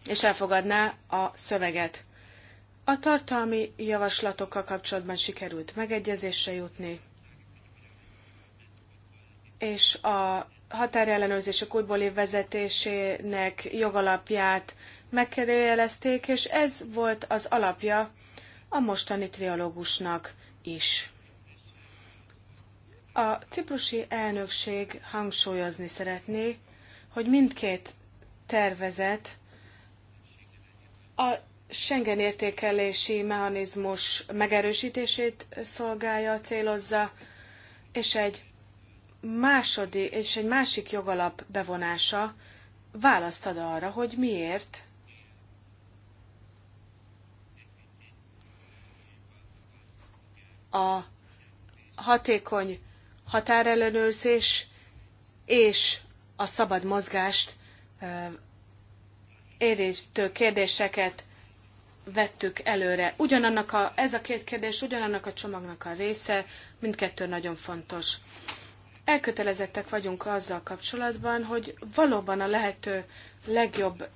és elfogadná a szöveget. A tartalmi javaslatokkal kapcsolatban sikerült megegyezésre jutni és a határellenőrzések útból vezetésének jogalapját megkérdőjelezték, és ez volt az alapja a mostani trialógusnak is. A ciprusi elnökség hangsúlyozni szeretné, hogy mindkét tervezet a Schengen értékelési mechanizmus megerősítését szolgálja, célozza, és egy második, és egy másik jogalap bevonása választ ad arra, hogy miért a hatékony határellenőrzés és a szabad mozgást érintő kérdéseket vettük előre. Ugyanannak a, ez a két kérdés ugyanannak a csomagnak a része, mindkettő nagyon fontos elkötelezettek vagyunk azzal kapcsolatban, hogy valóban a lehető legjobb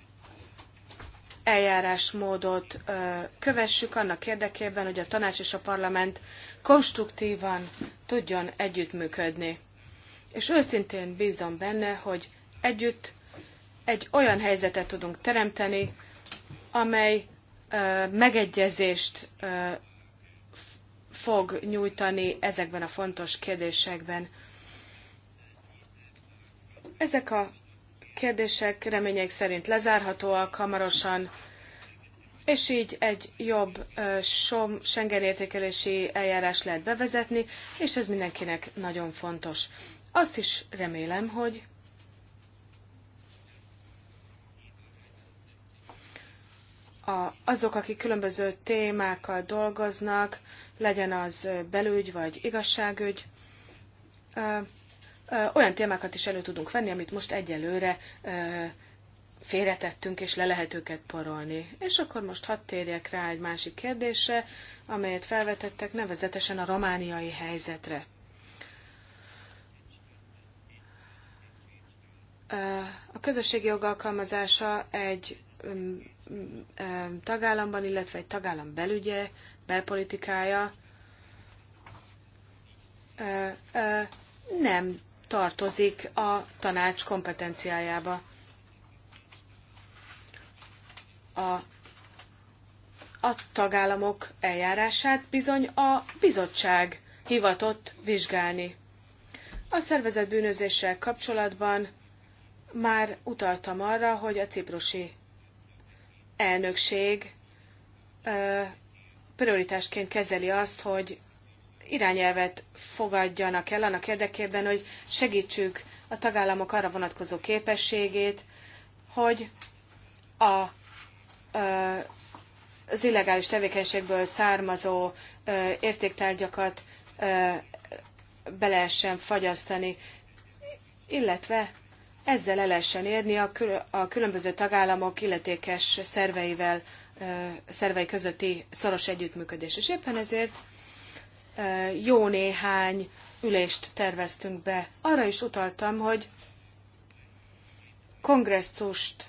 eljárásmódot ö, kövessük annak érdekében, hogy a tanács és a parlament konstruktívan tudjon együttműködni. És őszintén bízom benne, hogy együtt egy olyan helyzetet tudunk teremteni, amely ö, megegyezést ö, fog nyújtani ezekben a fontos kérdésekben ezek a kérdések remények szerint lezárhatóak hamarosan, és így egy jobb SOM Schengen értékelési eljárás lehet bevezetni, és ez mindenkinek nagyon fontos. Azt is remélem, hogy a, azok, akik különböző témákkal dolgoznak, legyen az belügy vagy igazságügy, olyan témákat is elő tudunk venni, amit most egyelőre félretettünk, és le lehet őket parolni. És akkor most hadd térjek rá egy másik kérdésre, amelyet felvetettek, nevezetesen a romániai helyzetre. A közösségi jog alkalmazása egy mm, mm, tagállamban, illetve egy tagállam belügye, belpolitikája nem tartozik a tanács kompetenciájába. A a tagállamok eljárását bizony a bizottság hivatott vizsgálni. A szervezet bűnözéssel kapcsolatban már utaltam arra, hogy a ciprusi elnökség prioritásként kezeli azt, hogy irányelvet fogadjanak el annak érdekében, hogy segítsük a tagállamok arra vonatkozó képességét, hogy a, az illegális tevékenységből származó értéktárgyakat be lehessen fagyasztani, illetve ezzel el lehessen érni a, különböző tagállamok illetékes szerveivel, szervei közötti szoros együttműködés. És éppen ezért jó néhány ülést terveztünk be. Arra is utaltam, hogy kongresszust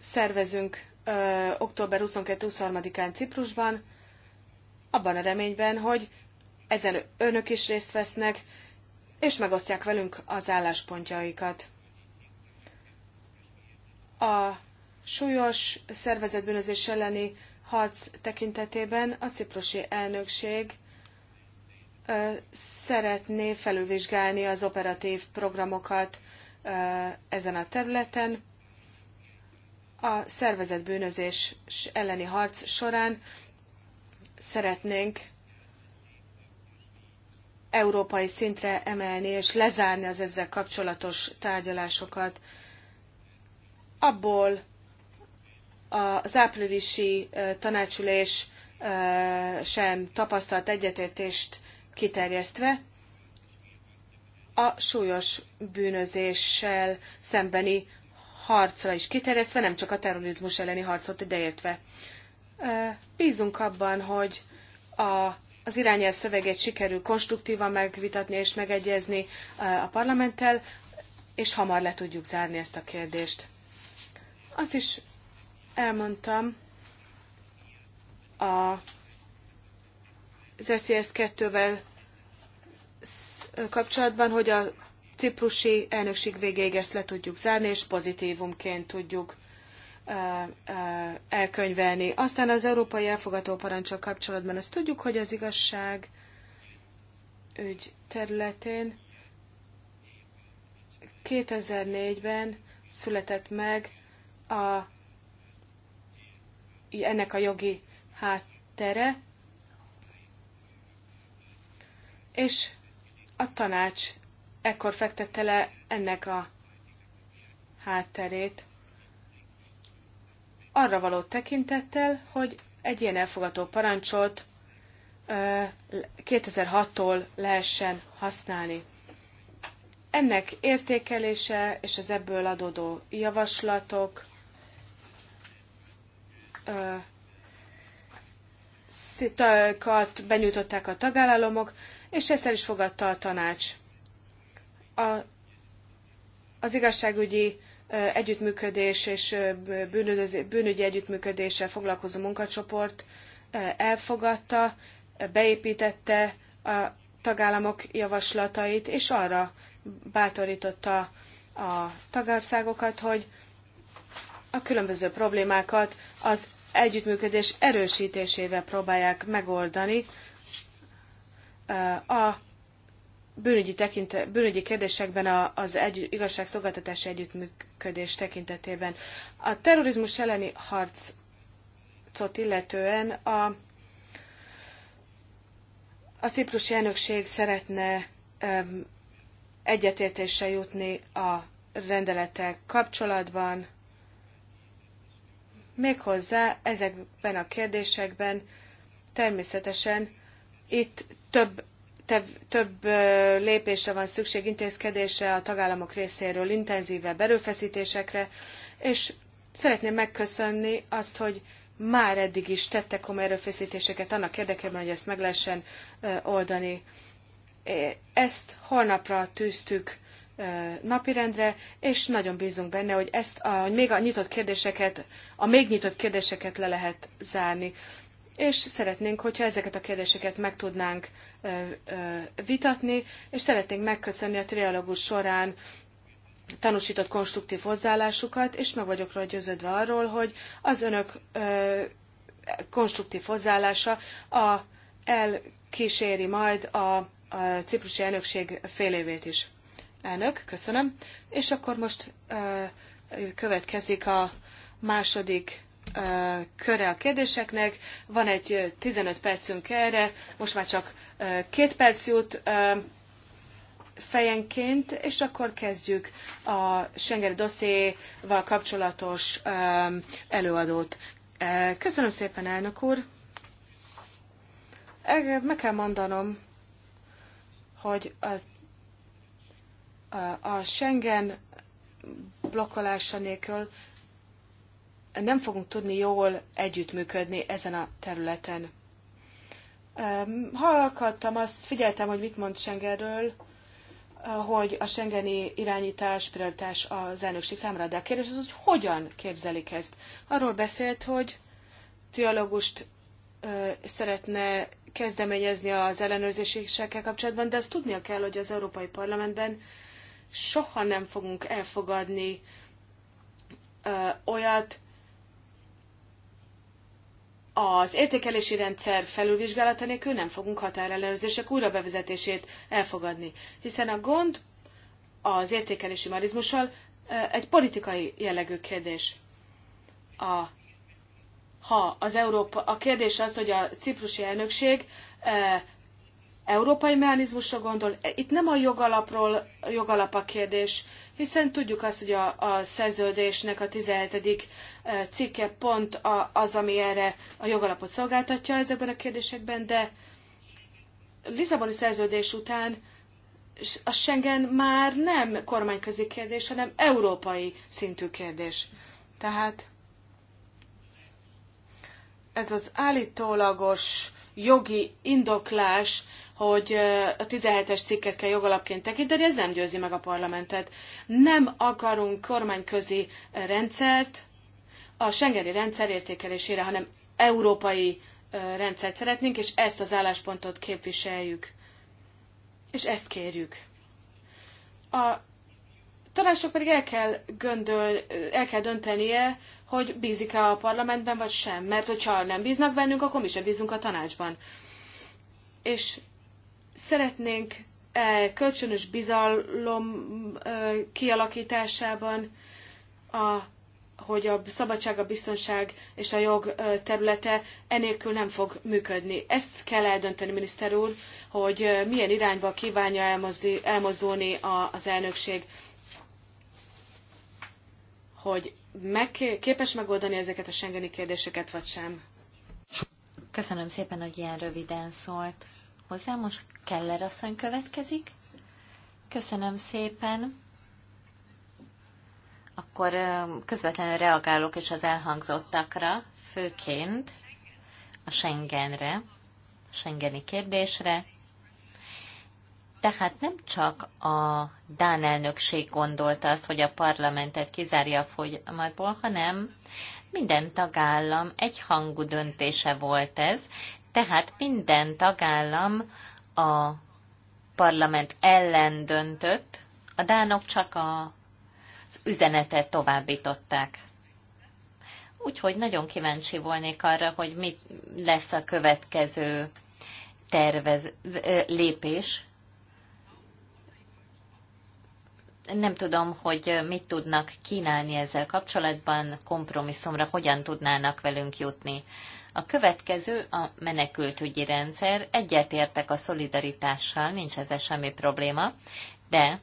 szervezünk ö, október 22-23-án Ciprusban, abban a reményben, hogy ezen önök is részt vesznek, és megosztják velünk az álláspontjaikat. A súlyos szervezetbűnözés elleni harc tekintetében a ciprusi elnökség szeretné felülvizsgálni az operatív programokat ezen a területen. A szervezett bűnözés elleni harc során szeretnénk európai szintre emelni és lezárni az ezzel kapcsolatos tárgyalásokat. Abból az áprilisi tanácsülés sem tapasztalt egyetértést kiterjesztve a súlyos bűnözéssel szembeni harcra is kiterjesztve, nem csak a terrorizmus elleni harcot ideértve. Bízunk abban, hogy a, az irányelv szöveget sikerül konstruktívan megvitatni és megegyezni a parlamenttel, és hamar le tudjuk zárni ezt a kérdést. Azt is elmondtam a az SZSZ e 2-vel kapcsolatban, hogy a ciprusi elnökség végéig ezt le tudjuk zárni, és pozitívumként tudjuk elkönyvelni. Aztán az európai elfogató parancsok kapcsolatban azt tudjuk, hogy az igazság ügy területén 2004-ben született meg a, ennek a jogi háttere, és a tanács ekkor fektette le ennek a hátterét arra való tekintettel, hogy egy ilyen elfogató parancsot 2006-tól lehessen használni. Ennek értékelése és az ebből adódó javaslatok benyújtották a tagállamok, és ezt el is fogadta a tanács. A, az igazságügyi együttműködés és bűnügyi együttműködéssel foglalkozó munkacsoport elfogadta, beépítette a tagállamok javaslatait, és arra bátorította a tagországokat, hogy a különböző problémákat az együttműködés erősítésével próbálják megoldani, a bűnügyi, tekinte, bűnügyi kérdésekben a, az egy, igazságszolgáltatási együttműködés tekintetében. A terrorizmus elleni harcot illetően a, a ciprusi elnökség szeretne um, egyetértéssel jutni a rendeletek kapcsolatban, méghozzá ezekben a kérdésekben természetesen itt több, több lépésre van szükség, intézkedése a tagállamok részéről, intenzívebb erőfeszítésekre, és szeretném megköszönni azt, hogy már eddig is tettek komoly erőfeszítéseket annak érdekében, hogy ezt meg lehessen oldani. Ezt holnapra tűztük napirendre, és nagyon bízunk benne, hogy ezt a, még a nyitott kérdéseket, a még nyitott kérdéseket le lehet zárni és szeretnénk, hogyha ezeket a kérdéseket meg tudnánk vitatni, és szeretnénk megköszönni a trialógus során tanúsított konstruktív hozzáállásukat, és meg vagyok róla győződve arról, hogy az önök ö, konstruktív hozzáállása a, elkíséri majd a, a ciprusi elnökség fél évét is. Elnök, köszönöm. És akkor most ö, következik a második köre a kérdéseknek. Van egy 15 percünk erre, most már csak két perc jut fejenként, és akkor kezdjük a Schengeri dosszéval kapcsolatos előadót. Köszönöm szépen, elnök úr! Meg kell mondanom, hogy a, a Schengen blokkolása nélkül nem fogunk tudni jól együttműködni ezen a területen. Hallgattam azt, figyeltem, hogy mit mond Schengenről, hogy a Schengeni irányítás prioritás az elnökség számára, de a kérdés az, hogy hogyan képzelik ezt. Arról beszélt, hogy dialógust szeretne kezdeményezni az ellenőrzésekkel kapcsolatban, de azt tudnia kell, hogy az Európai Parlamentben soha nem fogunk elfogadni olyat, az értékelési rendszer felülvizsgálata nélkül nem fogunk határellenőrzések újra bevezetését elfogadni, hiszen a gond az értékelési marizmussal egy politikai jellegű kérdés. A, ha az Európa, a kérdés az, hogy a ciprusi elnökség európai mechanizmusra gondol, e, itt nem a jogalapról, jogalap a kérdés, hiszen tudjuk azt, hogy a, a szerződésnek a 17. E, cikke pont a, az, ami erre a jogalapot szolgáltatja ezekben a kérdésekben, de Lisszaboni szerződés után a Schengen már nem kormányközi kérdés, hanem európai szintű kérdés. Tehát ez az állítólagos jogi indoklás hogy a 17-es cikket kell jogalapként tekinteni, ez nem győzi meg a parlamentet. Nem akarunk kormányközi rendszert a Schengeni rendszer értékelésére, hanem európai rendszert szeretnénk, és ezt az álláspontot képviseljük. És ezt kérjük. A tanácsnak pedig el kell, göndöl, el kell döntenie, hogy bízik-e a parlamentben, vagy sem. Mert hogyha nem bíznak bennünk, akkor mi sem bízunk a tanácsban. És Szeretnénk e, kölcsönös bizalom e, kialakításában, a, hogy a szabadság, a biztonság és a jog e, területe enélkül nem fog működni. Ezt kell eldönteni, miniszter úr, hogy milyen irányba kívánja elmozdi, elmozdulni a, az elnökség, hogy meg, képes megoldani ezeket a Schengeni kérdéseket, vagy sem. Köszönöm szépen, hogy ilyen röviden szólt hozzá. Most Keller asszony következik. Köszönöm szépen. Akkor közvetlenül reagálok is az elhangzottakra, főként a Schengenre, a Schengeni kérdésre. Tehát nem csak a Dán elnökség gondolta azt, hogy a parlamentet kizárja a folyamatból, hanem minden tagállam egyhangú döntése volt ez, tehát minden tagállam a parlament ellen döntött, a dánok csak a, az üzenetet továbbították. Úgyhogy nagyon kíváncsi volnék arra, hogy mit lesz a következő tervez, lépés. Nem tudom, hogy mit tudnak kínálni ezzel kapcsolatban, kompromisszumra hogyan tudnának velünk jutni. A következő a menekültügyi rendszer. Egyetértek a szolidaritással, nincs ez semmi probléma, de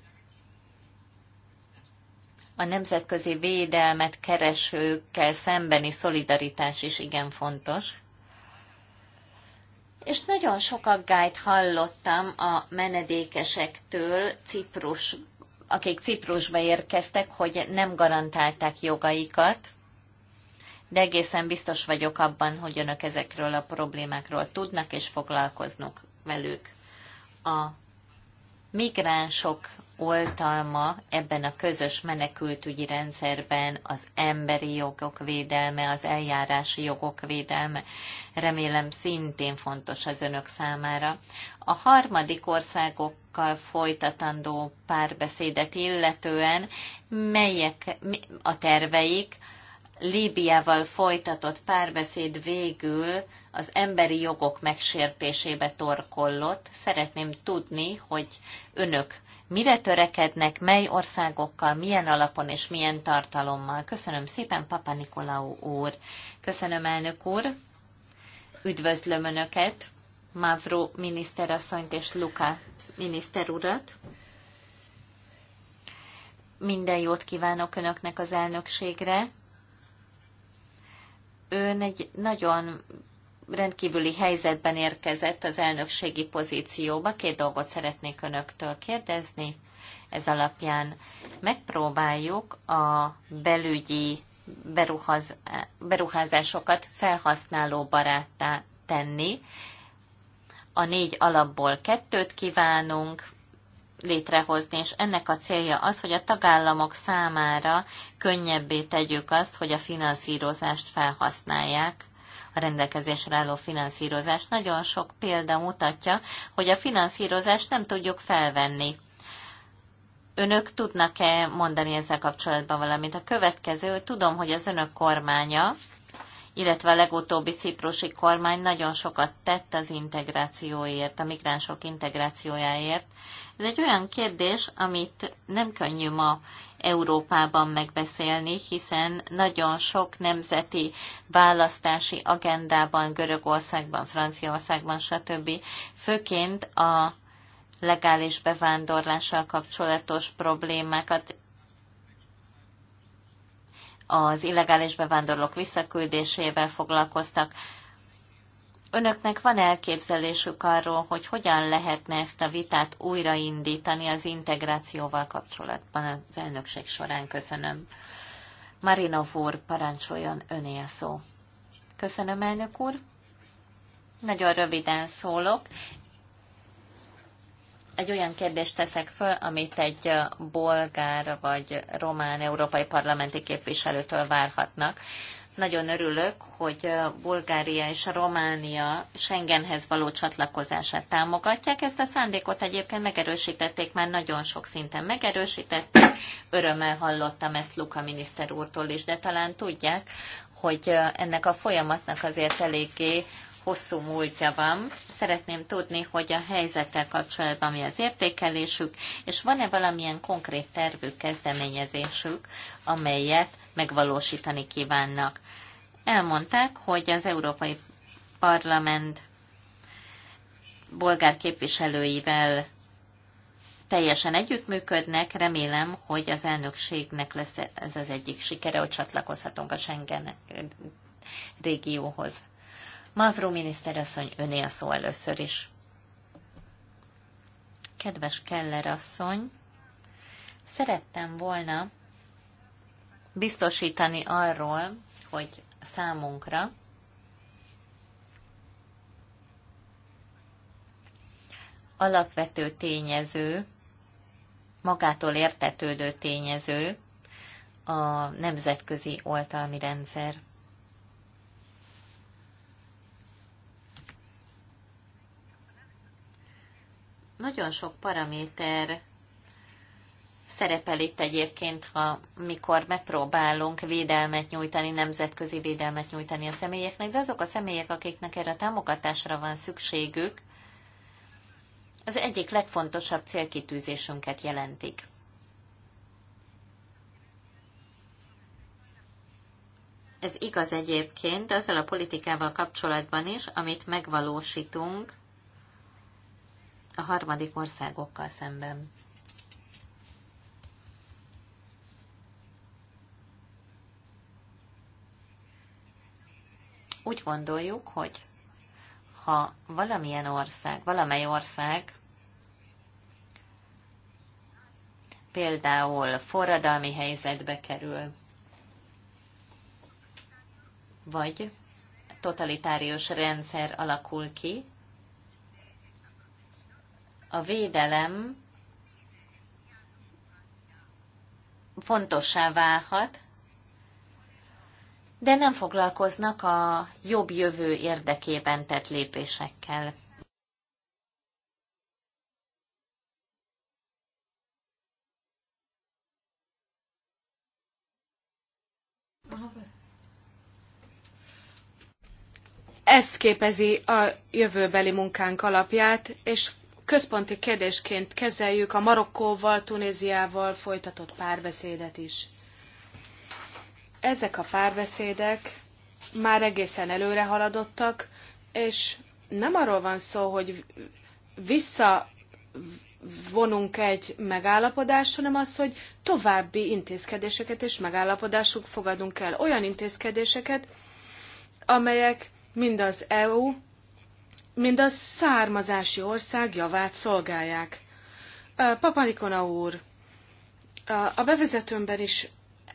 a nemzetközi védelmet keresőkkel szembeni szolidaritás is igen fontos. És nagyon sok aggályt hallottam a menedékesektől Ciprus, akik Ciprusba érkeztek, hogy nem garantálták jogaikat, de egészen biztos vagyok abban, hogy önök ezekről a problémákról tudnak és foglalkoznak velük. A migránsok oltalma ebben a közös menekültügyi rendszerben az emberi jogok védelme, az eljárási jogok védelme remélem szintén fontos az önök számára. A harmadik országokkal folytatandó párbeszédet illetően melyek a terveik, Líbiával folytatott párbeszéd végül az emberi jogok megsértésébe torkollott. Szeretném tudni, hogy önök mire törekednek, mely országokkal, milyen alapon és milyen tartalommal. Köszönöm szépen, Papa Nikolau úr. Köszönöm, elnök úr. Üdvözlöm Önöket, Mavro miniszterasszonyt és Luka miniszter urat. Minden jót kívánok Önöknek az elnökségre ön egy nagyon rendkívüli helyzetben érkezett az elnökségi pozícióba. Két dolgot szeretnék önöktől kérdezni. Ez alapján megpróbáljuk a belügyi beruhaz, beruházásokat felhasználó baráttá tenni. A négy alapból kettőt kívánunk, létrehozni, és ennek a célja az, hogy a tagállamok számára könnyebbé tegyük azt, hogy a finanszírozást felhasználják, a rendelkezésre álló finanszírozás. Nagyon sok példa mutatja, hogy a finanszírozást nem tudjuk felvenni. Önök tudnak-e mondani ezzel kapcsolatban valamit? A következő, hogy tudom, hogy az önök kormánya illetve a legutóbbi ciprusi kormány nagyon sokat tett az integrációért, a migránsok integrációjáért. Ez egy olyan kérdés, amit nem könnyű ma Európában megbeszélni, hiszen nagyon sok nemzeti választási agendában, Görögországban, Franciaországban, stb. Főként a legális bevándorlással kapcsolatos problémákat az illegális bevándorlók visszaküldésével foglalkoztak. Önöknek van elképzelésük arról, hogy hogyan lehetne ezt a vitát újraindítani az integrációval kapcsolatban az elnökség során? Köszönöm. Marinov úr, parancsoljon öné a szó. Köszönöm, elnök úr. Nagyon röviden szólok egy olyan kérdést teszek föl, amit egy bolgár vagy román európai parlamenti képviselőtől várhatnak. Nagyon örülök, hogy Bulgária és Románia Schengenhez való csatlakozását támogatják. Ezt a szándékot egyébként megerősítették, már nagyon sok szinten megerősítették. Örömmel hallottam ezt Luka miniszter úrtól is, de talán tudják, hogy ennek a folyamatnak azért eléggé hosszú múltja van. Szeretném tudni, hogy a helyzettel kapcsolatban mi az értékelésük, és van-e valamilyen konkrét tervük, kezdeményezésük, amelyet megvalósítani kívánnak. Elmondták, hogy az Európai Parlament bolgár képviselőivel teljesen együttműködnek. Remélem, hogy az elnökségnek lesz ez az egyik sikere, hogy csatlakozhatunk a Schengen régióhoz. Mavro miniszterasszony öné a szó először is. Kedves Keller asszony, szerettem volna biztosítani arról, hogy számunkra alapvető tényező, magától értetődő tényező a nemzetközi oltalmi rendszer. Nagyon sok paraméter szerepel itt egyébként, ha mikor megpróbálunk védelmet nyújtani, nemzetközi védelmet nyújtani a személyeknek, de azok a személyek, akiknek erre a támogatásra van szükségük, az egyik legfontosabb célkitűzésünket jelentik. Ez igaz egyébként azzal a politikával kapcsolatban is, amit megvalósítunk a harmadik országokkal szemben. Úgy gondoljuk, hogy ha valamilyen ország, valamely ország például forradalmi helyzetbe kerül, vagy totalitárius rendszer alakul ki, a védelem fontossá válhat, de nem foglalkoznak a jobb jövő érdekében tett lépésekkel. Ez képezi a jövőbeli munkánk alapját, és központi kérdésként kezeljük a Marokkóval, Tunéziával folytatott párbeszédet is. Ezek a párbeszédek már egészen előre haladottak, és nem arról van szó, hogy vissza vonunk egy megállapodást, hanem az, hogy további intézkedéseket és megállapodásuk fogadunk el. Olyan intézkedéseket, amelyek mind az EU, mind a származási ország javát szolgálják. Papanikona úr, a bevezetőmben is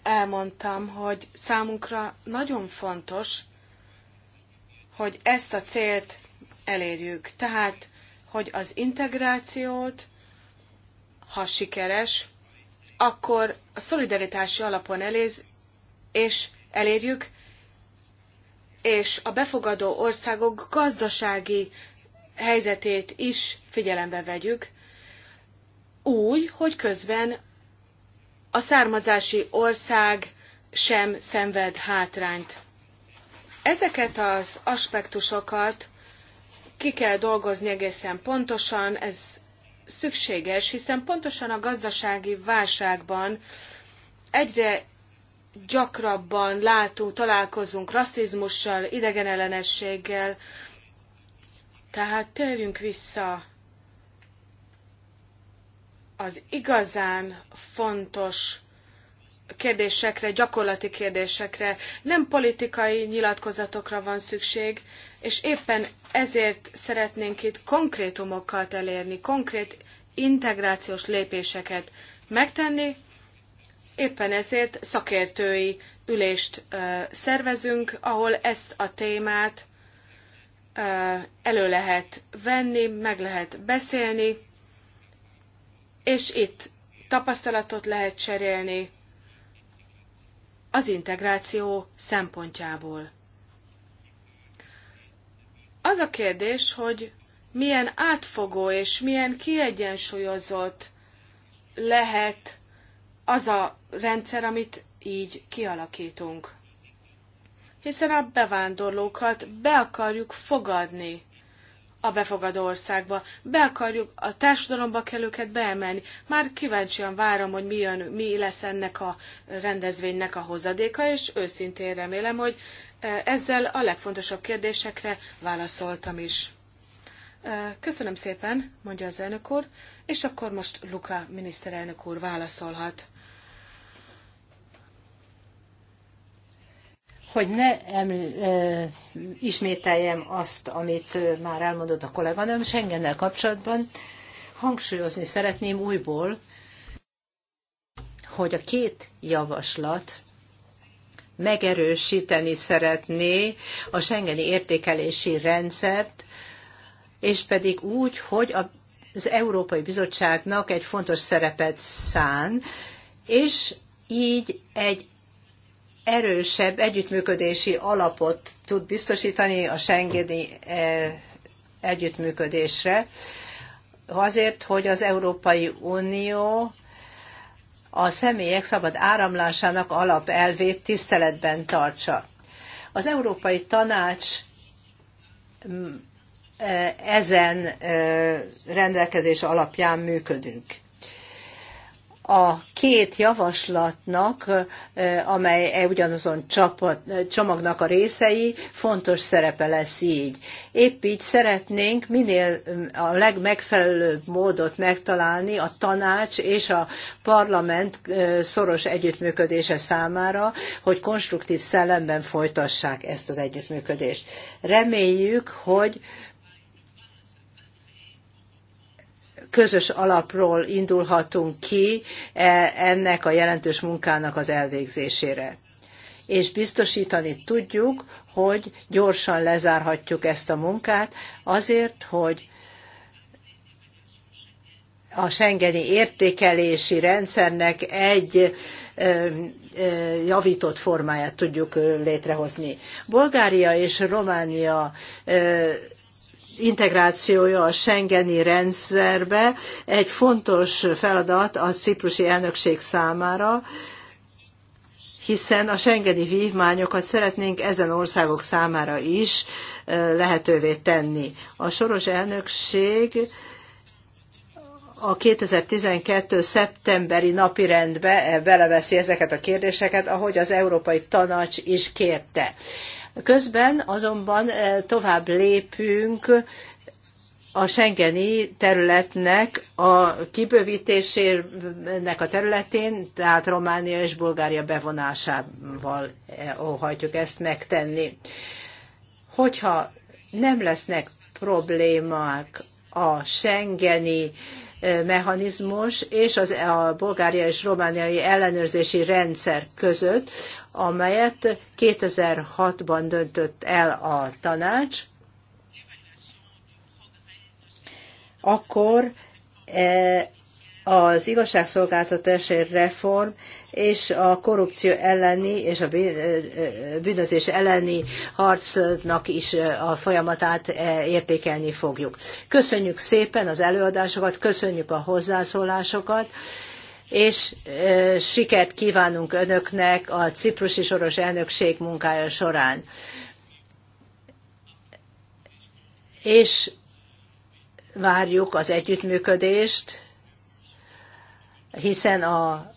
elmondtam, hogy számunkra nagyon fontos, hogy ezt a célt elérjük. Tehát, hogy az integrációt, ha sikeres, akkor a szolidaritási alapon eléz, és elérjük, és a befogadó országok gazdasági helyzetét is figyelembe vegyük, úgy, hogy közben a származási ország sem szenved hátrányt. Ezeket az aspektusokat ki kell dolgozni egészen pontosan, ez szükséges, hiszen pontosan a gazdasági válságban egyre gyakrabban látunk, találkozunk rasszizmussal, idegenellenességgel. Tehát térjünk vissza az igazán fontos kérdésekre, gyakorlati kérdésekre, nem politikai nyilatkozatokra van szükség, és éppen ezért szeretnénk itt konkrétumokat elérni, konkrét integrációs lépéseket megtenni, Éppen ezért szakértői ülést szervezünk, ahol ezt a témát elő lehet venni, meg lehet beszélni, és itt tapasztalatot lehet cserélni az integráció szempontjából. Az a kérdés, hogy milyen átfogó és milyen kiegyensúlyozott lehet az a rendszer, amit így kialakítunk. Hiszen a bevándorlókat be akarjuk fogadni a befogadó országba, be akarjuk a társadalomba kell őket beemelni. Már kíváncsian várom, hogy mi, jön, mi lesz ennek a rendezvénynek a hozadéka, és őszintén remélem, hogy e, ezzel a legfontosabb kérdésekre válaszoltam is. E, köszönöm szépen, mondja az elnök úr, és akkor most Luka miniszterelnök úr válaszolhat. hogy ne eml- e, ismételjem azt, amit már elmondott a kolléganőm Schengennel kapcsolatban, hangsúlyozni szeretném újból, hogy a két javaslat megerősíteni szeretné a Schengeni értékelési rendszert, és pedig úgy, hogy az Európai Bizottságnak egy fontos szerepet szán, és így egy erősebb együttműködési alapot tud biztosítani a Schengeni eh, együttműködésre, azért, hogy az Európai Unió a személyek szabad áramlásának alapelvét tiszteletben tartsa. Az Európai Tanács mm, eh, ezen eh, rendelkezés alapján működünk a két javaslatnak, amely e ugyanazon csapat, csomagnak a részei, fontos szerepe lesz így. Épp így szeretnénk minél a legmegfelelőbb módot megtalálni a tanács és a parlament szoros együttműködése számára, hogy konstruktív szellemben folytassák ezt az együttműködést. Reméljük, hogy közös alapról indulhatunk ki e, ennek a jelentős munkának az elvégzésére. És biztosítani tudjuk, hogy gyorsan lezárhatjuk ezt a munkát azért, hogy a Schengeni értékelési rendszernek egy javított formáját tudjuk létrehozni. Bulgária és Románia integrációja a Schengeni rendszerbe egy fontos feladat a ciprusi elnökség számára, hiszen a Schengeni vívmányokat szeretnénk ezen országok számára is lehetővé tenni. A soros elnökség a 2012. szeptemberi napirendbe e, beleveszi ezeket a kérdéseket, ahogy az Európai Tanács is kérte. Közben azonban eh, tovább lépünk a Schengeni területnek a kibővítésének a területén, tehát Románia és Bulgária bevonásával eh, óhajtjuk ezt megtenni. Hogyha nem lesznek problémák a Schengeni eh, mechanizmus és az, a bulgária és romániai ellenőrzési rendszer között, amelyet 2006-ban döntött el a tanács, akkor e, az igazságszolgáltatási reform és a korrupció elleni és a e, e, bűnözés elleni harcnak is a folyamatát értékelni fogjuk. Köszönjük szépen az előadásokat, köszönjük a hozzászólásokat, és sikert kívánunk önöknek a ciprusi soros elnökség munkája során. És várjuk az együttműködést, hiszen a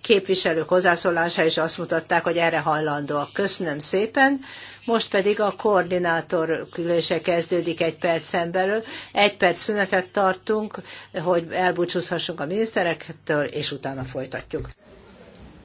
képviselők hozzászólása is azt mutatták, hogy erre hajlandóak. Köszönöm szépen. Most pedig a koordinátor külése kezdődik egy percen belül. Egy perc szünetet tartunk, hogy elbúcsúzhassunk a miniszterektől, és utána folytatjuk.